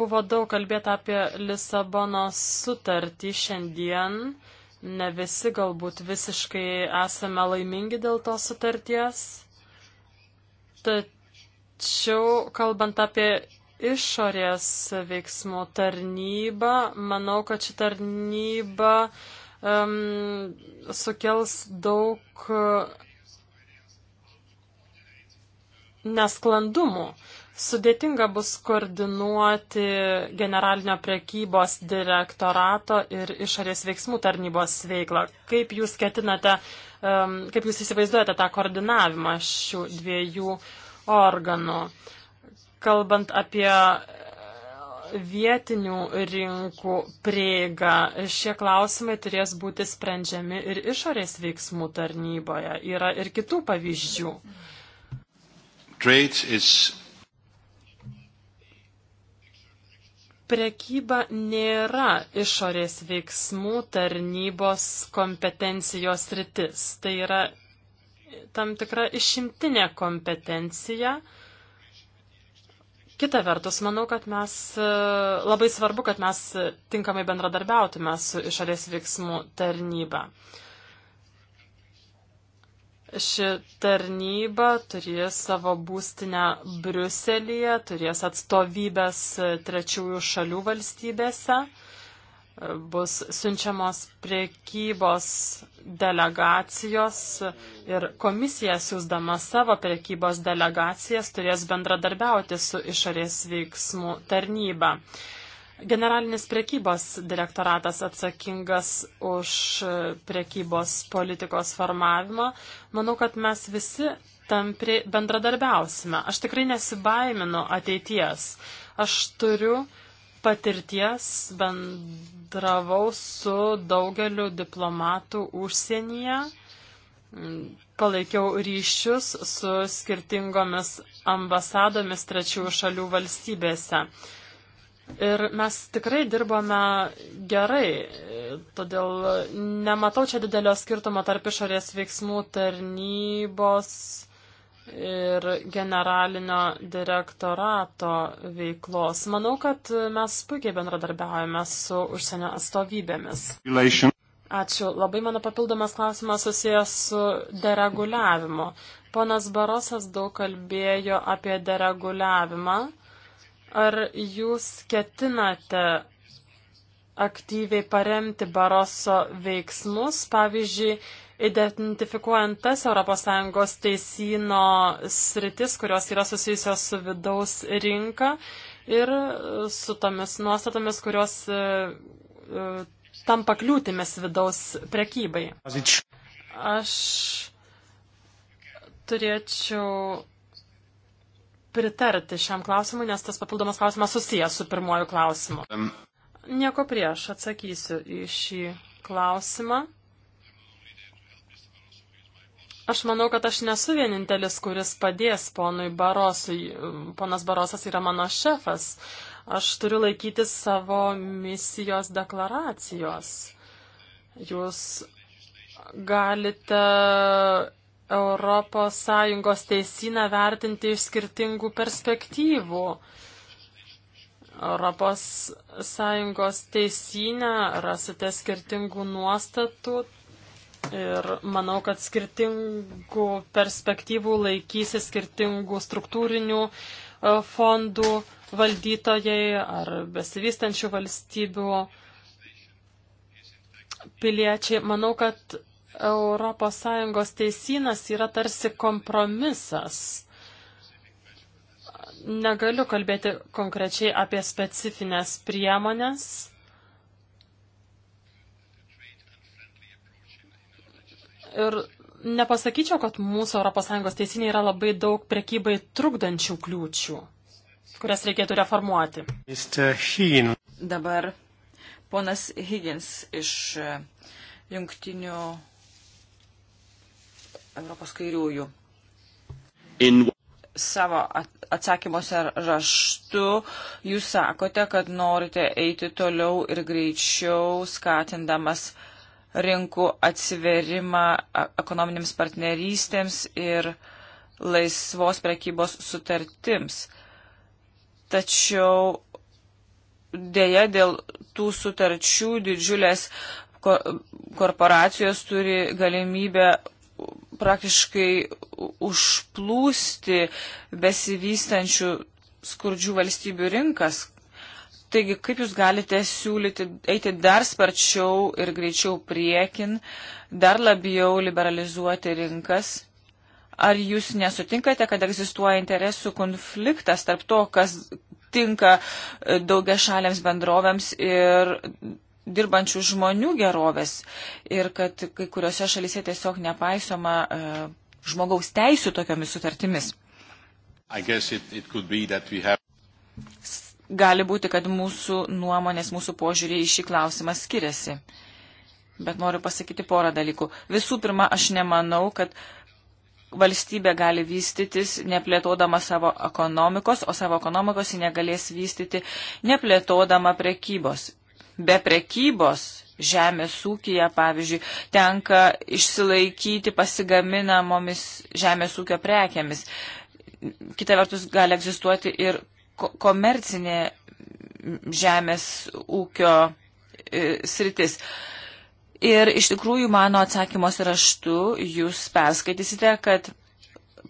Buvo daug kalbėta apie Lisabonos sutartį šiandien. Ne visi galbūt visiškai esame laimingi dėl tos sutarties. Tačiau, kalbant apie išorės veiksmų tarnybą, manau, kad ši tarnyba um, sukels daug nesklandumų. Sudėtinga bus koordinuoti generalinio prekybos direktorato ir išorės veiksmų tarnybos veiklą. Kaip jūs ketinate, kaip jūs įsivaizduojate tą koordinavimą šių dviejų organų? Kalbant apie e, vietinių rinkų prieigą, šie klausimai turės būti sprendžiami ir išorės veiksmų tarnyboje. Yra ir kitų pavyzdžių. Trade is Prekyba nėra išorės veiksmų tarnybos kompetencijos rytis. Tai yra tam tikra išimtinė kompetencija. Kita vertus, manau, kad mes labai svarbu, kad mes tinkamai bendradarbiautume su išorės veiksmų tarnyba. Uh, Ši tarnyba turės savo būstinę Briuselėje, turės atstovybės trečiųjų šalių valstybėse, bus siunčiamos priekybos delegacijos ir komisija siūsdama savo priekybos delegacijas turės bendradarbiauti su išorės veiksmų tarnyba. Generalinis prekybos direktoratas atsakingas už prekybos politikos formavimą. Manau, kad mes visi tampri bendradarbiausime. Aš tikrai nesibaiminu ateities. Aš turiu patirties bendravau su daugeliu diplomatų užsienyje palaikiau ryšius su skirtingomis ambasadomis trečiųjų šalių valstybėse. Ir mes tikrai dirbame gerai, todėl nematau čia didelio skirtumo tarp išorės veiksmų tarnybos ir generalinio direktorato veiklos. Manau, kad mes puikiai bendradarbiavame su užsienio atstovybėmis. Relation. Ačiū. Labai mano papildomas klausimas susijęs su dereguliavimu. Ponas Barosas daug kalbėjo apie dereguliavimą ar jūs ketinate aktyviai paremti Baroso veiksmus, pavyzdžiui, identifikuojant tas ES teisino sritis, kurios yra susijusios su vidaus rinka ir su tomis nuostatomis, kurios e, e, tampa kliūtimis vidaus prekybai. Aš turėčiau pritarti šiam klausimui, nes tas papildomas klausimas susijęs su pirmoju klausimu. Nieko prieš, atsakysiu į šį klausimą. Aš manau, kad aš nesu vienintelis, kuris padės ponui Barosui. Ponas Barosas yra mano šefas. Aš turiu laikytis savo misijos deklaracijos. Jūs galite ES teisiną vertinti iš skirtingų perspektyvų. ES teisinę rasite skirtingų nuostatų ir manau, kad skirtingų perspektyvų laikysi skirtingų struktūrinių e, fondų valdytojai ar besivystančių valstybių piliečiai. Manau, kad ES teisinas yra tarsi kompromisas. Negaliu kalbėti konkrečiai apie specifines priemonės. Ir nepasakyčiau, kad mūsų ES teisinė yra labai daug prekybai trukdančių kliūčių, kurias reikėtų reformuoti. Dabar ponas Higgins iš jungtinių Europos kairiųjų. In... Savo atsakymuose raštu jūs sakote, kad norite eiti toliau ir greičiau skatindamas rinkų atsiverimą ekonominėms partnerystėms ir laisvos prekybos sutartims. Tačiau dėja dėl tų sutarčių didžiulės korporacijos turi galimybę praktiškai užplūsti besivystančių skurdžių valstybių rinkas. Taigi, kaip jūs galite siūlyti eiti dar sparčiau ir greičiau priekin, dar labiau liberalizuoti rinkas? Ar jūs nesutinkate, kad egzistuoja interesų konfliktas tarp to, kas tinka e, daugia šalėms bendrovėms ir dirbančių žmonių gerovės ir kad kai kuriuose šalyse tiesiog nepaisoma uh, žmogaus teisų tokiomis sutartimis. It, it have... Gali būti, kad mūsų nuomonės, mūsų požiūrė į šį klausimą skiriasi. Bet noriu pasakyti porą dalykų. Visų pirma, aš nemanau, kad valstybė gali vystytis neplėtodama savo ekonomikos, o savo ekonomikos ji negalės vystyti neplėtodama prekybos be prekybos žemės ūkija, pavyzdžiui, tenka išsilaikyti pasigaminamomis žemės ūkio prekiamis. Kita vertus, gali egzistuoti ir komercinė žemės ūkio e, sritis. Ir iš tikrųjų mano atsakymuose raštu jūs perskaitysite, kad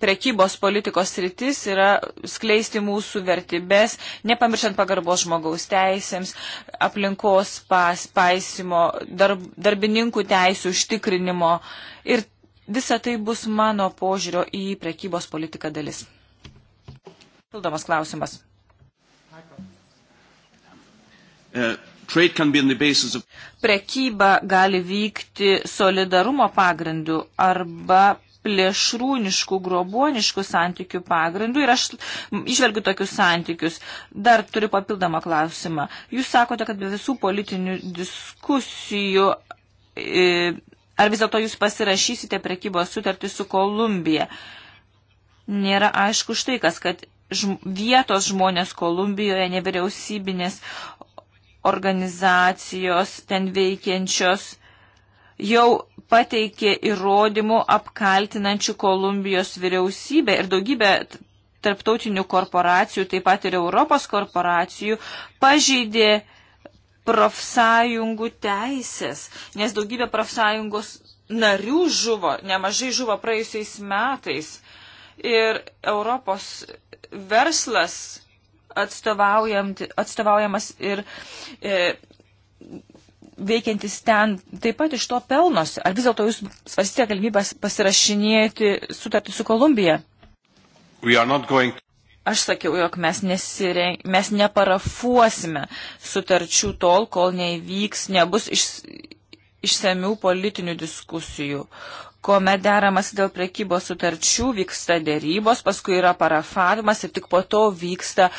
prekybos politikos sritis yra skleisti mūsų vertybės, nepamiršant pagarbos žmogaus teisėms, aplinkos pas, paisimo, darb, darbininkų teisų užtikrinimo. Ir visa tai bus mano požiūrio į prekybos politiką dalis. Pildomas klausimas. Uh. Prekyba gali vykti solidarumo pagrindu arba plėšrūniškų, grobuoniškų santykių pagrindų ir aš išvelgiu tokius santykius. Dar turiu papildomą klausimą. Jūs sakote, kad be visų politinių diskusijų. E, ar vis dėlto jūs pasirašysite prekybos sutartį su Kolumbija? Nėra aišku štai kas, kad žm vietos žmonės Kolumbijoje, nevyriausybinės organizacijos ten veikiančios, jau pateikė įrodymų apkaltinančių Kolumbijos vyriausybę ir daugybę tarptautinių korporacijų, taip pat ir Europos korporacijų, pažeidė profsąjungų teisės, nes daugybė profsąjungos narių žuvo, nemažai žuvo praėjusiais metais. Ir Europos verslas atstovaujamas ir e, veikiantis ten taip pat iš to pelnosi? Ar vis dėlto jūs svarstėte galimybę pasirašinėti sutartį su Kolumbija? Going... Aš sakiau, jog mes, nesireng... mes neparafuosime sutarčių tol, kol neįvyks, nebus iš... išsamių politinių diskusijų. Kuomet deramas dėl prekybos sutarčių vyksta dėrybos, paskui yra parafavimas ir tik po to vyksta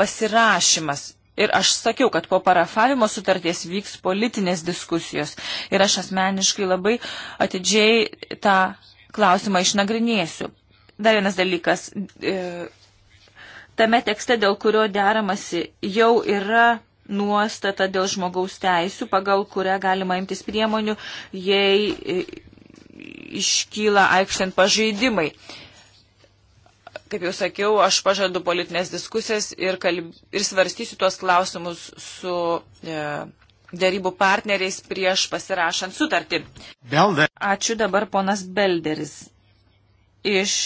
pasirašymas Ir aš sakiau, kad po parafavimo sutarties vyks politinės diskusijos. Ir aš asmeniškai labai atidžiai tą klausimą išnagrinėsiu. Dar vienas dalykas. E, tame tekste, dėl kurio deramasi, jau yra nuostata dėl žmogaus teisų, pagal kurią galima imtis priemonių, jei e, iškyla aikštent pažeidimai. Kaip jau sakiau, aš pažadu politinės diskusijas ir, kalb... ir svarstysiu tuos klausimus su e, dėrybų partneriais prieš pasirašant sutartį. Belder. Ačiū dabar ponas Belderis iš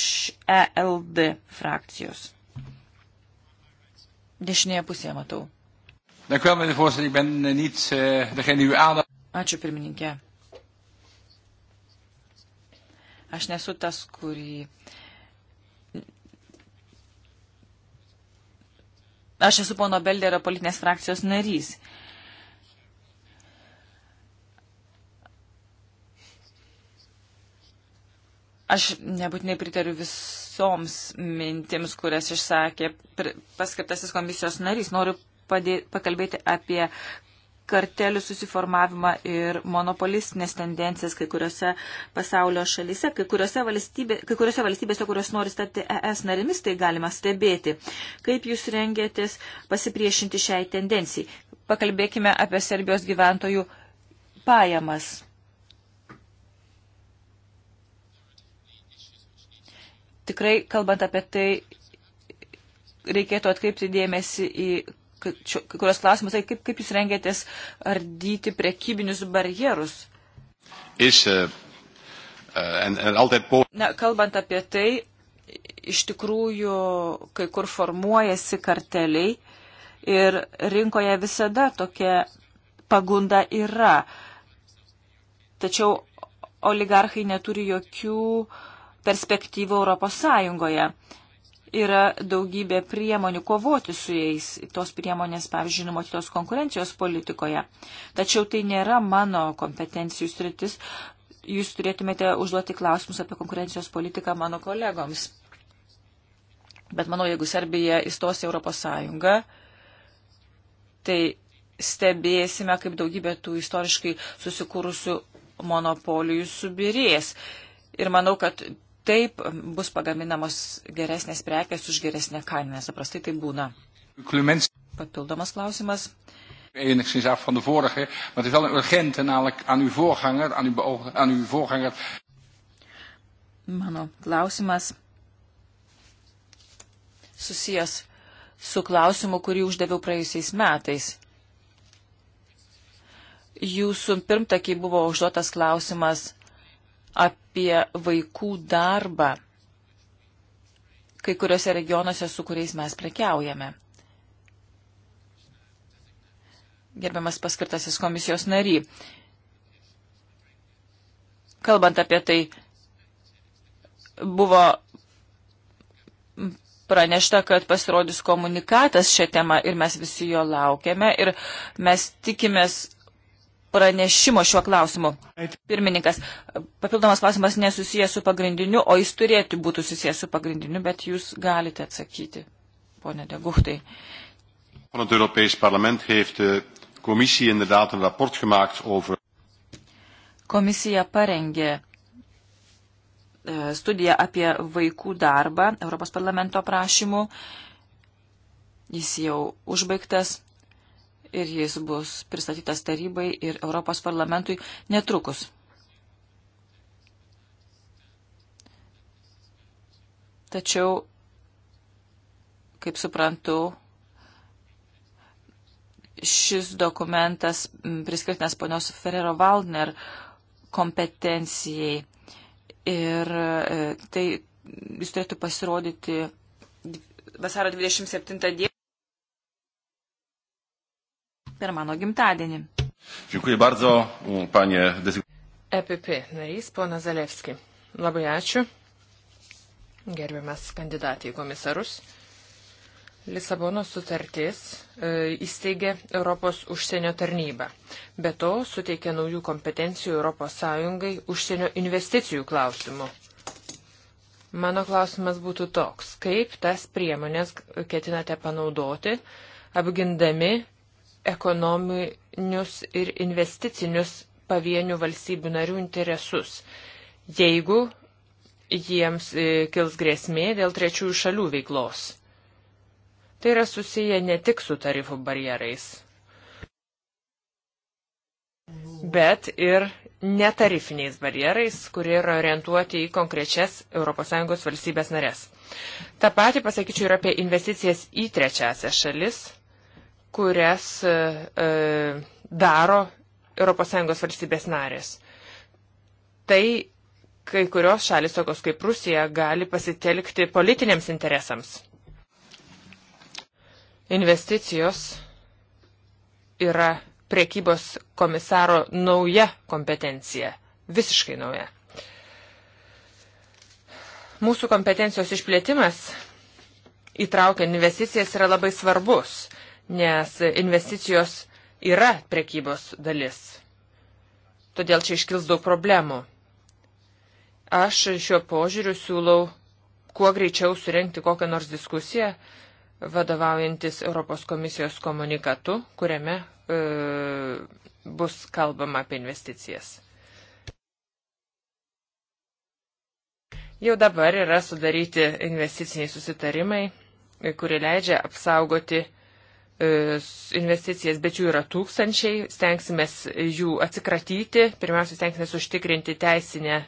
ELD frakcijos. Dešinėje pusėje matau. Eh, eh, Ačiū pirmininkė. Aš nesu tas, kurį Aš esu pono Belderio politinės frakcijos narys. Aš nebūtinai pritariu visoms mintims, kurias išsakė paskirtasis komisijos narys. Noriu padė, pakalbėti apie kartelių susiformavimą ir monopolistinės tendencijas kai kuriuose pasaulio šalyse, kai kuriuose, valstybė, kai kuriuose valstybėse, kurios nori stati ES narimis, tai galima stebėti. Kaip jūs rengėtės pasipriešinti šiai tendencijai? Pakalbėkime apie Serbijos gyventojų pajamas. Tikrai, kalbant apie tai, reikėtų atkreipti dėmesį į kai kurios klausimas, tai kaip, kaip jūs rengėtės ardyti prekybinius barjerus? Is, uh, eh, uh, eh, and, and altijd... Na, kalbant apie tai, iš tikrųjų kai kur formuojasi karteliai ir rinkoje visada tokia pagunda yra. Tačiau oligarchai neturi jokių perspektyvų Europos Sąjungoje. Uh, yra daugybė priemonių kovoti su jais. Tos priemonės, pavyzdžiui, numatytos konkurencijos politikoje. Tačiau tai nėra mano kompetencijų sritis. Jūs turėtumėte užduoti klausimus apie konkurencijos politiką mano kolegoms. Bet manau, jeigu Serbija įstos į Europos Sąjungą, tai stebėsime, kaip daugybė tų istoriškai susikūrusių monopolijų subirės. Ir manau, kad taip bus pagaminamos geresnės prekės už geresnę kainą, nes paprastai tai būna. Papildomas klausimas. Enigszins af van de vorige, maar het is wel een urgente, namelijk aan uw voorganger, aan uw, aan uw voorganger. Mano klausimas susijęs su klausimu, kurį uždaviau praėjusiais metais. Jūsų pirmtakiai buvo užduotas klausimas apie vaikų darbą kai kuriuose regionuose, su kuriais mes prekiaujame. Gerbiamas paskirtasis komisijos nary. Kalbant apie tai, buvo pranešta, kad pasirodys komunikatas šią temą ir mes visi jo laukiame ir mes tikimės pranešimo šiuo klausimu. Pirmininkas, papildomas klausimas nesusijęs su pagrindiniu, o jis turėtų būti susijęs su pagrindiniu, bet jūs galite atsakyti, ponė Deguhtai. Van het Europees Parlement heeft de commissie inderdaad een rapport gemaakt over. Komisija parengė e, studiją apie vaikų darbą Europos parlamento prašymų. Jis jau užbaigtas ir jis bus pristatytas tarybai ir Europos parlamentui netrukus. Tačiau, kaip suprantu, šis dokumentas priskirtinas ponios Ferrero Waldner kompetencijai ir e, tai jis turėtų pasirodyti vasaro 27 dieną per mano gimtadienį. Dziękuję bardzo, panie EPP e narys, ponas Zalewski. Labai ačiū. Gerbiamas kandidatai į komisarus. Lisabono sutartis e, įsteigė Europos užsienio tarnybą. Be to suteikė naujų kompetencijų ES užsienio investicijų klausimų. Mano klausimas būtų toks, kaip tas priemonės ketinate panaudoti, apgindami ekonominius ir investicinius pavienių valstybių narių interesus, jeigu jiems e, kils grėsmė dėl trečiųjų šalių veiklos. Tai yra susiję ne tik su tarifų barjerais, bet ir netarifiniais barjerais, kurie yra orientuoti į konkrečias ES valstybės narės. Ta pati pasakyčiau ir apie investicijas į trečiasią šalis kurias e, e, daro ES valstybės narės. Tai kai kurios šalis, tokios kaip Rusija, gali pasitelkti politiniams interesams. Investicijos yra priekybos komisaro nauja kompetencija. Visiškai nauja. Mūsų kompetencijos išplėtimas įtraukiant investicijas yra labai svarbus nes investicijos yra prekybos dalis. Todėl čia iškils daug problemų. Aš šiuo požiūriu siūlau kuo greičiau surenkti kokią nors diskusiją, vadovaujantis Europos komisijos komunikatu, kuriame e, bus kalbama apie investicijas. Jau dabar yra sudaryti investiciniai susitarimai, kurie leidžia apsaugoti E, investicijas, bet jų yra tūkstančiai, stengsimės jų atsikratyti, pirmiausia, stengsimės užtikrinti teisinę,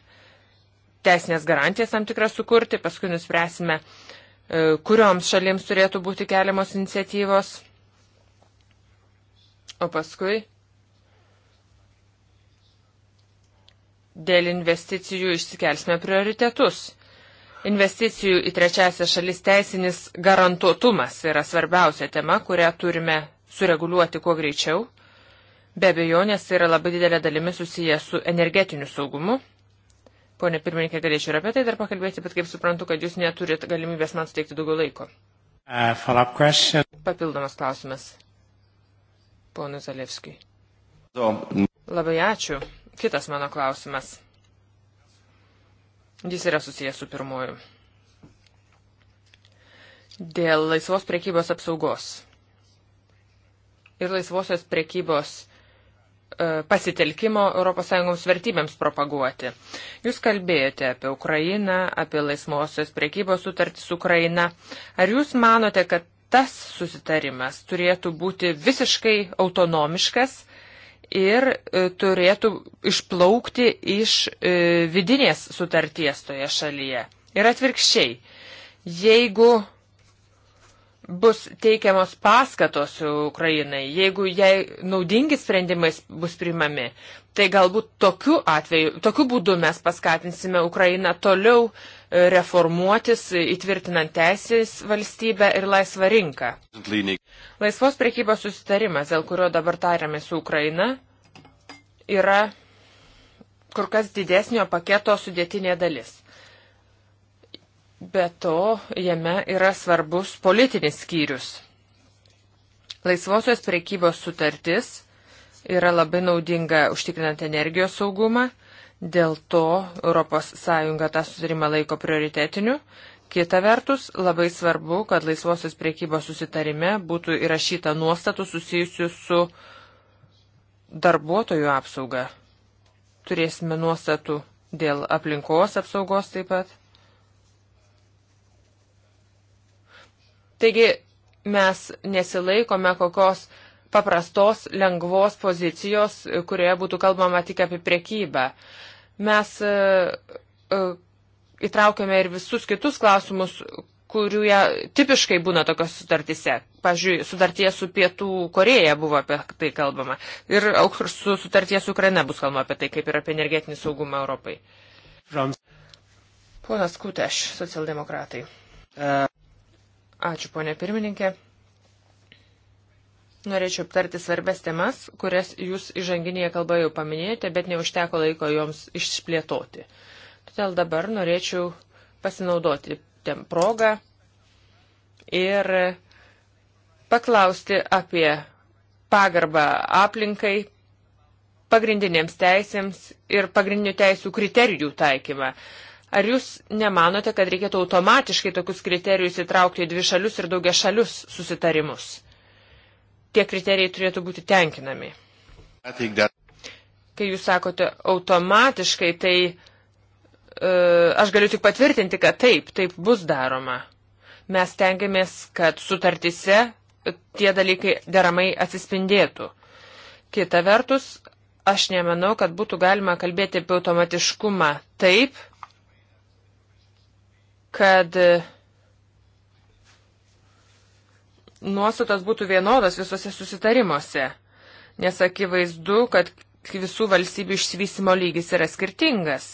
teisinės garantijas tam tikrą sukurti, paskui nuspręsime, e, kurioms šalims turėtų būti keliamos iniciatyvos, o paskui dėl investicijų išsikelsime prioritetus investicijų į trečiasią šalis teisinis garantuotumas yra svarbiausia tema, kurią turime sureguliuoti kuo greičiau. Be abejonės tai yra labai didelė dalimi susiję su energetiniu saugumu. Pone pirmininkė, galėčiau ir apie tai dar pakalbėti, bet kaip suprantu, kad jūs neturit galimybės man suteikti daugiau laiko. Uh, Papildomas klausimas. Ponu Zalevskijui. Labai ačiū. Kitas mano klausimas. Jis yra susijęs su pirmoju. Dėl laisvos prekybos apsaugos ir laisvosios prekybos e, pasitelkimo ES vertybėms propaguoti. Jūs kalbėjote apie Ukrainą, apie laisvosios prekybos sutartį su Ukraina. Ar jūs manote, kad tas susitarimas turėtų būti visiškai autonomiškas ir e, turėtų išplaukti iš e, vidinės sutarties toje šalyje. Ir atvirkščiai, jeigu bus teikiamos paskatos Ukrainai, jeigu jai naudingi sprendimai bus primami, tai galbūt tokiu, atveju, tokiu būdu mes paskatinsime Ukrainą toliau uh, reformuotis, įtvirtinant teisės valstybę ir laisvą rinką. Laisvos priekybos susitarimas, dėl kurio dabar tariame su Ukraina, yra kur kas didesnio paketo sudėtinė dalis. Be to, jame yra svarbus politinis skyrius. Laisvosios priekybos sutartis yra labai naudinga užtikrinant energijos saugumą Dėl to ES tą susitarimą laiko prioritetiniu. Kita vertus, labai svarbu, kad laisvosios priekybos susitarime būtų įrašyta nuostatų susijusių su darbuotojų apsauga. Turėsime nuostatų dėl aplinkos apsaugos taip pat. Taigi mes nesilaikome kokios paprastos, lengvos pozicijos, kurioje būtų kalbama tik apie priekybą. Mes e, e, įtraukiame ir visus kitus klausimus, kurie tipiškai būna tokios sutartise. Pavyzdžiui, sutartie su Pietų Koreja buvo apie tai kalbama. Ir su sutartie su Ukraina bus kalbama apie tai, kaip ir apie energetinį saugumą Europai. Žoms. Ponas Kuteš, socialdemokratai. E. Ačiū, ponė pirmininkė. Norėčiau aptarti svarbes temas, kurias jūs įžanginėje kalboje jau paminėjote, bet neužteko laiko joms išplėtoti. Todėl dabar norėčiau pasinaudoti tem progą ir paklausti apie pagarbą aplinkai, pagrindinėms teisėms ir pagrindinių teisų kriterijų taikymą. Ar jūs nemanote, kad reikėtų automatiškai tokius kriterijus įtraukti į dvi šalius ir daugia šalius susitarimus? tie kriterijai turėtų būti tenkinami. Kai jūs sakote automatiškai, tai e, aš galiu tik patvirtinti, kad taip, taip bus daroma. Mes tengiamės, kad sutartise tie dalykai deramai atsispindėtų. Kita vertus, aš nemanau, kad būtų galima kalbėti apie automatiškumą taip, kad e, nuostatos būtų vienodos visuose susitarimuose, nes akivaizdu, kad visų valstybių išsivysimo lygis yra skirtingas.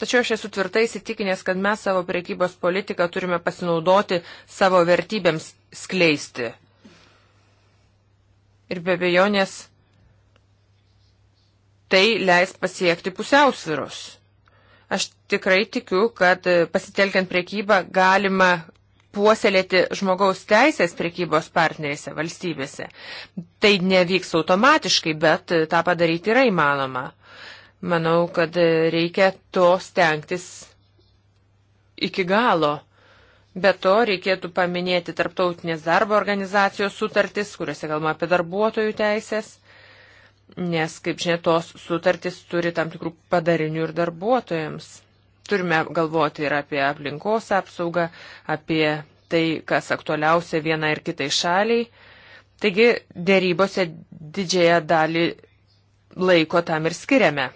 Tačiau aš esu tvirtai įsitikinęs, kad mes savo priekybos politiką turime pasinaudoti savo vertybėms skleisti. Ir be bejonės tai leis pasiekti pusiausvirus. Aš tikrai tikiu, kad pasitelkiant priekybą galima puoselėti žmogaus teisės prekybos partnerėse valstybėse. Tai nevyks automatiškai, bet tą padaryti yra įmanoma. Manau, kad reikia to stengtis iki galo. Be to reikėtų paminėti tarptautinės darbo organizacijos sutartis, kuriuose kalbama apie darbuotojų teisės, nes, kaip žinia, tos sutartis turi tam tikrų padarinių ir darbuotojams. Turime galvoti ir apie aplinkos apsaugą, apie tai, kas aktualiausia vienai ir kitai šaliai. Taigi dėrybose didžiąją dalį laiko tam ir skiriame.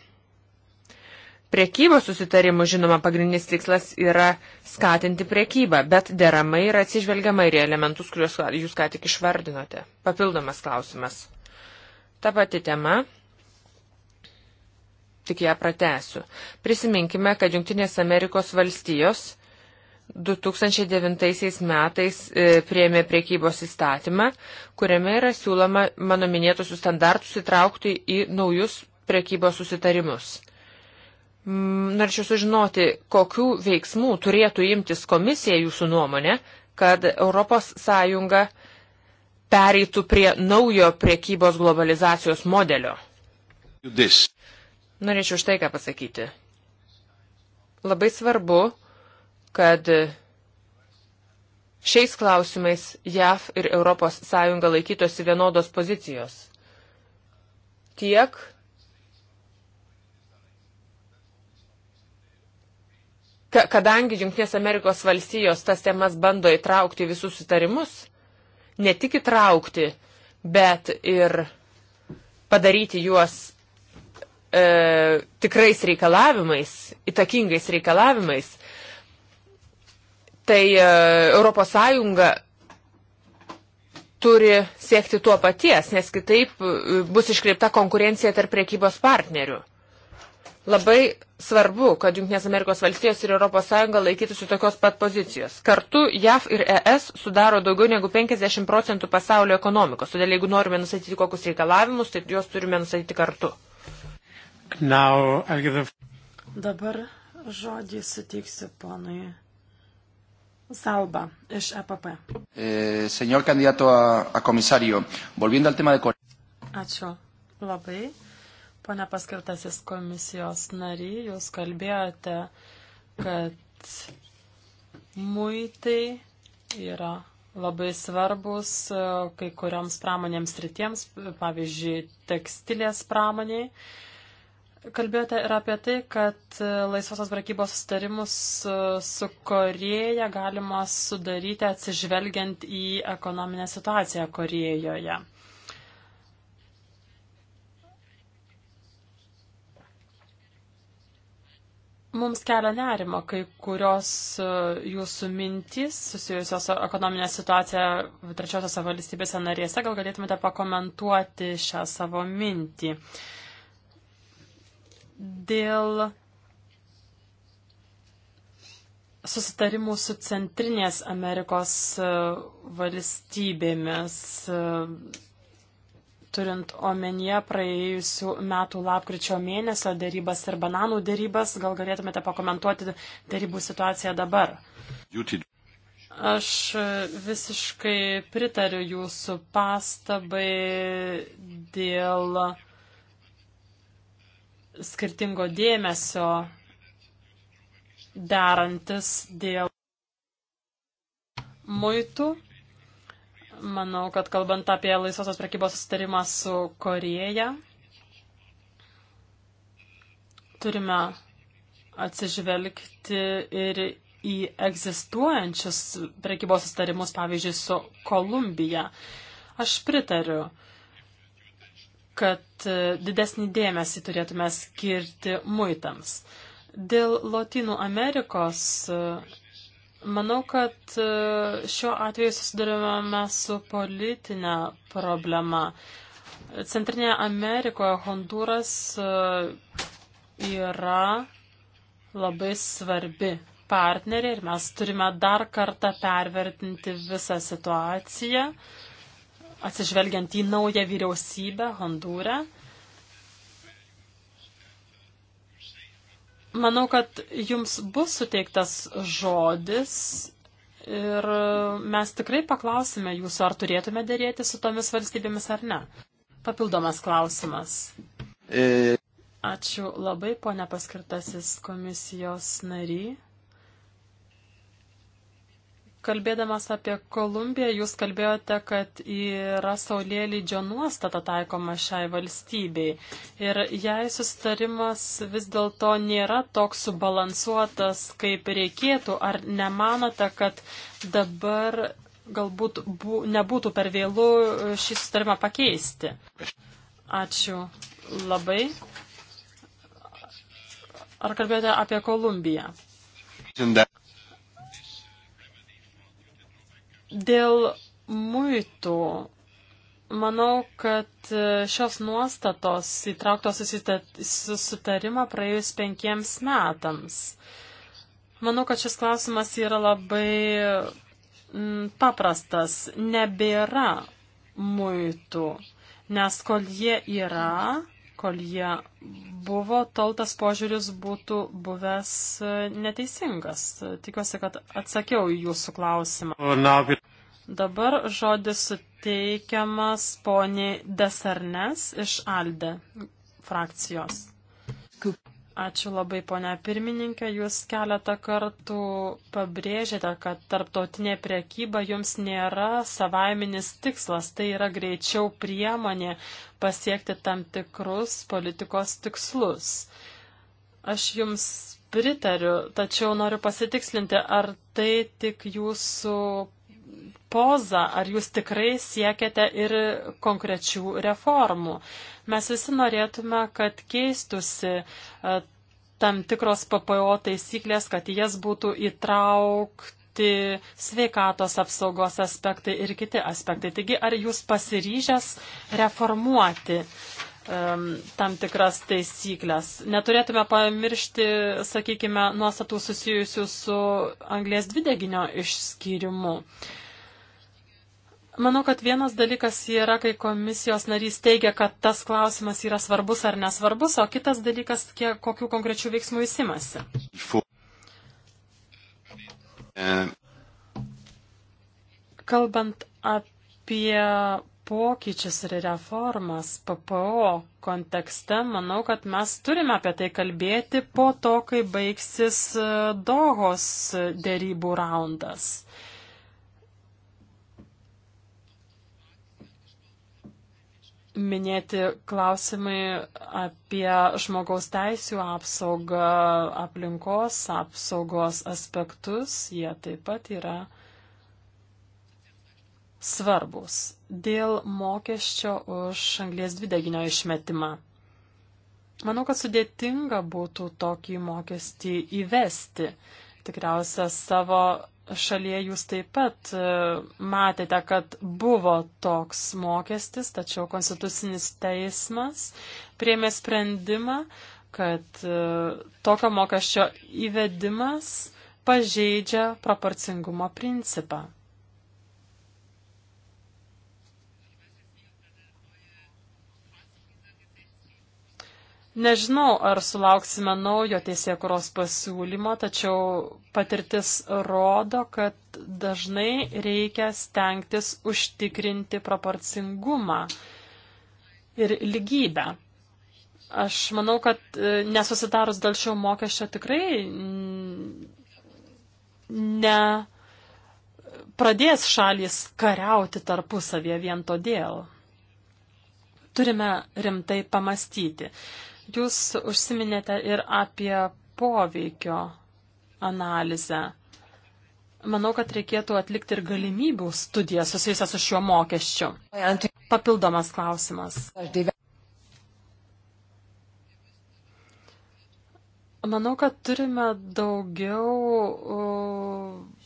Priekybos susitarimų, žinoma, pagrindinis tikslas yra skatinti priekybą, bet deramai yra atsižvelgiama ir į elementus, kuriuos jūs ką tik išvardinote. Papildomas klausimas. Ta pati tema tik ją pratesiu. Prisiminkime, kad Junktinės Amerikos valstijos 2009 metais e, prieėmė priekybos įstatymą, kuriame yra siūloma mano minėtusius standartus įtraukti į naujus priekybos susitarimus. Mm, norėčiau sužinoti, kokių veiksmų turėtų imtis komisija jūsų nuomonė, kad ES pereitų prie naujo priekybos globalizacijos modelio. This. Norėčiau štai ką pasakyti. Labai svarbu, kad šiais klausimais JAV ir ES laikytosi vienodos pozicijos. Tiek kadangi Junktinės Amerikos valstijos tas temas bando įtraukti visus sutarimus, ne tik įtraukti, bet ir padaryti juos e, tikrais reikalavimais, įtakingais reikalavimais, tai e, ES turi siekti tuo paties, nes kitaip e, bus iškreipta konkurencija tarp priekybos partnerių. Labai svarbu, kad Junktinės Amerikos valstijos ir ES laikytųsi tokios pat pozicijos. Kartu JAV ir ES sudaro daugiau negu 50 procentų pasaulio ekonomikos, todėl jeigu norime nusatyti kokius reikalavimus, tai juos turime nusatyti kartu. Now, the... Dabar žodį suteiksiu ponui Salba iš EPP. Eh, señor candidato a, a comisario, volviendo al tema de Corea. Ačiū labai. Pone paskirtasis komisijos nary, jūs kalbėjote, kad muitai yra labai svarbus e, kai kurioms pramonėms rytiems, pavyzdžiui, tekstilės pramoniai. Eh, Kalbėjote ir apie tai, kad e, laisvosios prekybos sustarimus e, su Koreja galima sudaryti atsižvelgiant į ekonominę situaciją Korejoje. Mums kelia nerima kai kurios e, jūsų mintys susijusios ekonominė situacija trečiosiose valstybėse narėse. Gal galėtumėte pakomentuoti šią savo mintį? Uh, dėl susitarimų su Centrinės Amerikos e, valstybėmis, e, turint omenyje praėjusių metų lapkričio mėnesio dėrybas ir bananų dėrybas, gal galėtumėte pakomentuoti dėrybų situaciją dabar? Aš visiškai pritariu jūsų pastabai dėl skirtingo dėmesio derantis dėl muitų. Manau, kad kalbant apie laisvosios prekybos sustarimą su Koreja, turime atsižvelgti ir į egzistuojančius prekybos sustarimus, pavyzdžiui, su Kolumbija. Aš pritariu kad e, didesnį dėmesį turėtume skirti muitams. Dėl Latinų Amerikos e, manau, kad e, šiuo atveju susidurime su politinė problema. Centrinėje Amerikoje Honduras yra labai svarbi partnerė ir mes turime dar kartą pervertinti visą situaciją. Uh, atsižvelgiant į naują vyriausybę Hondūrę. Manau, kad jums bus suteiktas žodis ir mes tikrai paklausime jūsų, ar turėtume dėrėti su tomis valstybėmis ar ne. Papildomas klausimas. E. Ačiū labai, ponia paskirtasis komisijos nary. Kalbėdamas apie Kolumbiją, jūs kalbėjote, kad yra saulėlydžio nuostata taikoma šiai valstybei. Ir jei sustarimas vis dėlto nėra toks subalansuotas, kaip reikėtų, ar nemanote, kad dabar galbūt bū, nebūtų per vėlų šį sustarimą pakeisti? Ačiū labai. Ar kalbėjote apie Kolumbiją? Dėl muitų manau, kad e, šios nuostatos įtrauktos susitarimą praėjus penkiems metams. Manau, kad šis klausimas yra labai paprastas. Nebėra muitų, nes kol jie yra, kol jie buvo, tol tas požiūris būtų buvęs e, neteisingas. Tikiuosi, kad atsakiau jūsų klausimą. Dabar žodis suteikiamas poniai Desarnes iš Alde frakcijos. Ačiū labai, ponia pirmininkė. Jūs keletą kartų pabrėžėte, kad tarptautinė priekyba jums nėra savaiminis tikslas, tai yra greičiau priemonė pasiekti tam tikrus politikos tikslus. Aš jums pritariu, tačiau noriu pasitikslinti, ar tai tik jūsų poza, ar jūs tikrai siekiate ir konkrečių reformų. Mes visi norėtume, kad keistusi e, tam tikros PPO taisyklės, kad jas būtų įtraukti sveikatos apsaugos aspektai ir kiti aspektai. Taigi, ar jūs pasiryžęs reformuoti um, tam tikras taisyklės? Neturėtume pamiršti, sakykime, nuostatų susijusių su anglės dvideginio išskyrimu. Uh, Manau, kad vienas dalykas yra, kai komisijos narys teigia, kad tas klausimas yra svarbus ar nesvarbus, o kitas dalykas, kiek, kokiu konkrečiu veiksmu jis imasi. Kalbant apie pokyčius ir reformas PPO kontekste, manau, kad mes turime apie tai kalbėti po to, kai baigsis e, Dohos e, dėrybų raundas. minėti klausimai apie žmogaus teisų apsaugą, aplinkos apsaugos aspektus, jie taip pat yra svarbus dėl mokesčio už anglės dvideginio išmetimą. Manau, kad sudėtinga būtų tokį mokestį įvesti. Tikriausia, savo šalyje jūs taip pat e, matėte, kad buvo toks mokestis, tačiau Konstitucinis teismas priemė sprendimą, kad e, tokio mokesčio įvedimas pažeidžia proporcingumo principą. Nežinau, ar sulauksime naujo teisėkuros pasiūlymo, tačiau patirtis rodo, kad dažnai reikia stengtis užtikrinti proporcingumą ir lygybę. Aš manau, kad e, nesusitarus dėl šio mokesčio tikrai ne pradės šalis kariauti tarpusavėje vien todėl. Turime rimtai pamastyti. Jūs užsiminėte ir apie poveikio analizę. Manau, kad reikėtų atlikti ir galimybių studiją susijusią su šiuo mokesčiu. Papildomas klausimas. Manau, kad turime daugiau uh,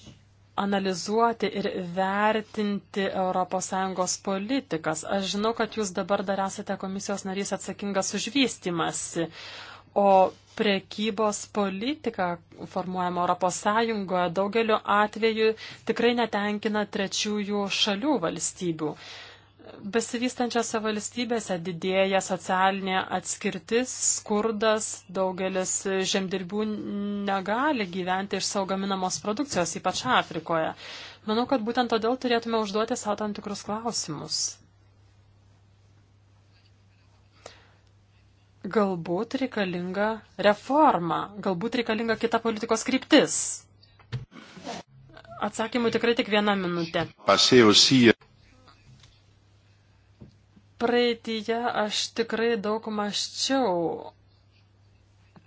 analizuoti ir vertinti ES politikas. Aš žinau, kad jūs dabar dar esate komisijos narys atsakingas už vystimąsi, o prekybos politika formuojama ES daugeliu atveju tikrai netenkina trečiųjų šalių valstybių besivystančiose valstybėse didėja socialinė atskirtis, skurdas, daugelis žemdirbių negali gyventi iš savo gaminamos produkcijos, ypač Afrikoje. Manau, kad būtent todėl turėtume užduoti savo tam tikrus klausimus. Galbūt reikalinga reforma, galbūt reikalinga kita politikos kryptis. Atsakymų tikrai tik viena minutė. Pasėjau siją Praeitįje aš tikrai daug maščiau,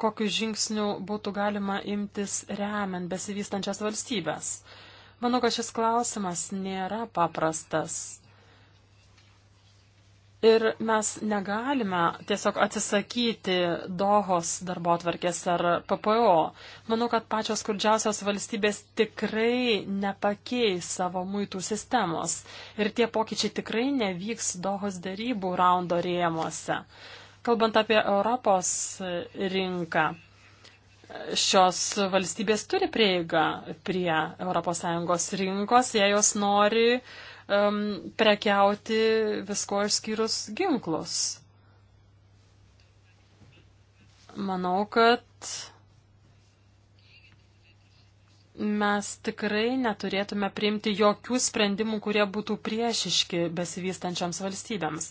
kokiu žingsniu būtų galima imtis remiant besivystančias valstybės. Manau, kad šis klausimas nėra paprastas. Ir mes negalime tiesiog atsisakyti Dohos darbo atvarkės ar PPO. Manau, kad pačios skurdžiausios valstybės tikrai nepakeis savo muitų sistemos. Ir tie pokyčiai tikrai nevyks Dohos darybų raundo rėmuose. Kalbant apie Europos rinką, šios valstybės turi prieigą prie ES rinkos, jei jos nori uh, um, prekiauti visko išskyrus ginklus. Manau, kad mes tikrai neturėtume priimti jokių sprendimų, kurie būtų priešiški besivystančiams valstybėms.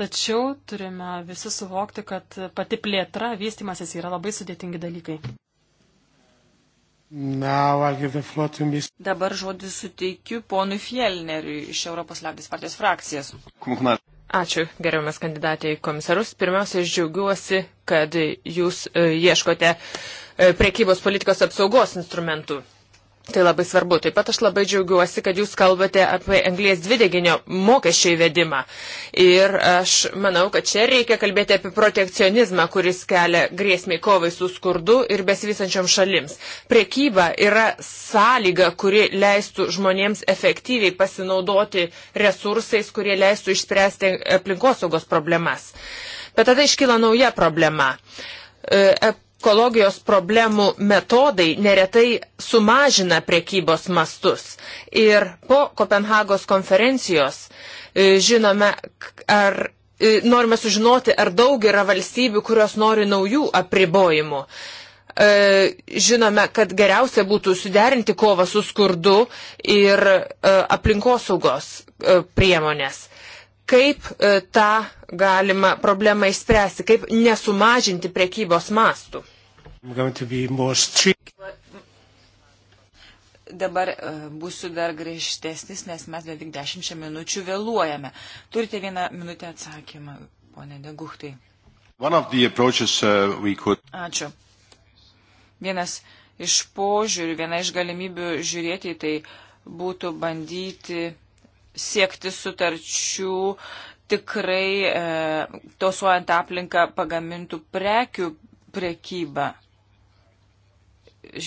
Tačiau turime visi suvokti, kad pati plėtra, vystimasis yra labai sudėtingi dalykai. Dabar žodį suteikiu ponui Fielneriui iš Europos liaudės partijos frakcijas. Ačiū, gerbiamas kandidatė į komisarus. Pirmiausia, aš džiaugiuosi, kad jūs e, ieškote e, prekybos politikos apsaugos instrumentų. Tai labai svarbu. Taip pat aš labai džiaugiuosi, kad jūs kalbate apie anglės dvideginio mokesčio įvedimą. Ir aš manau, kad čia reikia kalbėti apie protekcionizmą, kuris kelia grėsmį kovai su skurdu ir besivysančiom šalims. Prekyba yra sąlyga, kuri leistų žmonėms efektyviai pasinaudoti resursais, kurie leistų išspręsti aplinkosaugos problemas. Bet tada iškyla nauja problema. E, ekologijos problemų metodai neretai sumažina prekybos mastus. Ir po Kopenhagos konferencijos e, žinome, ar e, norime sužinoti, ar daug yra valstybių, kurios nori naujų apribojimų. E, žinome, kad geriausia būtų suderinti kovą su skurdu ir aplinkosaugos priemonės kaip e, tą galima problemą išspręsti, kaip nesumažinti prekybos mastų. Dabar e, būsiu dar griežtesnis, nes mes beveik dešimčia minučių vėluojame. Turite vieną minutę atsakymą, ponė Deguhtai. Uh, could... Ačiū. Vienas iš požiūrių, viena iš galimybių žiūrėti į tai būtų bandyti siekti sutarčių tikrai e, tosuojant aplinką pagamintų prekių prekybą.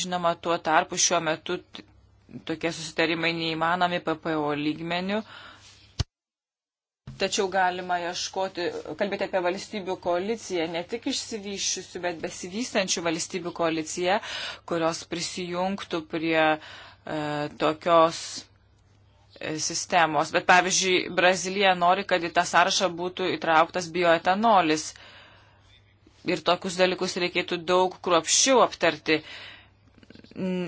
Žinoma, tuo tarpu šiuo metu tokie susitarimai neįmanomi PPO lygmenių. Tačiau galima ieškoti, kalbėti apie valstybių koaliciją, ne tik išsivyščiusių, bet besivystančių valstybių koaliciją, kurios prisijungtų prie e, tokios sistemos. Bet pavyzdžiui, Brazilija nori, kad į tą sąrašą būtų įtrauktas bioetanolis. Ir tokius dalykus reikėtų daug kruopščiau aptarti.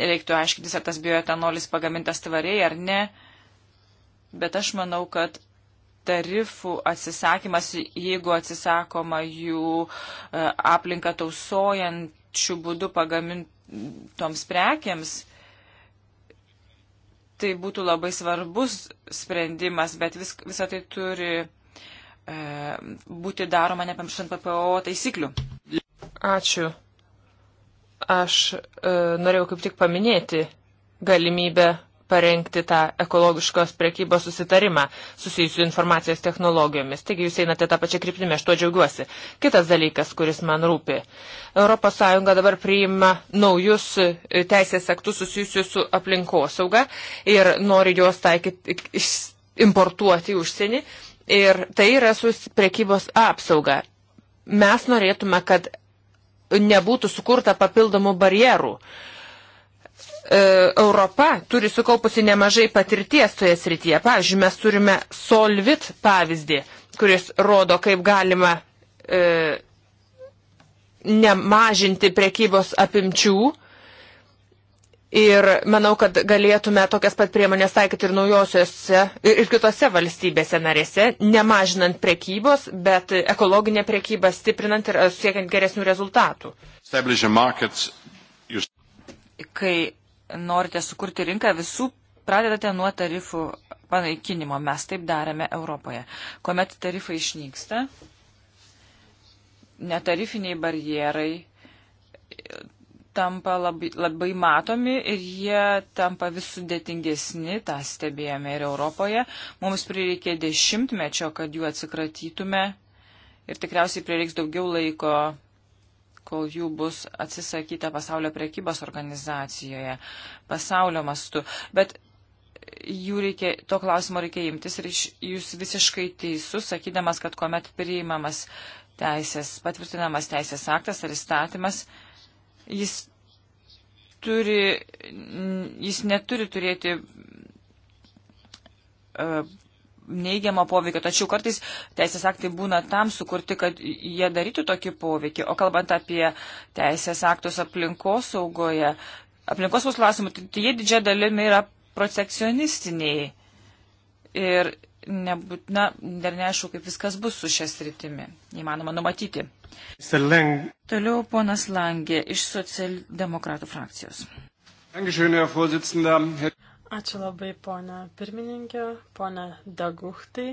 Reiktų aiškintis, ar tas bioetanolis pagamintas tvariai ar ne. Bet aš manau, kad tarifų atsisakymas, jeigu atsisakoma jų e, aplinką tausojančių būdų pagamintoms prekiams, tai būtų labai svarbus sprendimas, bet vis, visą tai turi e, būti daroma nepamirštant PPO taisyklių. Ačiū. Aš e, norėjau kaip tik paminėti galimybę parengti tą ekologiškos prekybos susitarimą susijusiu informacijos technologijomis. Taigi jūs einate tą pačią kryptimį, aš tuo džiaugiuosi. Kitas dalykas, kuris man rūpi. ES dabar priima naujus e, teisės aktus susijusius su aplinkosauga ir nori juos taikyti, importuoti užsienį. Ir tai yra su prekybos apsauga. Mes norėtume, kad nebūtų sukurta papildomų barjerų. Uh, E, Europa turi sukaupusi nemažai patirties toje srityje. Pavyzdžiui, mes turime Solvit pavyzdį, kuris rodo, kaip galima e, nemažinti prekybos apimčių. Ir manau, kad galėtume tokias pat priemonės taikyti ir naujosiuose, ir kitose valstybėse narėse, nemažinant prekybos, bet ekologinę prekybą stiprinant ir e, siekiant geresnių rezultatų. Kai norite sukurti rinką, visų pradedate nuo tarifų panaikinimo. Mes taip darėme Europoje. Komet tarifai išnyksta, netarifiniai barjerai tampa labai, labai matomi ir jie tampa vis sudėtingesni, tą stebėjome ir Europoje. Mums prireikė dešimtmečio, kad jų atsikratytume ir tikriausiai prireiks daugiau laiko kol jų bus atsisakyta pasaulio prekybos organizacijoje, pasaulio mastu. Bet jų reikia, to klausimo reikia imtis ir jūs visiškai teisus, sakydamas, kad kuomet priimamas teisės, patvirtinamas teisės aktas ar įstatymas, jis, turi, jis neturi turėti e, neigiamą poveikį, tačiau kartais teisės aktai būna tam sukurti, kad jie darytų tokį poveikį. O kalbant apie teisės aktus aplinkos saugoje, aplinkos saugos klausimų, tai, tai jie didžia dalimi yra protekcionistiniai. Ir nebūtina, dar neaišku, kaip viskas bus su šias rytimi. Įmanoma numatyti. Toliau ponas Langė iš socialdemokratų frakcijos. Dankeschön, Herr Vorsitzender. Ačiū labai, ponia pirmininkė, ponia Daguhtai.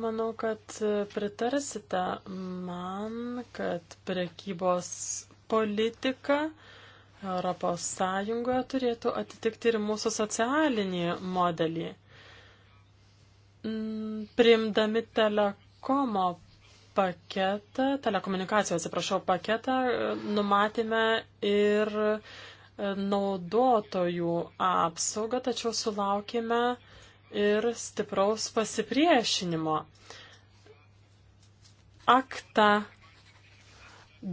Manau, kad pritarsite man, kad prekybos politika Europos Sąjungoje turėtų atitikti ir mūsų socialinį modelį. Mm, priimdami telekomo paketą, telekomunikacijos, atsiprašau, paketą, numatėme ir uh, naudotojų apsaugą, tačiau sulaukime ir stipraus pasipriešinimo. Akta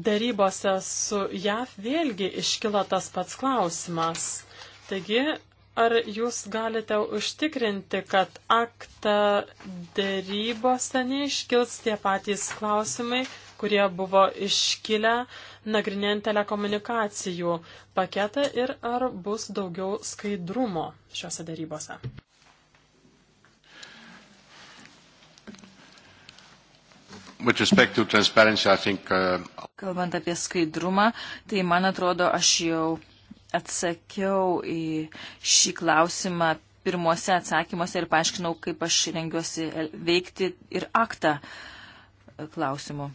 darybose su JAV vėlgi iškilo tas pats klausimas. Taigi, ar jūs galite užtikrinti, kad aktą dėrybose neiškils tie patys klausimai, kurie buvo iškilę nagrinėjant telekomunikacijų paketą ir ar bus daugiau skaidrumo šiuose darybose. Think, uh... Kalbant apie skaidrumą, tai man atrodo, aš jau atsakiau į šį klausimą pirmuose atsakymuose ir paaiškinau, kaip aš rengiuosi veikti ir aktą klausimu.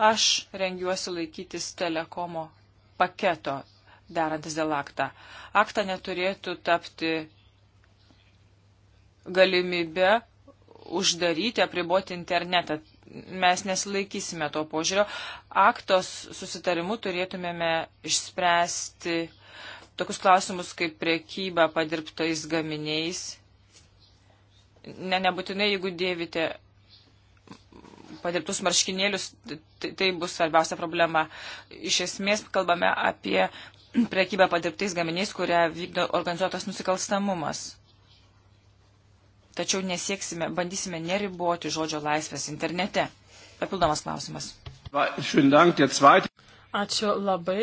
Aš rengiuosi laikytis telekomo paketo derantis dėl aktą. Aktą neturėtų tapti galimybę uždaryti, apriboti internetą. Mes nesilaikysime to požiūrio. Aktos susitarimu turėtumėme išspręsti tokius klausimus kaip priekyba padirbtais gaminiais. Ne, nebūtinai, jeigu dėvite padirbtus marškinėlius, tai, tai bus svarbiausia problema. Iš esmės kalbame apie prekybę padirbtais gaminiais, kurią vykdo organizuotas nusikalstamumas. Tačiau nesieksime, bandysime neriboti žodžio laisvės internete. Papildomas klausimas. Ačiū labai.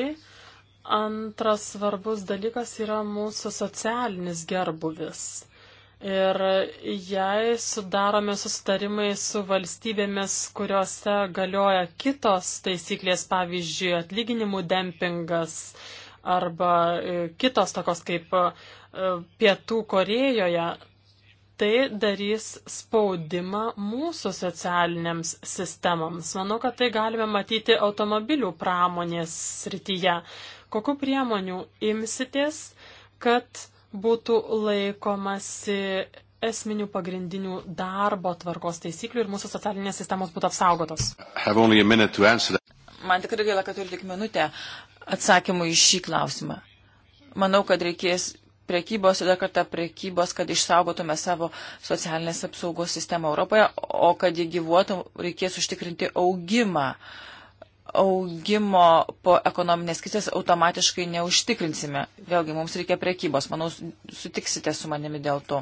Antras svarbus dalykas yra mūsų socialinis gerbuvis. Ir jei sudaromi susitarimai su valstybėmis, kuriuose galioja kitos taisyklės, pavyzdžiui, atlyginimų dempingas arba e, kitos tokios kaip e, Pietų Korejoje, tai darys spaudimą mūsų socialiniams sistemams. Manau, kad tai galime matyti automobilių pramonės srityje. Kokiu priemonių imsitės, kad būtų laikomasi esminių pagrindinių darbo tvarkos taisyklių ir mūsų socialinės sistemos būtų apsaugotos. Man tikrai gaila, kad turiu tik minutę atsakymų į šį klausimą. Manau, kad reikės prekybos ir dar kartą prekybos, kad išsaugotume savo socialinės apsaugos sistemą Europoje, o kad jį gyvuotų, reikės užtikrinti augimą. Uh, augimo po ekonominės krizės automatiškai neužtikrinsime. Vėlgi, mums reikia prekybos. Manau, sutiksite su manimi dėl to.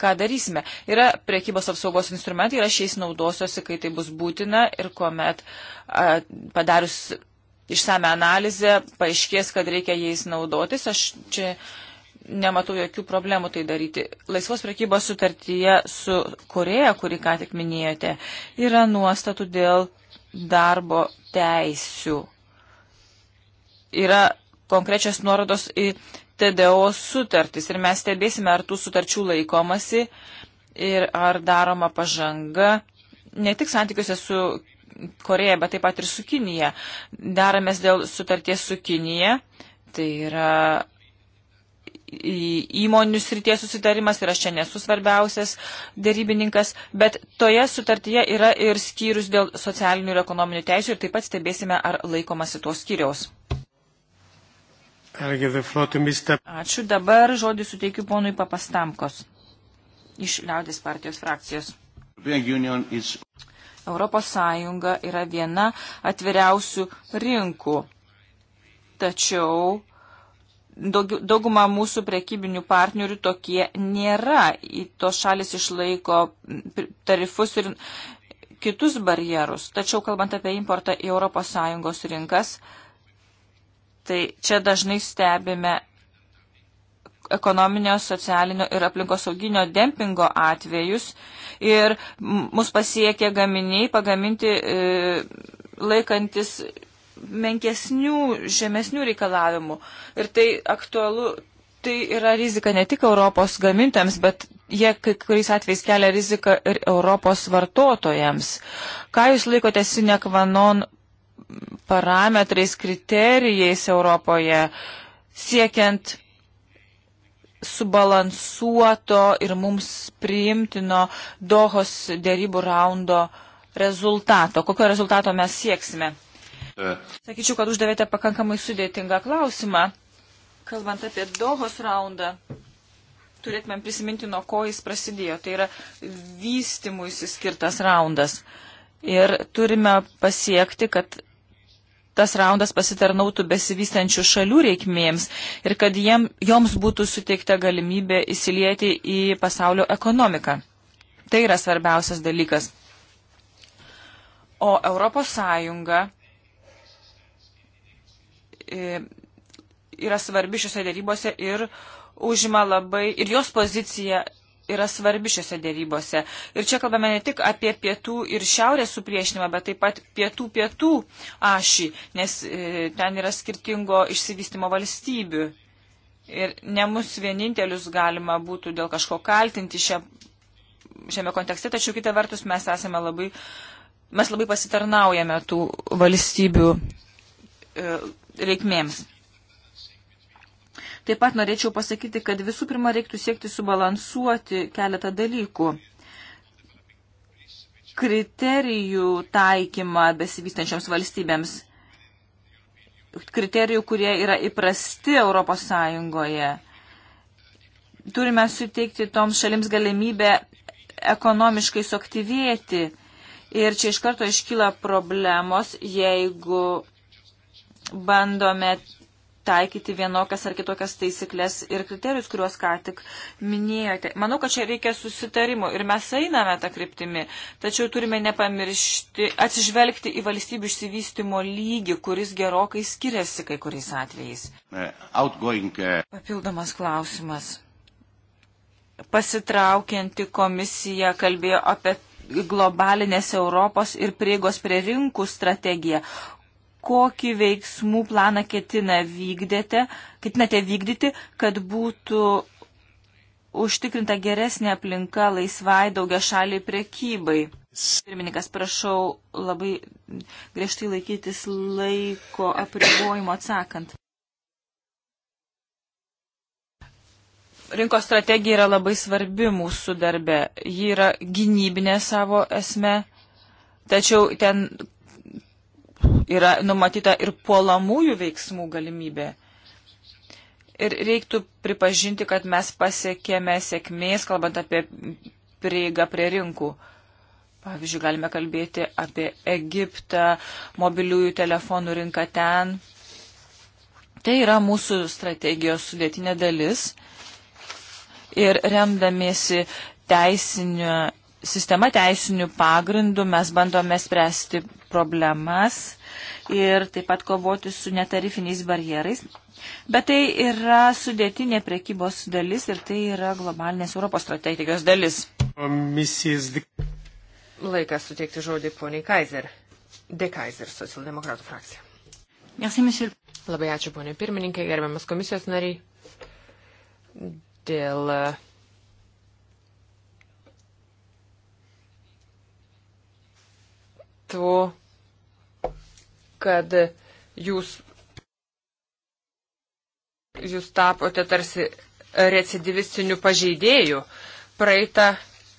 Ką darysime? Yra prekybos apsaugos instrumentai ir aš jais naudosiuosi, kai tai bus būtina ir kuomet a, padarius išsame analizę paaiškės, kad reikia jais naudotis. Aš čia nematau jokių problemų tai daryti. Laisvos prekybos sutartyje su Koreja, kurį ką tik minėjote, yra nuostatų dėl darbo teisių. Yra konkrečios nuorodos į TDO sutartis ir mes stebėsime, ar tų sutarčių laikomasi ir ar daroma pažanga ne tik santykiuose su Koreja, bet taip pat ir su Kinija. Daramės dėl sutarties su Kinija, tai yra įmonių srities susitarimas ir aš čia nesu svarbiausias dėrybininkas, bet toje sutartyje yra ir skyrius dėl socialinių ir ekonominių teisų ir taip pat stebėsime, ar laikomasi to skyriaus. Ačiū. Dabar žodį suteikiu ponui Papastamkos iš Liaudės partijos frakcijos. Europos Sąjunga yra viena atviriausių rinkų, tačiau dauguma mūsų prekybinių partnerių tokie nėra. Į tos šalis išlaiko tarifus ir kitus barjerus. Tačiau, kalbant apie importą į ES rinkas, tai čia dažnai stebime ekonominio, socialinio ir aplinkosauginio dempingo atvejus ir mus pasiekia gaminiai pagaminti e, laikantis menkesnių, žemesnių reikalavimų. Ir tai aktualu, tai yra rizika ne tik Europos gamintams, bet jie kai kuriais atvejais kelia riziką ir Europos vartotojams. Ką Jūs laikote sinekvanon parametrais, kriterijais Europoje, siekiant subalansuoto ir mums priimtino Dohos dėrybų raundo rezultato? Kokio rezultato mes sieksime? Sakyčiau, kad uždavėte pakankamai sudėtingą klausimą. Kalbant apie Dohos raundą, turėtumėm prisiminti, nuo ko jis prasidėjo. Tai yra vystimui skirtas raundas. Ir turime pasiekti, kad tas raundas pasitarnautų besivystančių šalių reikmėms ir kad jiem, joms būtų suteikta galimybė įsilieti į pasaulio ekonomiką. Tai yra svarbiausias dalykas. O Europos Sąjunga E, yra svarbi šiuose dėrybose ir užima labai, ir jos pozicija yra svarbi šiuose dėrybose. Ir čia kalbame ne tik apie pietų ir šiaurės supriešinimą, bet taip pat pietų-pietų ašį, nes e, ten yra skirtingo išsivystimo valstybių. Ir ne mus vienintelius galima būtų dėl kažko kaltinti šia, šiame kontekste, tačiau kitą vertus mes esame labai, mes labai pasitarnaujame tų valstybių e, reikmėms. Taip pat norėčiau pasakyti, kad visų pirma reiktų siekti subalansuoti keletą dalykų. Kriterijų taikymą besivystančioms valstybėms. Kriterijų, kurie yra įprasti Europos Sąjungoje. Turime suteikti toms šalims galimybę ekonomiškai suaktyvėti. Ir čia iš karto iškyla problemos, jeigu bandome taikyti vienokias ar kitokias taisyklės ir kriterijus, kuriuos ką tik minėjote. Manau, kad čia reikia susitarimo ir mes einame tą kryptimį, tačiau turime nepamiršti, atsižvelgti į valstybių išsivystimo lygį, kuris gerokai skiriasi kai kuriais atvejais. Outgoing. E, Papildomas klausimas. Pasitraukianti komisija kalbėjo apie globalinės Europos ir prieigos prie rinkų strategiją kokį veiksmų planą ketina vykdėte, ketinate vykdyti, kad būtų užtikrinta geresnė aplinka laisvai daugia šaliai prekybai. Pirmininkas, prašau labai griežtai laikytis laiko apribojimo atsakant. Rinkos strategija yra labai svarbi mūsų darbe. Ji yra gynybinė savo esme, tačiau ten yra numatyta ir puolamųjų veiksmų galimybė. Ir reiktų pripažinti, kad mes pasiekėme sėkmės, kalbant apie prieigą prie rinkų. Pavyzdžiui, galime kalbėti apie Egiptą, mobiliųjų telefonų rinką ten. Tai yra mūsų strategijos sudėtinė dalis. Ir remdamiesi teisinio, sistema teisinių pagrindų mes bandome spręsti problemas ir taip pat kovoti su netarifiniais barjerais. Bet tai yra sudėtinė prekybos dalis ir tai yra globalinės Europos strategijos dalis. Laikas suteikti žodį poniai Kaiser. De Kaiser, socialdemokratų frakcija. Merci, monsieur. Labai ačiū, ponė pirmininkė, gerbiamas komisijos nariai. Dėl uh, tų kad jūs, jūs tapote tarsi recidivistinių pažeidėjų. Praeitą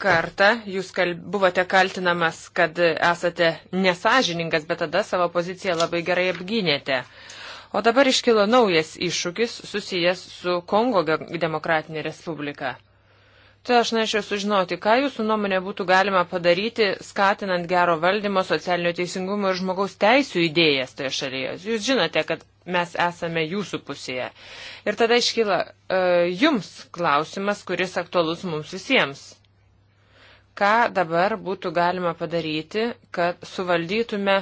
kartą jūs kalb, buvote kaltinamas, kad esate nesažiningas, bet tada savo poziciją labai gerai apgynėte. O dabar iškilo naujas iššūkis susijęs su Kongo demokratinė respublika. Tai aš norėčiau sužinoti, ką jūsų nuomonė būtų galima padaryti, skatinant gero valdymo, socialinio teisingumo ir žmogaus teisų idėjas toje šalyje. Jūs žinote, kad mes esame jūsų pusėje. Ir tada iškyla uh, e, jums klausimas, kuris aktualus mums visiems. Ką dabar būtų galima padaryti, kad suvaldytume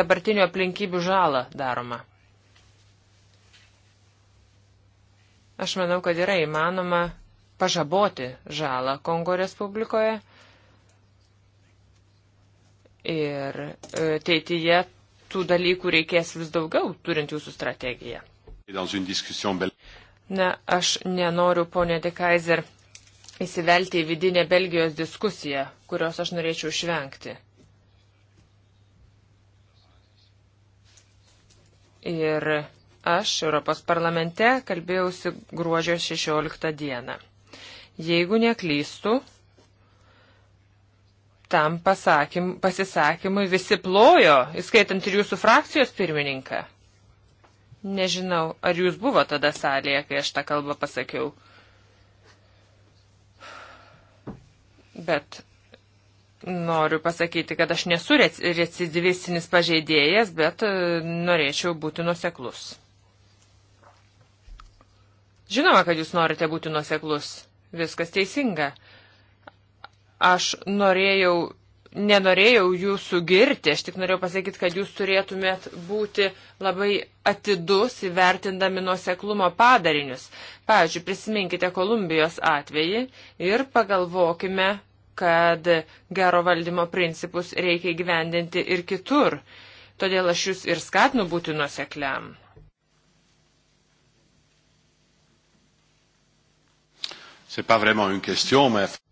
dabartinių aplinkybių žalą daromą? Aš manau, kad yra įmanoma pažaboti žalą Kongo Respublikoje ir e, ateityje tų dalykų reikės vis daugiau, turint jūsų strategiją. Na, aš nenoriu, ponė De Kaiser, įsivelti į vidinę Belgijos diskusiją, kurios aš norėčiau išvengti. Ir aš Europos parlamente kalbėjausi gruodžio 16 dieną. Jeigu neklystų, tam pasakym, pasisakymui visi plojo, įskaitant ir jūsų frakcijos pirmininką. Nežinau, ar jūs buvo tada salėje, kai aš tą kalbą pasakiau. Bet noriu pasakyti, kad aš nesu recidivistinis pažeidėjas, bet e, norėčiau būti nuseklus. Žinoma, kad jūs norite būti nuseklus viskas teisinga. Aš norėjau, nenorėjau jūsų girti, aš tik norėjau pasakyti, kad jūs turėtumėt būti labai atidus įvertindami nuoseklumo padarinius. Pavyzdžiui, prisiminkite Kolumbijos atvejį ir pagalvokime, kad gero valdymo principus reikia gyvendinti ir kitur. Todėl aš jūs ir skatinu būti nuosekliam.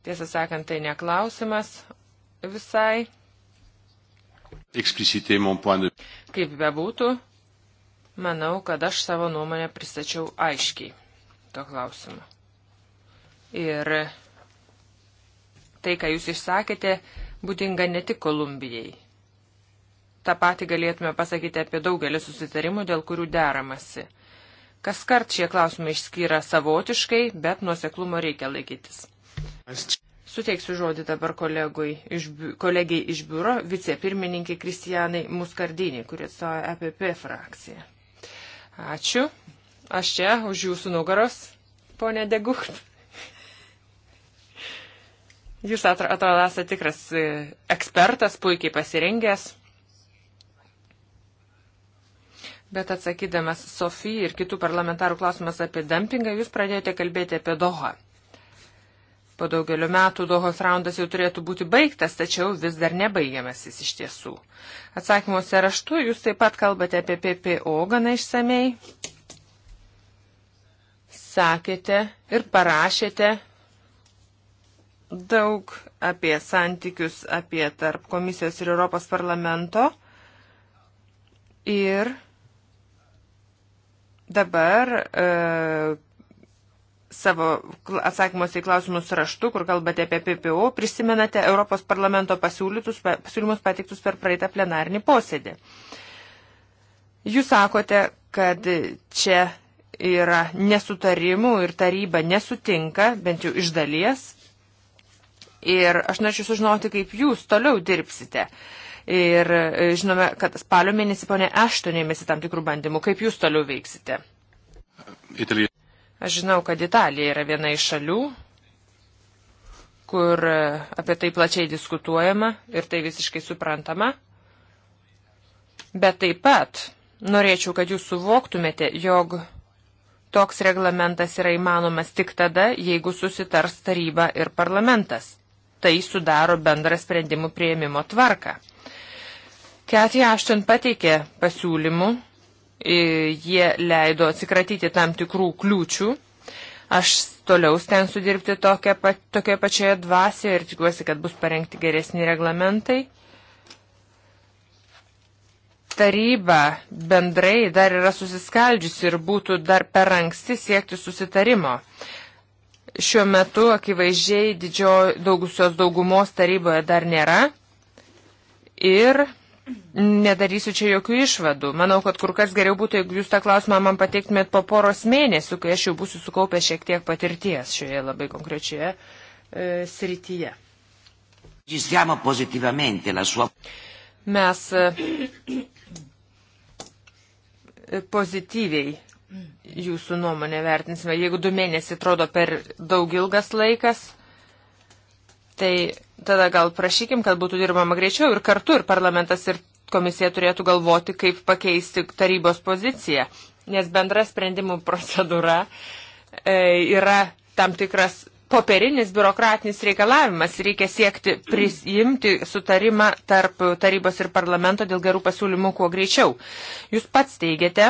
Tiesą sakant, tai neklausimas visai. Kaip bebūtų, manau, kad aš savo nuomonę pristačiau aiškiai to klausimu. Ir tai, ką jūs išsakėte, būdinga ne tik Kolumbijai. Ta pati galėtume pasakyti apie daugelį susitarimų, dėl kurių deramasi. Kas kart šie klausimai išskyra savotiškai, bet nuoseklumo reikia laikytis. Suteiksiu žodį dabar iš, kolegiai iš biuro, vicepirmininkai Kristijanai Muskardinį, kurie atstovauja APP e frakciją. Ačiū. Aš čia už jūsų nugaros, ponė Degucht. Jūs atrodo esate tikras e, ekspertas, puikiai pasirengęs. Bet atsakydamas Sofijai ir kitų parlamentarų klausimas apie dumpingą, jūs pradėjote kalbėti apie Dohą. Po daugelio metų Dohos raundas jau turėtų būti baigtas, tačiau vis dar nebaigiamas jis iš tiesų. Atsakymuose raštu jūs taip pat kalbate apie PPO gana išsamei. Sakėte ir parašėte daug apie santykius apie tarp komisijos ir Europos parlamento. Ir Dabar e, savo atsakymuose į klausimus raštu, kur kalbate apie PPO, prisimenate Europos parlamento pasiūlymus patiktus per praeitą plenarnį posėdį. Jūs sakote, kad čia yra nesutarimų ir taryba nesutinka, bent jau iš dalies. Ir aš norėčiau sužinoti, kaip jūs toliau dirbsite. Ir e, žinome, kad spalio mėnesį ponė Ešton ėmėsi tam tikrų bandymų. Kaip jūs toliau veiksite? Italija. Aš žinau, kad Italija yra viena iš šalių, kur e, apie tai plačiai diskutuojama ir tai visiškai suprantama. Bet taip pat norėčiau, kad jūs suvoktumėte, jog toks reglamentas yra įmanomas tik tada, jeigu susitars taryba ir parlamentas. Tai sudaro bendrą sprendimų prieimimo tvarką. Kathy Ashton pateikė pasiūlymų, jie leido atsikratyti tam tikrų kliūčių. Aš toliau stengsiu dirbti tokia, tokioje pačioje dvasioje ir tikiuosi, kad bus parengti geresni reglamentai. Taryba bendrai dar yra susiskaldžiusi ir būtų dar per anksti siekti susitarimo šiuo metu akivaizdžiai didžio daugusios daugumos taryboje dar nėra. Ir nedarysiu čia jokių išvadų. Manau, kad kur kas geriau būtų, jeigu jūs tą klausimą man pateiktumėt po poros mėnesių, kai aš jau būsiu sukaupęs šiek tiek patirties šioje labai konkrečioje e, srityje. Mes e, e, pozityviai jūsų nuomonę vertinsime. Jeigu du mėnesiai atrodo per daug ilgas laikas, tai tada gal prašykim, kad būtų dirbama greičiau ir kartu ir parlamentas ir komisija turėtų galvoti, kaip pakeisti tarybos poziciją, nes bendra sprendimų <laughs> procedūra e, yra tam tikras popierinis biurokratinis reikalavimas. Reikia siekti prisijimti sutarimą tarp tarybos ir parlamento dėl gerų pasiūlymų kuo greičiau. Jūs pats teigiate,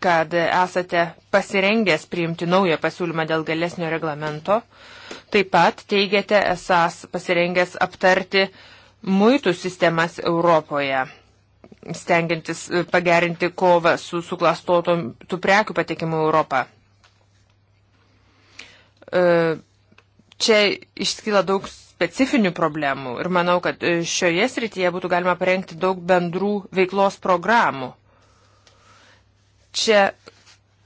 kad esate pasirengęs priimti naują pasiūlymą dėl galesnio reglamento. Taip pat teigiate esas pasirengęs aptarti muitų sistemas Europoje, stengiantis e, pagerinti kovą su suklastotų prekių patekimu Europą. E, čia išskyla daug specifinių problemų ir manau, kad e, šioje srityje būtų galima parengti daug bendrų veiklos programų Čia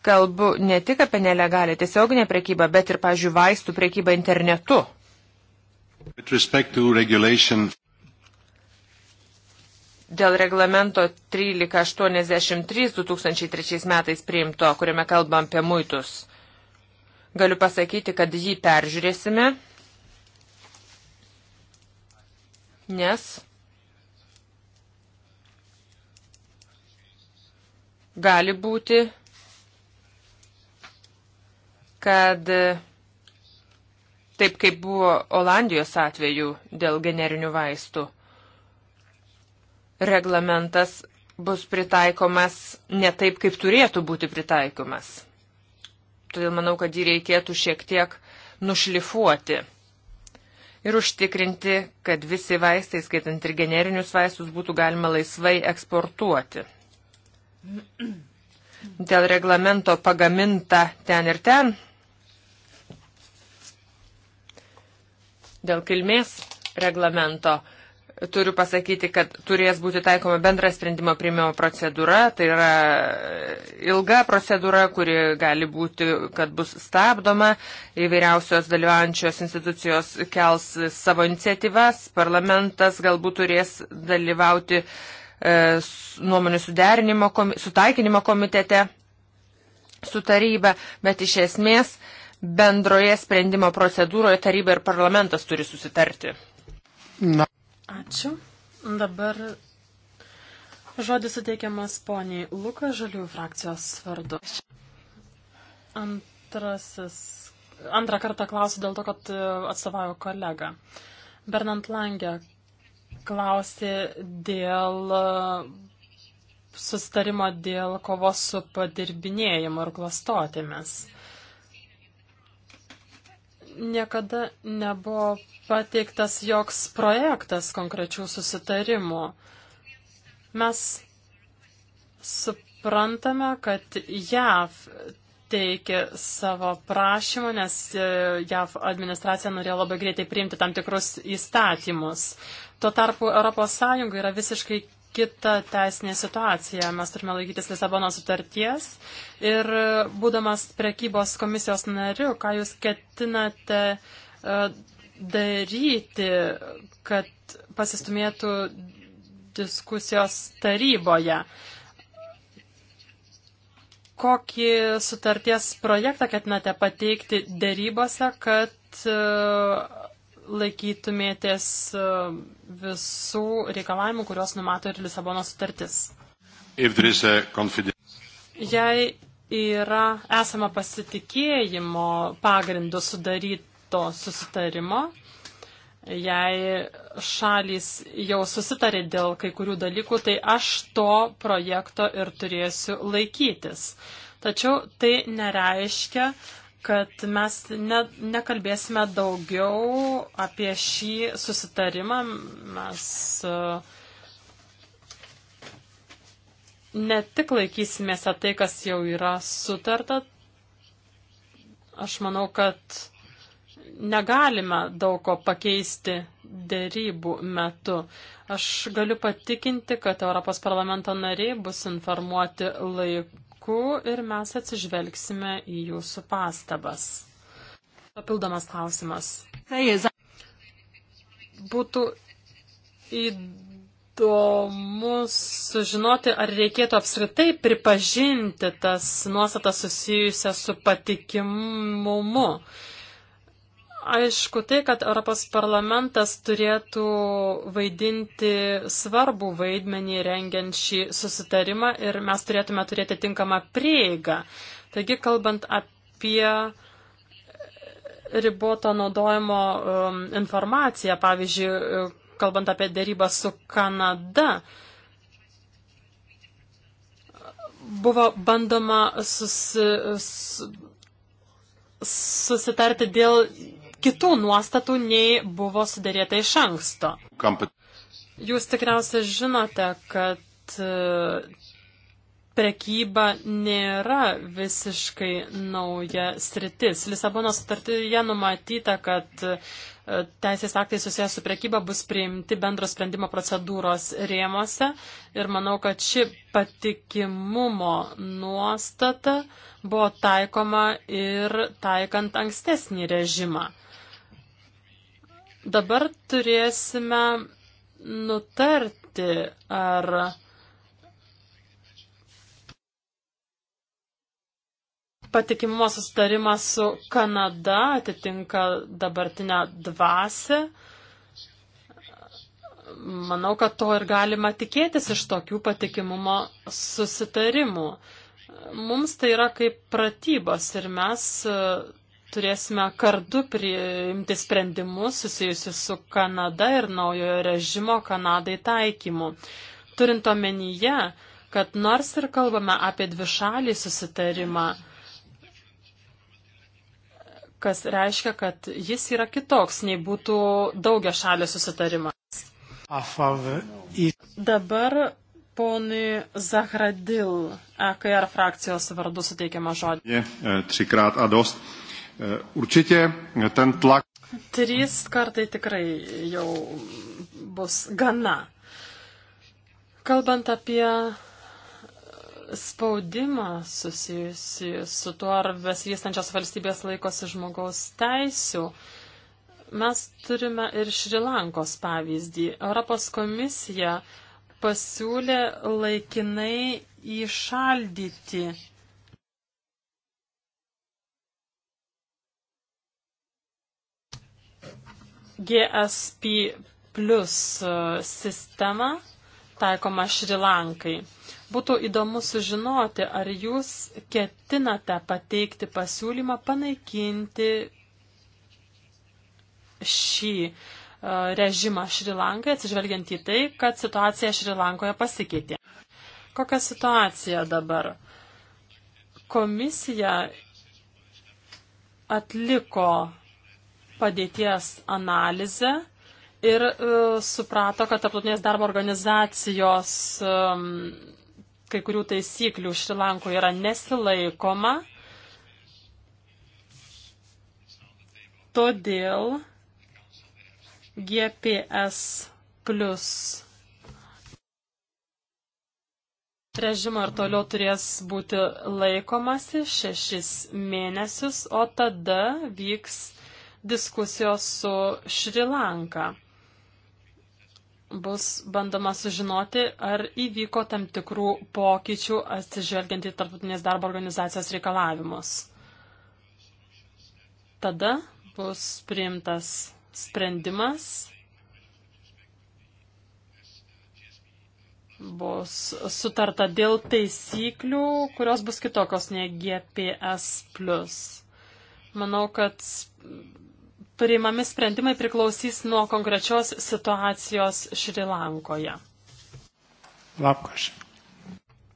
kalbu ne tik apie nelegalę tiesioginę prekybą, bet ir, pažiūrėjau, vaistų prekybą internetu. Dėl reglamento 1383-2003 metais priimto, kuriame kalbam apie muitus, galiu pasakyti, kad jį peržiūrėsime, nes Gali būti, kad taip kaip buvo Olandijos atveju dėl generinių vaistų, reglamentas bus pritaikomas ne taip, kaip turėtų būti pritaikomas. Todėl manau, kad jį reikėtų šiek tiek nušlifuoti ir užtikrinti, kad visi vaistai, skaitant ir generinius vaistus, būtų galima laisvai eksportuoti. Dėl reglamento pagaminta ten ir ten. Dėl kilmės reglamento turiu pasakyti, kad turės būti taikoma bendra sprendimo priimimo procedūra, tai yra ilga procedūra, kuri gali būti, kad bus stabdoma, įvairiausios dalyvaujančios institucijos kels savo iniciatyvas, parlamentas galbūt turės dalyvauti uh, E, nuomonių suderinimo, sutaikinimo komitete su taryba, bet iš esmės bendroje sprendimo procedūroje taryba ir parlamentas turi susitarti. Na. Ačiū. Dabar žodis suteikiamas poniai Luka Žalių frakcijos vardu. Antrasis, antrą kartą klausiu dėl to, kad atstovauju kolegą. Bernant Langė klausė dėl e, sustarimo dėl kovos su padirbinėjimu ir klastotėmis. Niekada nebuvo pateiktas joks projektas konkrečių susitarimų. Mes suprantame, kad JAV teikė savo prašymą, nes e, JAV administracija norėjo labai greitai priimti tam tikrus įstatymus. Tuo tarpu ES yra visiškai kita teisinė situacija. Mes turime laikytis Lisabono sutarties. Ir e, būdamas prekybos komisijos nariu, ką jūs ketinate e, daryti, kad pasistumėtų diskusijos taryboje? kokį sutarties projektą ketinate pateikti dėrybose, kad e, laikytumėtės e, visų reikalavimų, kuriuos numato ir Lisabono sutartis? Jei yra esama pasitikėjimo pagrindų sudaryto susitarimo, jei šalys jau susitarė dėl kai kurių dalykų, tai aš to projekto ir turėsiu laikytis. Tačiau tai nereiškia, kad mes ne, nekalbėsime daugiau apie šį susitarimą. Mes ne tik laikysimės tai, kas jau yra sutarta. Aš manau, kad negalime daug ko pakeisti dėrybų metu. Aš galiu patikinti, kad Europos parlamento nariai bus informuoti laiku ir mes atsižvelgsime į jūsų pastabas. Papildomas klausimas. Būtų įdomu sužinoti, ar reikėtų apskritai pripažinti tas nuostatas susijusias su patikimumu. Uh, Aišku, tai, kad Europos parlamentas turėtų vaidinti svarbų vaidmenį rengiant šį susitarimą ir mes turėtume turėti tinkamą prieigą. Taigi, kalbant apie riboto naudojimo um, informaciją, pavyzdžiui, uh, kalbant apie dėrybą su Kanada, buvo bandoma susi, susitarti dėl kitų nuostatų, nei buvo sudėrėta iš anksto. Jūs tikriausiai žinote, kad e, prekyba nėra visiškai nauja sritis. Lisabono sutartyje numatyta, kad e, teisės aktai susijęs su prekyba bus priimti bendro sprendimo procedūros rėmose ir manau, kad ši patikimumo nuostata buvo taikoma ir taikant ankstesnį režimą. Dabar turėsime nutarti, ar patikimumo sustarimas su Kanada atitinka dabartinę dvasę. Manau, kad to ir galima tikėtis iš tokių patikimumo susitarimų. Mums tai yra kaip pratybos ir mes turėsime kartu priimti sprendimus susijusius su Kanada ir naujojo režimo Kanadai taikymu. Turint omenyje, kad nors ir kalbame apie dvišalį susitarimą, kas reiškia, kad jis yra kitoks, nei būtų daugia šalio susitarimas. Dabar ponui Zahradil, EKR frakcijos vardu suteikiama žodį. Je, e, E, určitě ten tlak. Trys kartai tikrai jau bus gana. Kalbant apie spaudimą susijusi su tuo, ar besivystančios valstybės laikosi žmogaus teisių, mes turime ir Šrilankos pavyzdį. Europos komisija pasiūlė laikinai įšaldyti GSP plus e, sistemą taikoma Šrilankai. Būtų įdomu sužinoti, ar jūs ketinate pateikti pasiūlymą panaikinti šį e, režimą Šrilankai, atsižvelgiant į tai, kad situacija Šrilankoje pasikeitė. Kokia situacija dabar? Komisija atliko padėties analizę ir e, suprato, kad tarptautinės darbo organizacijos e, kai kurių taisyklių Šrilankoje yra nesilaikoma. Todėl GPS plus režimo ir toliau turės būti laikomasi šešis mėnesius, o tada vyks diskusijos su Šri Lanka. Bus bandoma sužinoti, ar įvyko tam tikrų pokyčių atsižvelgiant į tarptautinės darbo organizacijos reikalavimus. Tada bus priimtas sprendimas bus sutarta dėl taisyklių, kurios bus kitokios nei GPS. Manau, kad priimami sprendimai priklausys nuo konkrečios situacijos Šri Lankoje. Lapkaš.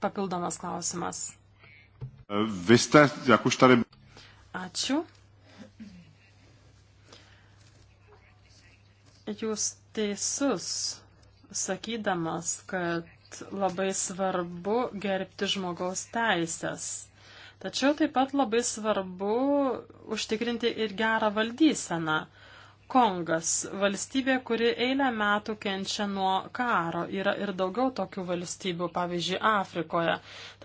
Papildomas klausimas. E, Viste, jak už tady... Ačiū. Jūs teisus, sakydamas, kad labai svarbu gerbti žmogaus teisės. Tačiau taip pat labai svarbu užtikrinti ir gerą valdyseną. Kongas - valstybė, kuri eilę metų kenčia nuo karo. Yra ir daugiau tokių valstybių, pavyzdžiui, Afrikoje.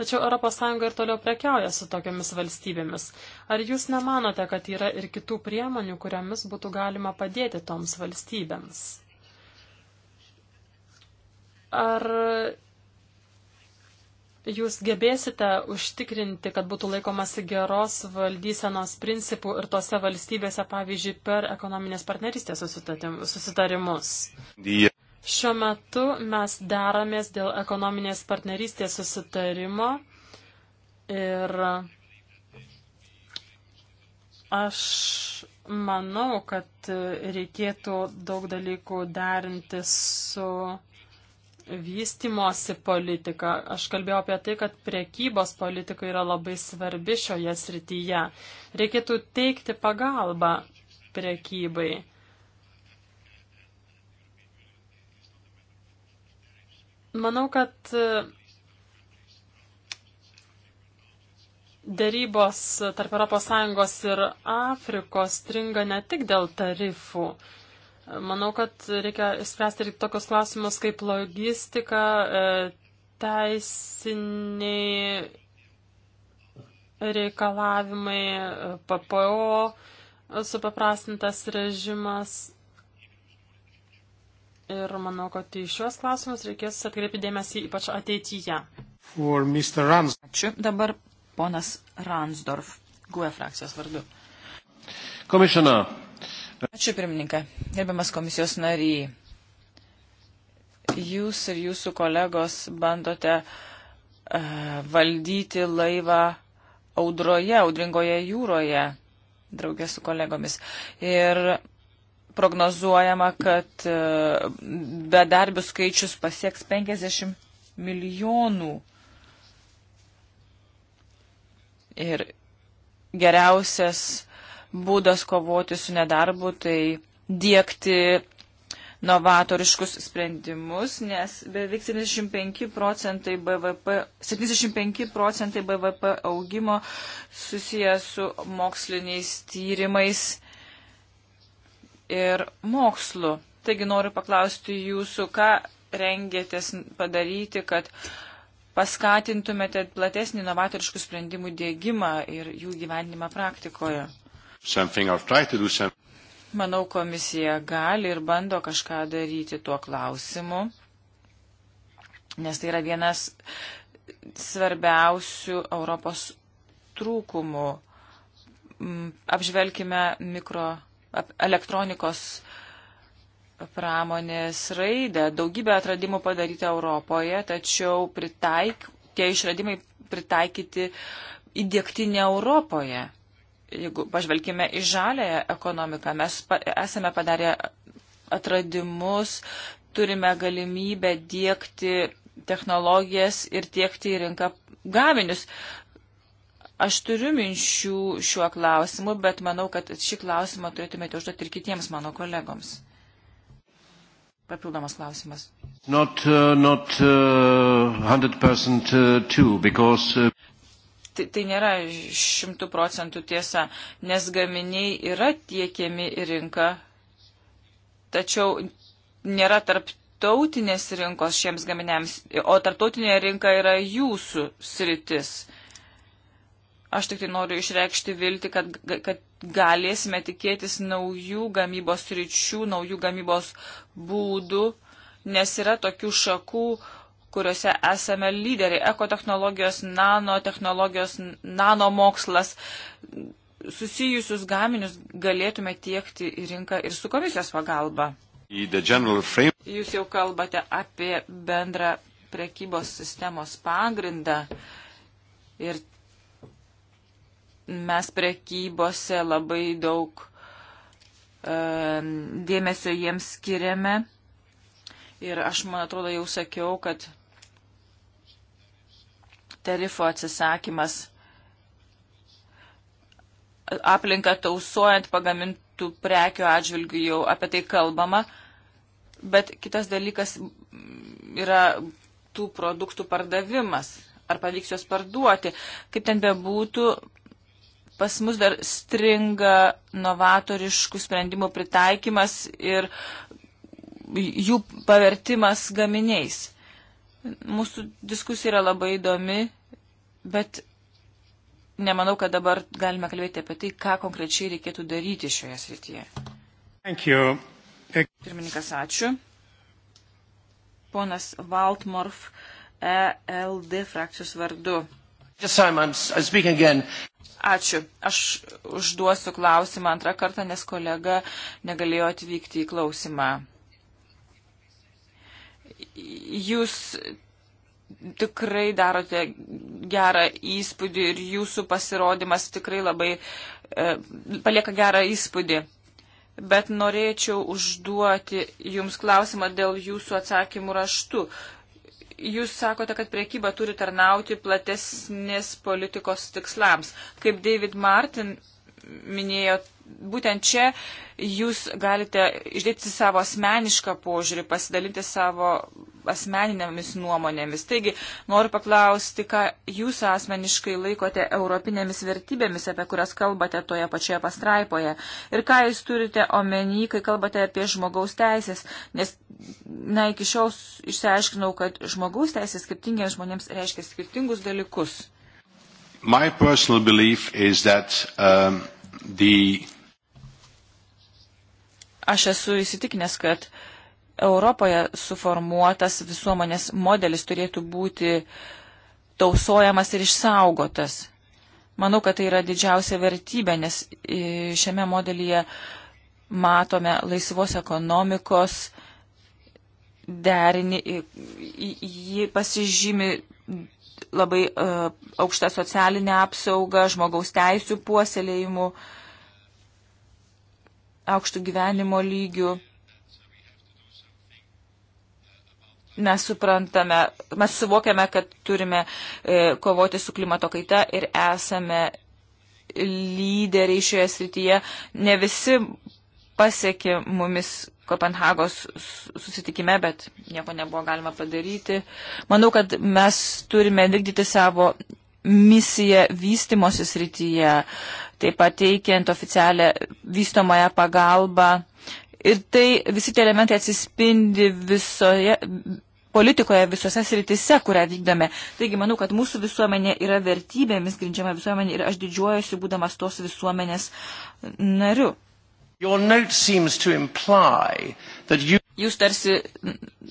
Tačiau ES ir toliau prekiauja su tokiamis valstybėmis. Ar jūs nemanote, kad yra ir kitų priemonių, kuriamis būtų galima padėti toms valstybėms? Ar jūs gebėsite užtikrinti, kad būtų laikomasi geros valdysenos principų ir tose valstybėse, pavyzdžiui, per ekonominės partnerystės susitarimus? Šiuo metu mes deramės dėl ekonominės partnerystės susitarimo ir aš manau, kad reikėtų daug dalykų derinti su vystimosi politika. Aš kalbėjau apie tai, kad priekybos politika yra labai svarbi šioje srityje. Reikėtų teikti pagalbą priekybai. Manau, kad e, dėrybos tarp ES ir Afrikos stringa ne tik dėl tarifų. Manau, kad reikia spręsti ir tokius klausimus kaip logistika, e, teisiniai reikalavimai, e, PPO supaprastintas režimas. Ir manau, kad į šios klausimus reikės atkreipti dėmesį ypač ateityje. Ačiū. Dabar ponas Ransdorf, GUE frakcijos vardu. Komisioner, Ačiū pirmininkė. Gerbiamas komisijos nariai, jūs ir jūsų kolegos bandote uh, valdyti laivą audroje, audringoje jūroje, draugė su kolegomis. Ir prognozuojama, kad uh, bedarbių skaičius pasieks 50 milijonų. Ir geriausias būdas kovoti su nedarbu, tai dėkti novatoriškus sprendimus, nes beveik 75 procentai BVP, 75 procentai BVP augimo susijęs su moksliniais tyrimais ir mokslu. Taigi noriu paklausti jūsų, ką rengėtės padaryti, kad paskatintumėte platesnį novatoriškų sprendimų dėgymą ir jų gyvenimą praktikoje. Manau, komisija gali ir bando kažką daryti tuo klausimu, nes tai yra vienas svarbiausių Europos trūkumų. Mm, apžvelkime mikro ap, elektronikos pramonės raidą. Daugybė atradimų padaryta Europoje, tačiau pritaik, tie išradimai pritaikyti įdėkti ne Europoje jeigu pažvelgime į žalėją ekonomiką, mes pa, esame padarę atradimus, turime galimybę dėkti technologijas ir tiekti į rinką gaminius. Aš turiu minčių šiuo klausimu, bet manau, kad šį klausimą turėtumėte užduoti ir kitiems mano kolegoms. Papildomas klausimas. Not, uh, not, uh, 100%, uh, too, because, uh tai, tai nėra šimtų procentų tiesa, nes gaminiai yra tiekiami į rinką, tačiau nėra tarptautinės rinkos šiems gaminiams, o tarptautinė rinka yra jūsų sritis. Aš tik tai noriu išreikšti viltį, kad, kad galėsime tikėtis naujų gamybos ryčių, naujų gamybos būdų, nes yra tokių šakų, uh, kuriuose esame lyderiai. Ekotechnologijos, nanotehnologijos, nanomokslas. Susijusius gaminius galėtume tiekti į rinką ir su komisijos pagalba. Jūs jau kalbate apie bendrą prekybos sistemos pagrindą ir mes prekybose labai daug dėmesio jiems skiriame. Ir aš, man atrodo, jau sakiau, kad tarifo atsisakymas aplinką tausuojant pagamintų prekių atžvilgių jau apie tai kalbama, bet kitas dalykas yra tų produktų pardavimas, ar pavyks juos parduoti. Kaip ten bebūtų, pas mus dar stringa novatoriškų sprendimų pritaikymas ir jų pavertimas gaminiais. Mūsų diskusija yra labai įdomi, bet nemanau, kad dabar galime kalbėti apie tai, ką konkrečiai reikėtų daryti šioje srityje. Pirmininkas, ačiū. Ponas Valtmorf, ELD frakcijos vardu. Ačiū. Aš užduosiu klausimą antrą kartą, nes kolega negalėjo atvykti į klausimą jūs tikrai darote gerą įspūdį ir jūsų pasirodymas tikrai labai e, palieka gerą įspūdį. Bet norėčiau užduoti jums klausimą dėl jūsų atsakymų raštu. Jūs sakote, kad priekyba turi tarnauti platesnės politikos tikslams. Kaip David Martin minėjo, būtent čia jūs galite išdėti savo asmenišką požiūrį, pasidalinti savo asmeninėmis nuomonėmis. Taigi, noriu paklausti, ką jūs asmeniškai laikote europinėmis vertybėmis, apie kurias kalbate toje pačioje pastraipoje. Ir ką jūs turite omeny, kai kalbate apie žmogaus teisės. Nes, na, iki šiol išsiaiškinau, kad žmogaus teisės skirtingiems žmonėms reiškia skirtingus dalykus. My personal belief is that um, the Aš esu įsitikinęs, kad Europoje suformuotas visuomenės modelis turėtų būti tausojamas ir išsaugotas. Manau, kad tai yra didžiausia vertybė, nes e, šiame modelyje matome laisvos ekonomikos derinį, jį pasižymi labai uh, aukšta socialinė apsauga, žmogaus teisų puoselėjimu, aukštų gyvenimo lygių. Mes suprantame, mes suvokiame, kad turime e, kovoti su klimato kaita ir esame lyderiai šioje srityje. Ne visi pasiekė mumis Kopenhagos susitikime, bet nieko nebuvo galima padaryti. Manau, kad mes turime vykdyti savo misiją vystimosi srityje, taip pat teikiant oficialią vystomąją pagalbą. Ir tai visi tie elementai atsispindi visoje politikoje visose sritise, kurią vykdome. Taigi manau, kad mūsų visuomenė yra vertybėmis grindžiama visuomenė ir aš didžiuojuosi būdamas tos visuomenės nariu. You... Jūs tarsi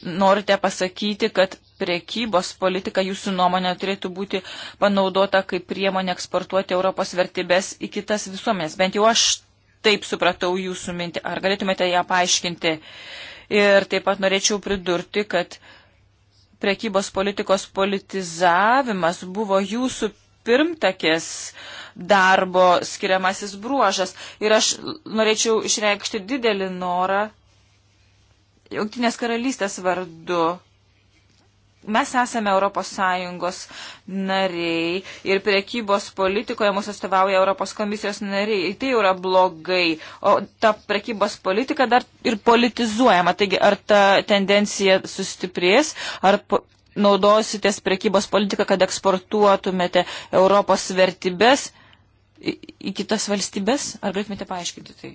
norite pasakyti, kad priekybos politika jūsų nuomonė turėtų būti panaudota kaip priemonė eksportuoti Europos vertybės į kitas visuomenės. Bent jau aš taip supratau jūsų mintį. Ar galėtumėte ją paaiškinti? Ir taip pat norėčiau pridurti, kad priekybos politikos politizavimas buvo jūsų pirmtakės uh, darbo skiriamasis bruožas. Ir aš norėčiau išreikšti didelį norą Jungtinės karalystės vardu. Mes esame Europos Sąjungos nariai ir priekybos politikoje mūsų atstovauja Europos komisijos nariai. Tai jau yra blogai, o ta priekybos politika dar ir politizuojama. Taigi, ar ta tendencija sustiprės, ar naudositės priekybos politiką, kad eksportuotumėte Europos vertybės į, į kitas valstybes? Ar galėtumėte paaiškinti tai?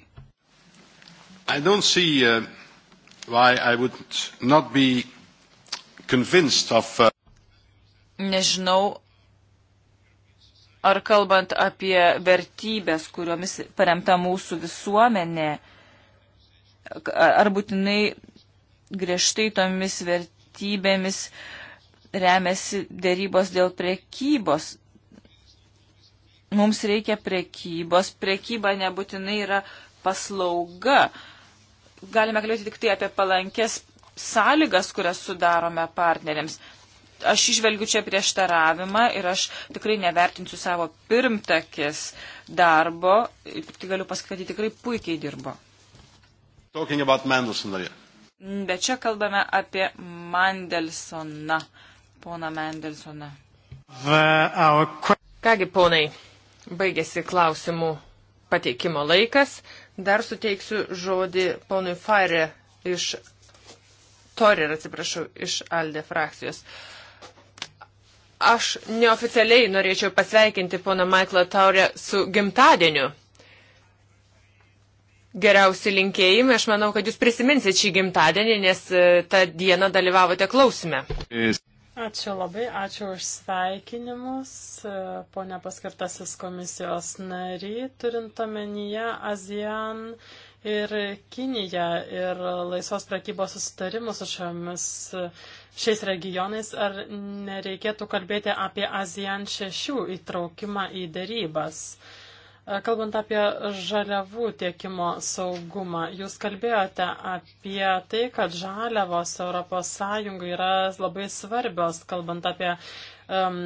See, uh, of, uh... Nežinau, ar kalbant apie vertybės, kuriomis paremta mūsų visuomenė, ar būtinai griežtai tomis vertybėmis remiasi dėrybos dėl prekybos Mums reikia prekybos. Prekyba nebūtinai yra paslauga. Galime kalbėti tik tai apie palankės sąlygas, kurias sudarome partneriams. Aš išvelgiu čia prieštaravimą ir aš tikrai nevertinsiu savo pirmtakės darbo. Tik galiu pasakyti, kad jį tikrai puikiai dirbo. Mm, bet čia kalbame apie Mandelsoną, poną Mandelsoną. Uh, Kągi, ponai, Baigėsi klausimų pateikimo laikas. Dar suteiksiu žodį ponui Fare iš Torir, atsiprašau, iš Alde frakcijos. Aš neoficialiai norėčiau pasveikinti poną Maiklą Taurę su gimtadieniu. Geriausi linkėjimai, aš manau, kad jūs prisiminsit šį gimtadienį, nes e, tą dieną dalyvavote klausime. Yes. Ačiū labai, ačiū už sveikinimus, e, ponia paskirtasis komisijos nary, turint omenyje ASEAN ir Kiniją ir laisvos prekybos susitarimus su šiomis šiais regionais, ar nereikėtų kalbėti apie ASEAN šešių įtraukimą į dėrybas? Kalbant apie žaliavų tiekimo saugumą, jūs kalbėjote apie tai, kad žaliavos ES yra labai svarbios, kalbant apie um,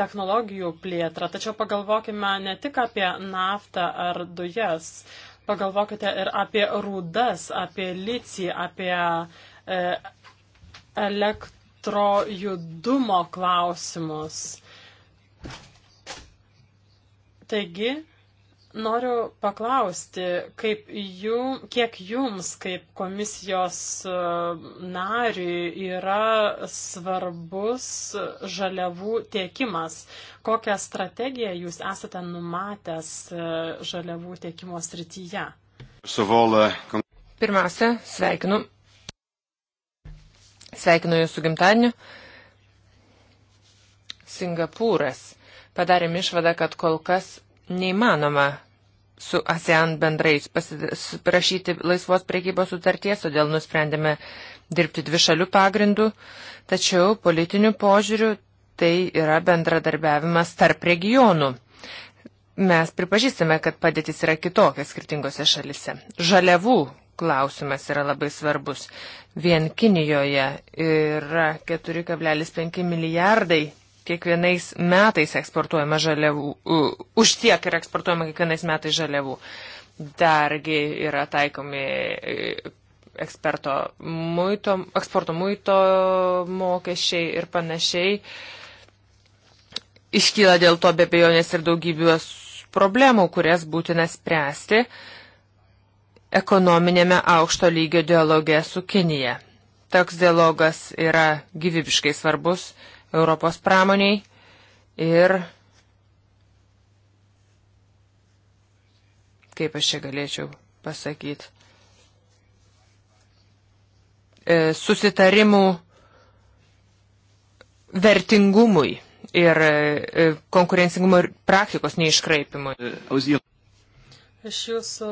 technologijų plėtrą. Tačiau pagalvokime ne tik apie naftą ar dujas, pagalvokite ir apie rūdas, apie licį, apie e, elektrojudumo klausimus. Taigi, Noriu paklausti, kaip jum, kiek jums kaip komisijos e, nariui yra svarbus žaliavų tiekimas? Kokią strategiją jūs esate numatęs e, žaliavų tiekimo srityje? Pirmiausia, sveikinu. Sveikinu jūsų gimtadieniu. Singapūras. Padarėm išvadą, kad kol kas neįmanoma su ASEAN bendrais pasirašyti laisvos priekybos sutarties, todėl nusprendėme dirbti dvi šalių pagrindų, tačiau politinių požiūrių tai yra bendradarbiavimas tarp regionų. Mes pripažįstame, kad padėtis yra kitokia skirtingose šalise. Žaliavų klausimas yra labai svarbus. Vien Kinijoje yra 4,5 milijardai kiekvienais metais eksportuojama žaliavų, už tiek yra eksportuojama kiekvienais metais žaliavų. Dargi yra taikomi e, eksperto muito, eksporto muito mokesčiai ir panašiai. Iškyla dėl to be abejonės ir daugybės problemų, kurias būtina spręsti ekonominėme aukšto lygio dialoge su Kinija. Toks dialogas yra gyvybiškai svarbus Europos pramoniai ir kaip aš čia galėčiau pasakyti, e, susitarimų vertingumui ir e, e, konkurencingumo praktikos neiškraipimui. Iš jūsų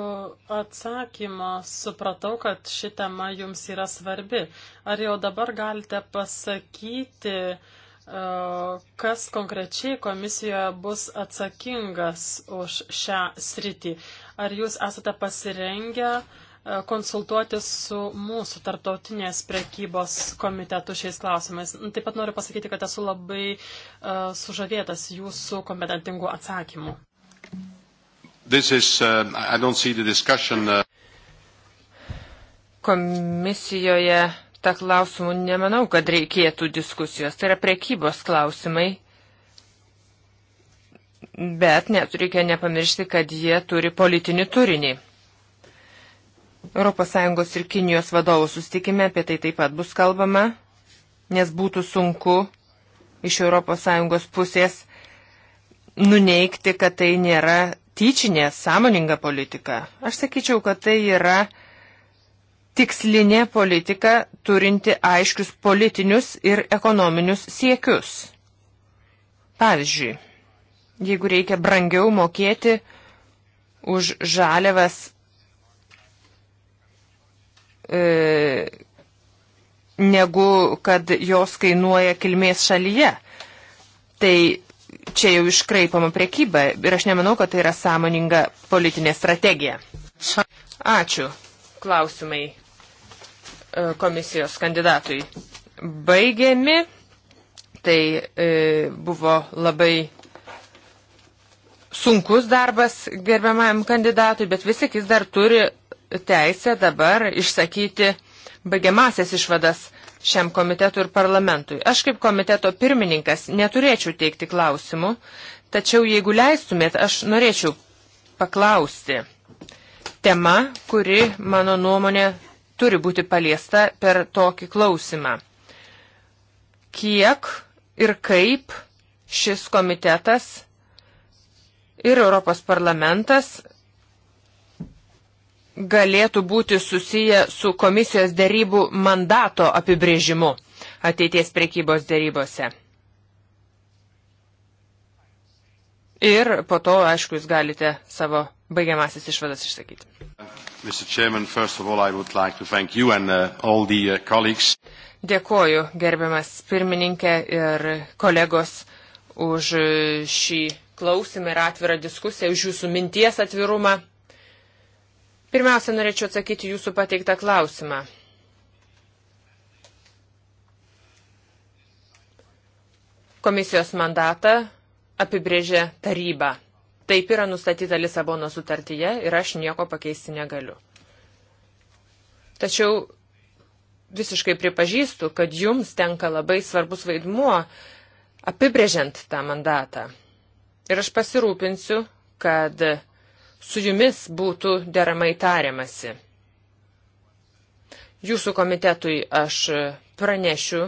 atsakymo supratau, kad ši tema jums yra svarbi. Ar jau dabar galite pasakyti, uh, kas konkrečiai komisijoje bus atsakingas už šią sritį. Ar jūs esate pasirengę e, konsultuoti su mūsų tarptautinės prekybos komitetu šiais klausimais. Taip pat noriu pasakyti, kad esu labai uh, sužavėtas jūsų kompetentingų atsakymų. Is, uh, uh... Komisijoje Ta klausimų nemanau, kad reikėtų diskusijos. Tai yra prekybos klausimai. Bet net reikia nepamiršti, kad jie turi politinį turinį. ES ir Kinijos vadovų sustikime apie tai taip pat bus kalbama, nes būtų sunku iš ES pusės nuneikti, kad tai nėra tyčinė, sąmoninga politika. Aš sakyčiau, kad tai yra tikslinė politika turinti aiškius politinius ir ekonominius siekius. Pavyzdžiui, jeigu reikia brangiau mokėti už žaliavas e, negu kad jos kainuoja kilmės šalyje, tai čia jau iškraipama prekyba ir aš nemanau, kad tai yra sąmoninga politinė strategija. Ačiū. Klausimai E, komisijos kandidatui baigiami. Tai e, buvo labai sunkus darbas gerbiamajam kandidatui, bet vis tik jis dar turi teisę dabar išsakyti baigiamasias išvadas šiam komitetui ir parlamentui. Aš kaip komiteto pirmininkas neturėčiau teikti klausimų, tačiau jeigu leistumėt, aš norėčiau paklausti. Tema, kuri, mano nuomonė, turi būti paliesta per tokį klausimą. Kiek ir kaip šis komitetas ir Europos parlamentas galėtų būti susiję su komisijos dėrybų mandato apibrėžimu ateities prekybos dėrybose. Ir po to, aišku, jūs galite savo baigiamasis išvadas išsakyti. Chairman, all, like and, uh, the, uh, Dėkoju, gerbiamas pirmininkė ir kolegos, už uh, šį klausimą ir atvirą diskusiją, už jūsų minties atvirumą. Pirmiausia, norėčiau atsakyti jūsų pateiktą klausimą. Komisijos mandatą apibrėžė taryba. Taip yra nustatyta Lisabono sutartyje ir aš nieko pakeisti negaliu. Tačiau visiškai pripažįstu, kad jums tenka labai svarbus vaidmuo apibrėžiant tą mandatą. Ir aš pasirūpinsiu, kad su jumis būtų deramai tariamasi. Jūsų komitetui aš pranešiu,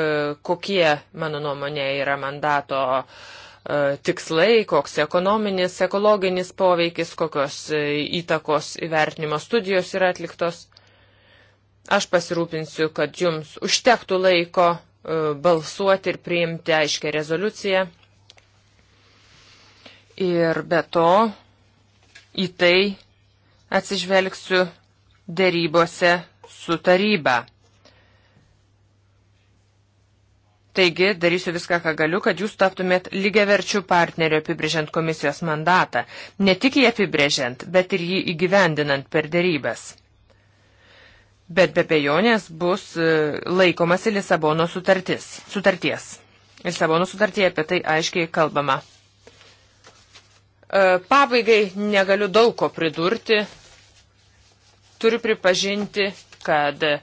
e, kokie, mano nuomonė, yra mandato uh, E, tikslai, koks ekonominis, ekologinis poveikis, kokios e, įtakos įvertinimo studijos yra atliktos. Aš pasirūpinsiu, kad jums užtektų laiko e, balsuoti ir priimti aiškę rezoliuciją. Ir be to į tai atsižvelgsiu dėrybose su taryba. Taigi darysiu viską, ką galiu, kad jūs taptumėt lygiaverčių partnerių apibrėžiant komisijos mandatą. Ne tik jį apibrėžiant, bet ir jį įgyvendinant per dėrybęs. Bet be bejonės bus e, laikomasi Lisabono sutartis, sutarties. Lisabono sutartyje apie tai aiškiai kalbama. E, pabaigai negaliu daug ko pridurti. Turiu pripažinti, kad uh,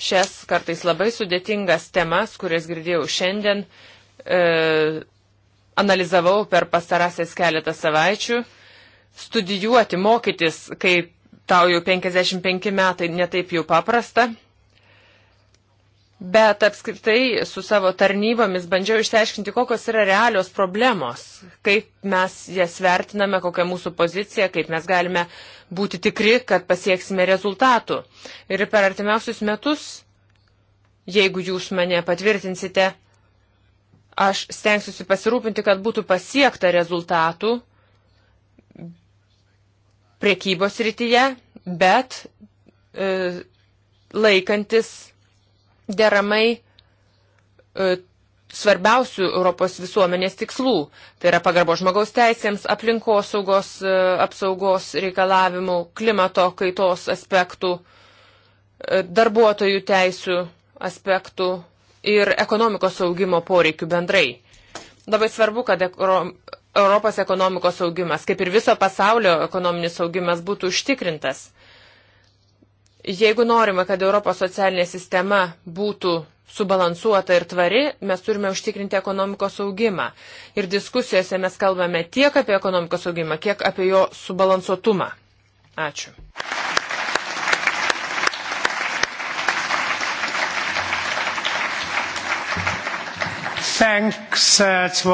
šias kartais labai sudėtingas temas, kurias girdėjau šiandien, e, analizavau per pastarąsias keletą savaičių. Studijuoti, mokytis, kai tau jau 55 metai, netaip jau paprasta. Bet apskritai su savo tarnybomis bandžiau išsiaiškinti, kokios yra realios problemos, kaip mes jas vertiname, kokia mūsų pozicija, kaip mes galime būti tikri, kad pasieksime rezultatų. Ir per artimiausius metus, jeigu jūs mane patvirtinsite, aš stengsiuosi pasirūpinti, kad būtų pasiekta rezultatų priekybos rytyje, bet e, laikantis deramai e, svarbiausių Europos visuomenės tikslų. Tai yra pagarbo žmogaus teisėms, aplinkosaugos e, apsaugos reikalavimų, klimato kaitos aspektų, e, darbuotojų teisų aspektų ir ekonomikos augimo poreikių bendrai. Labai svarbu, kad ekro, Europos ekonomikos augimas, kaip ir viso pasaulio ekonominis augimas, būtų užtikrintas. Jeigu norime, kad Europos socialinė sistema būtų subalansuota ir tvari, mes turime užtikrinti ekonomikos augimą. Ir diskusijose mes kalbame tiek apie ekonomikos augimą, kiek apie jo subalansuotumą. Ačiū. Thanks, uh,